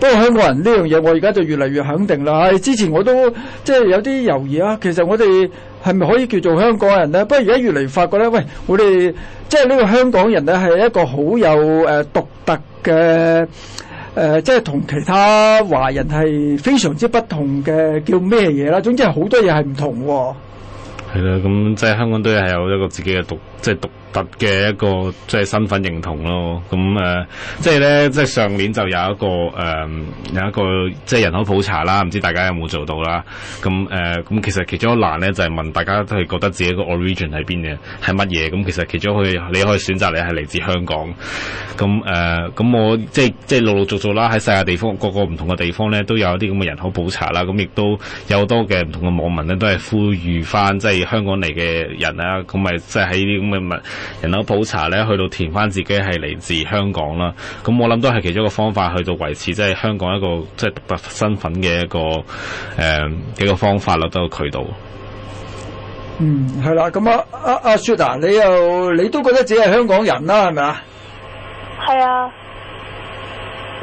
不過香港人呢樣嘢，我而家就越嚟越肯定啦。之前我都即係有啲猶豫啦、啊，其實我哋係咪可以叫做香港人呢？不過而家越嚟越發覺呢，喂，我哋即係呢個香港人呢，係一個好有誒、呃、獨特嘅誒、呃，即係同其他華人係非常之不同嘅叫咩嘢啦？總之係好多嘢係唔同喎、啊。係啦，咁即係香港都係有一個自己嘅獨，即、就、係、是、獨特嘅一個即係身份認同咯，咁誒即係咧，即係上年就有一個誒、嗯、有一個即係人口普查啦，唔知大家有冇做到啦？咁誒咁其實其中一欄咧就係、是、問大家都係覺得自己個 origin 喺邊嘅，係乜嘢？咁、嗯、其實其中一個你，你可以選擇你係嚟自香港，咁誒咁我即係即係陸陸續續啦，喺世界地方各個唔同嘅地方咧都有一啲咁嘅人口普查啦，咁、嗯、亦都有好多嘅唔同嘅網民咧都係呼籲返即係香港嚟嘅人啦、啊，咁咪即係喺啲咁嘅物。人口普查咧，去到填翻自己係嚟自香港啦，咁我諗都係其中一個方法去維，去到維持即係香港一個即係獨特身份嘅一個誒幾、嗯、個方法咯，多個渠道。嗯，係啦，咁啊啊啊雪啊，你又你都覺得自己係香港人啦，係咪啊？係啊。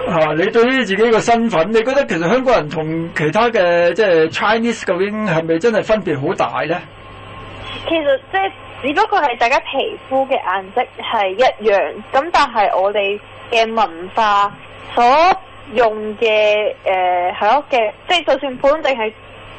吓，你對於自己個身份，你覺得其實香港人同其他嘅即係、就是、Chinese 究竟係咪真係分別好大咧？其實即、就、係、是。只不過係大家皮膚嘅顏色係一樣，咁但係我哋嘅文化所用嘅誒，喺屋嘅，即係就算普通，淨係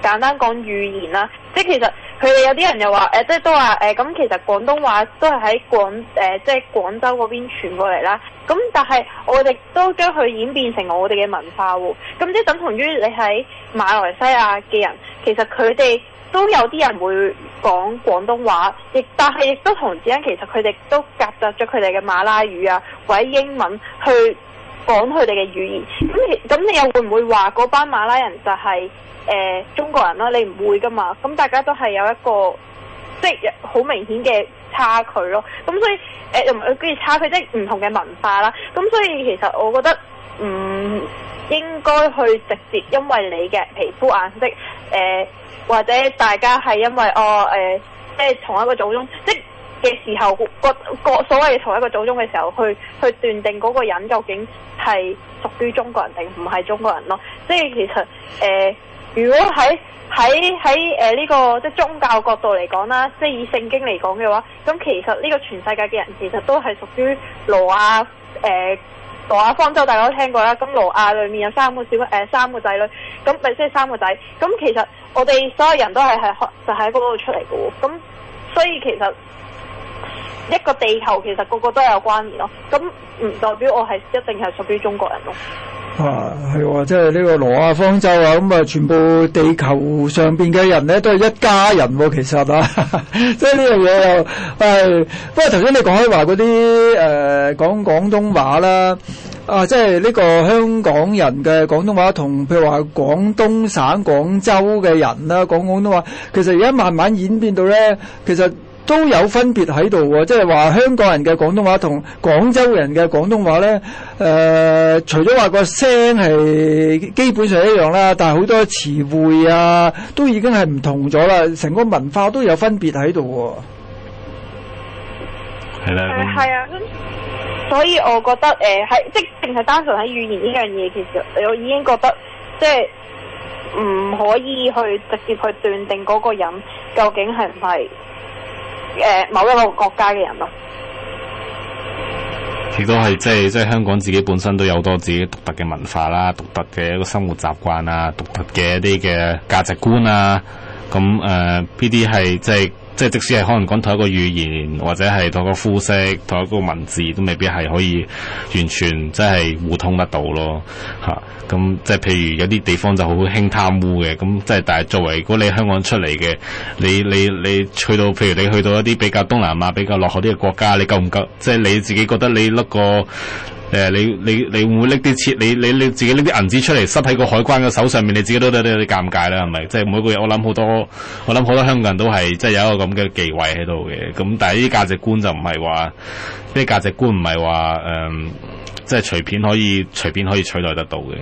簡單講語言啦。即係其實佢哋有啲人又話，誒，即係都話，誒，咁其實廣東話都係喺廣，誒，即係廣州嗰邊傳過嚟啦。咁但係我哋都將佢演變成我哋嘅文化喎。咁即係等同於你喺馬來西亞嘅人，其實佢哋。都有啲人會講廣東話，亦但係亦都同之恩其實佢哋都夾雜咗佢哋嘅馬拉語啊，或者英文去講佢哋嘅語言。咁你咁你又會唔會話嗰班馬拉人就係、是、誒、呃、中國人啦、啊？你唔會㗎嘛？咁大家都係有一個即係好明顯嘅差距咯。咁所以誒，唔係跟住差距即係唔同嘅文化啦。咁所以其實我覺得唔、嗯、應該去直接因為你嘅皮膚顏色誒。呃或者大家係因為哦誒，即、呃、係、呃、同一個祖宗，即嘅時候，各各所謂同一個祖宗嘅時候，去去斷定嗰個人究竟係屬於中國人定唔係中國人咯？即係其實誒、呃，如果喺喺喺誒呢個即係宗教角度嚟講啦，即係以聖經嚟講嘅話，咁其實呢個全世界嘅人其實都係屬於挪亞誒。呃羅亞方舟大家都聽過啦，咁羅亞裏面有三個小誒、呃，三個仔女，咁咪即係三個仔，咁其實我哋所有人都係係學就喺嗰度出嚟嘅喎，咁所以其實。一個地球其實個個都有關聯咯，咁唔代表我係一定係屬於中國人咯。啊，係即係呢個羅亞方舟啊，咁、嗯、啊，全部地球上邊嘅人咧都係一家人、啊，其實啊，即係呢樣嘢又係。不過頭先你講開話嗰啲誒講廣東話啦、啊，啊，即係呢個香港人嘅廣東話同譬如話廣東省廣州嘅人啦講廣東話，其實而家慢慢演變到咧，其實。都有分別喺度喎，即係話香港人嘅廣東話同廣州人嘅廣東話呢，呃、除咗話個聲係基本上一樣啦，但係好多詞彙啊，都已經係唔同咗啦，成個文化都有分別喺度喎。係啦的，係啊、嗯，所以我覺得誒喺、呃、即係淨係單純喺語言呢樣嘢，其實我已經覺得即係唔可以去直接去斷定嗰個人究竟係唔係。誒，某一個國家嘅人咯，亦都係即係即係香港自己本身都有多自己獨特嘅文化啦，獨特嘅一個生活習慣啊，獨特嘅一啲嘅價值觀啊，咁誒，呢啲係即係。即係即使係可能講同一個語言，或者係同一個膚色、同一個文字，都未必係可以完全即係互通得到咯。咁、啊、即係譬如有啲地方就好興貪污嘅，咁即係但係作為如果你香港出嚟嘅，你你你去到譬如你去到一啲比較東南亞比較落後啲嘅國家，你夠唔夠？即係你自己覺得你嗰、嗰個。誒你你你會唔會拎啲錢？你你你自己拎啲銀紙出嚟塞喺個海關嘅手上面，你自己都都都有啲尷尬啦，係咪？即係每個月我諗好多，我諗好多香港人都係即係有一個咁嘅忌諱喺度嘅。咁但係啲價值觀就唔係話，啲價值觀唔係話誒，即、嗯、係、就是、隨便可以隨便可以取代得到嘅。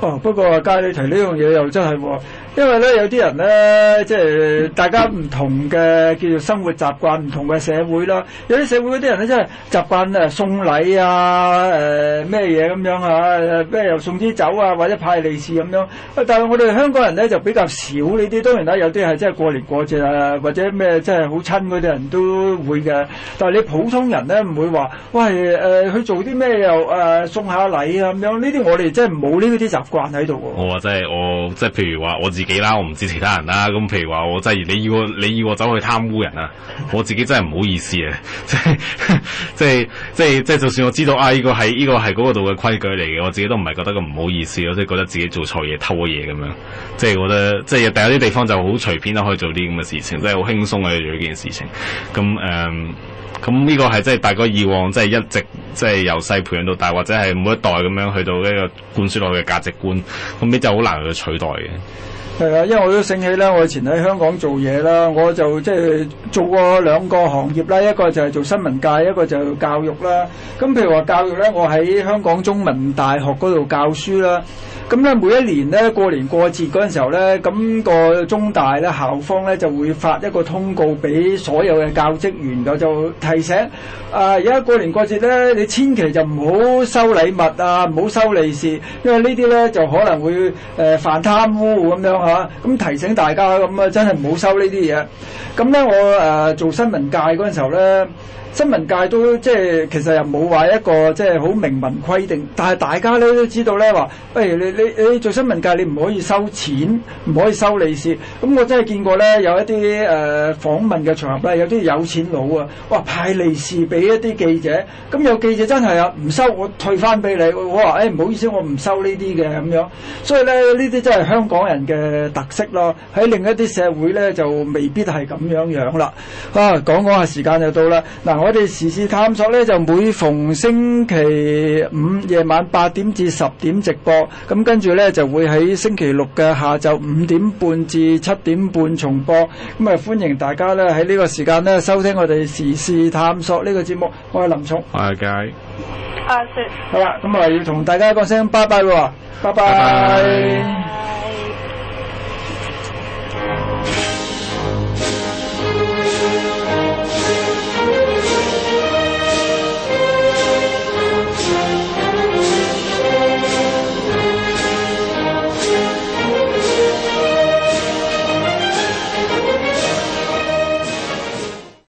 哦，不過阿佳你提呢樣嘢又真係因為咧有啲人咧，即係大家唔同嘅叫做生活習慣，唔同嘅社會啦。有啲社會嗰啲人咧，真係習慣送禮啊，呃、咩嘢咁樣啊，咩又送啲酒啊，或者派利是咁樣。但係我哋香港人咧就比較少呢啲。當然啦，有啲係真係過年過節啊，或者咩真係好親嗰啲人都會嘅。但係你普通人咧唔會話，喂、呃、去做啲咩又、呃、送下禮啊咁樣。呢啲我哋真係冇呢啲習慣喺度。哦就係、我話真係我即係譬如話我自己啦，我唔知其他人啦，啊。咁譬如話我真係你要我你要我走去貪污人啊，我自己真係唔好意思啊。即係即係即係即係，就算我知道啊，呢、這個係呢、這個係嗰個度嘅規矩嚟嘅，我自己都唔係覺得咁唔好意思咯，即係覺得自己做錯嘢偷嘢咁樣，即、就、係、是、覺得即係有啲地方就好隨便都可以做啲咁嘅事情，即係好輕鬆嘅做呢件事情。咁誒，咁、呃、呢個係即係大家以往即係一直即係由細培養到大，或者係每一代咁樣去到呢個灌輸落去嘅價值觀，咁呢就好難去取代嘅。係啊，因為我都醒起啦。我以前喺香港做嘢啦，我就即係、就是、做過兩個行業啦，一個就係做新聞界，一個就教育啦。咁譬如話教育呢，我喺香港中文大學嗰度教書啦。咁咧每一年呢，過年過節嗰陣時候呢，咁、那個中大咧校方呢就會發一個通告俾所有嘅教職員，我就提醒啊，而家過年過節呢，你千祈就唔好收禮物啊，唔好收利是，因為這些呢啲呢就可能會誒、呃、犯貪污咁樣。吓，咁提醒大家咁啊，真係唔好收呢啲嘢。咁咧，我誒做新聞界嗰陣時候咧，新聞界都即係其實又冇話一個即係好明文規定，但係大家咧都知道咧話，誒、哎、你你你做新聞界你唔可以收錢，唔可以收利是。咁我真係見過咧有一啲誒、呃、訪問嘅場合咧，有啲有錢佬啊，哇派利是俾一啲記者，咁有記者真係啊唔收，我退翻俾你，我話誒唔好意思，我唔收呢啲嘅咁樣。所以咧呢啲真係香港人嘅特色咯，喺另一啲社會咧就未必係咁樣樣啦。啊，講講下時間就到啦嗱。啊。我哋時事探索呢，就每逢星期五夜晚八點至十點直播，咁跟住呢，就會喺星期六嘅下晝五點半至七點半重播。咁啊，歡迎大家呢喺呢個時間呢收聽我哋時事探索呢個節目。我係林聰界、啊，拜拜。介，我係雪。好啦，咁啊要同大家講聲拜拜喎，拜拜。拜拜拜拜。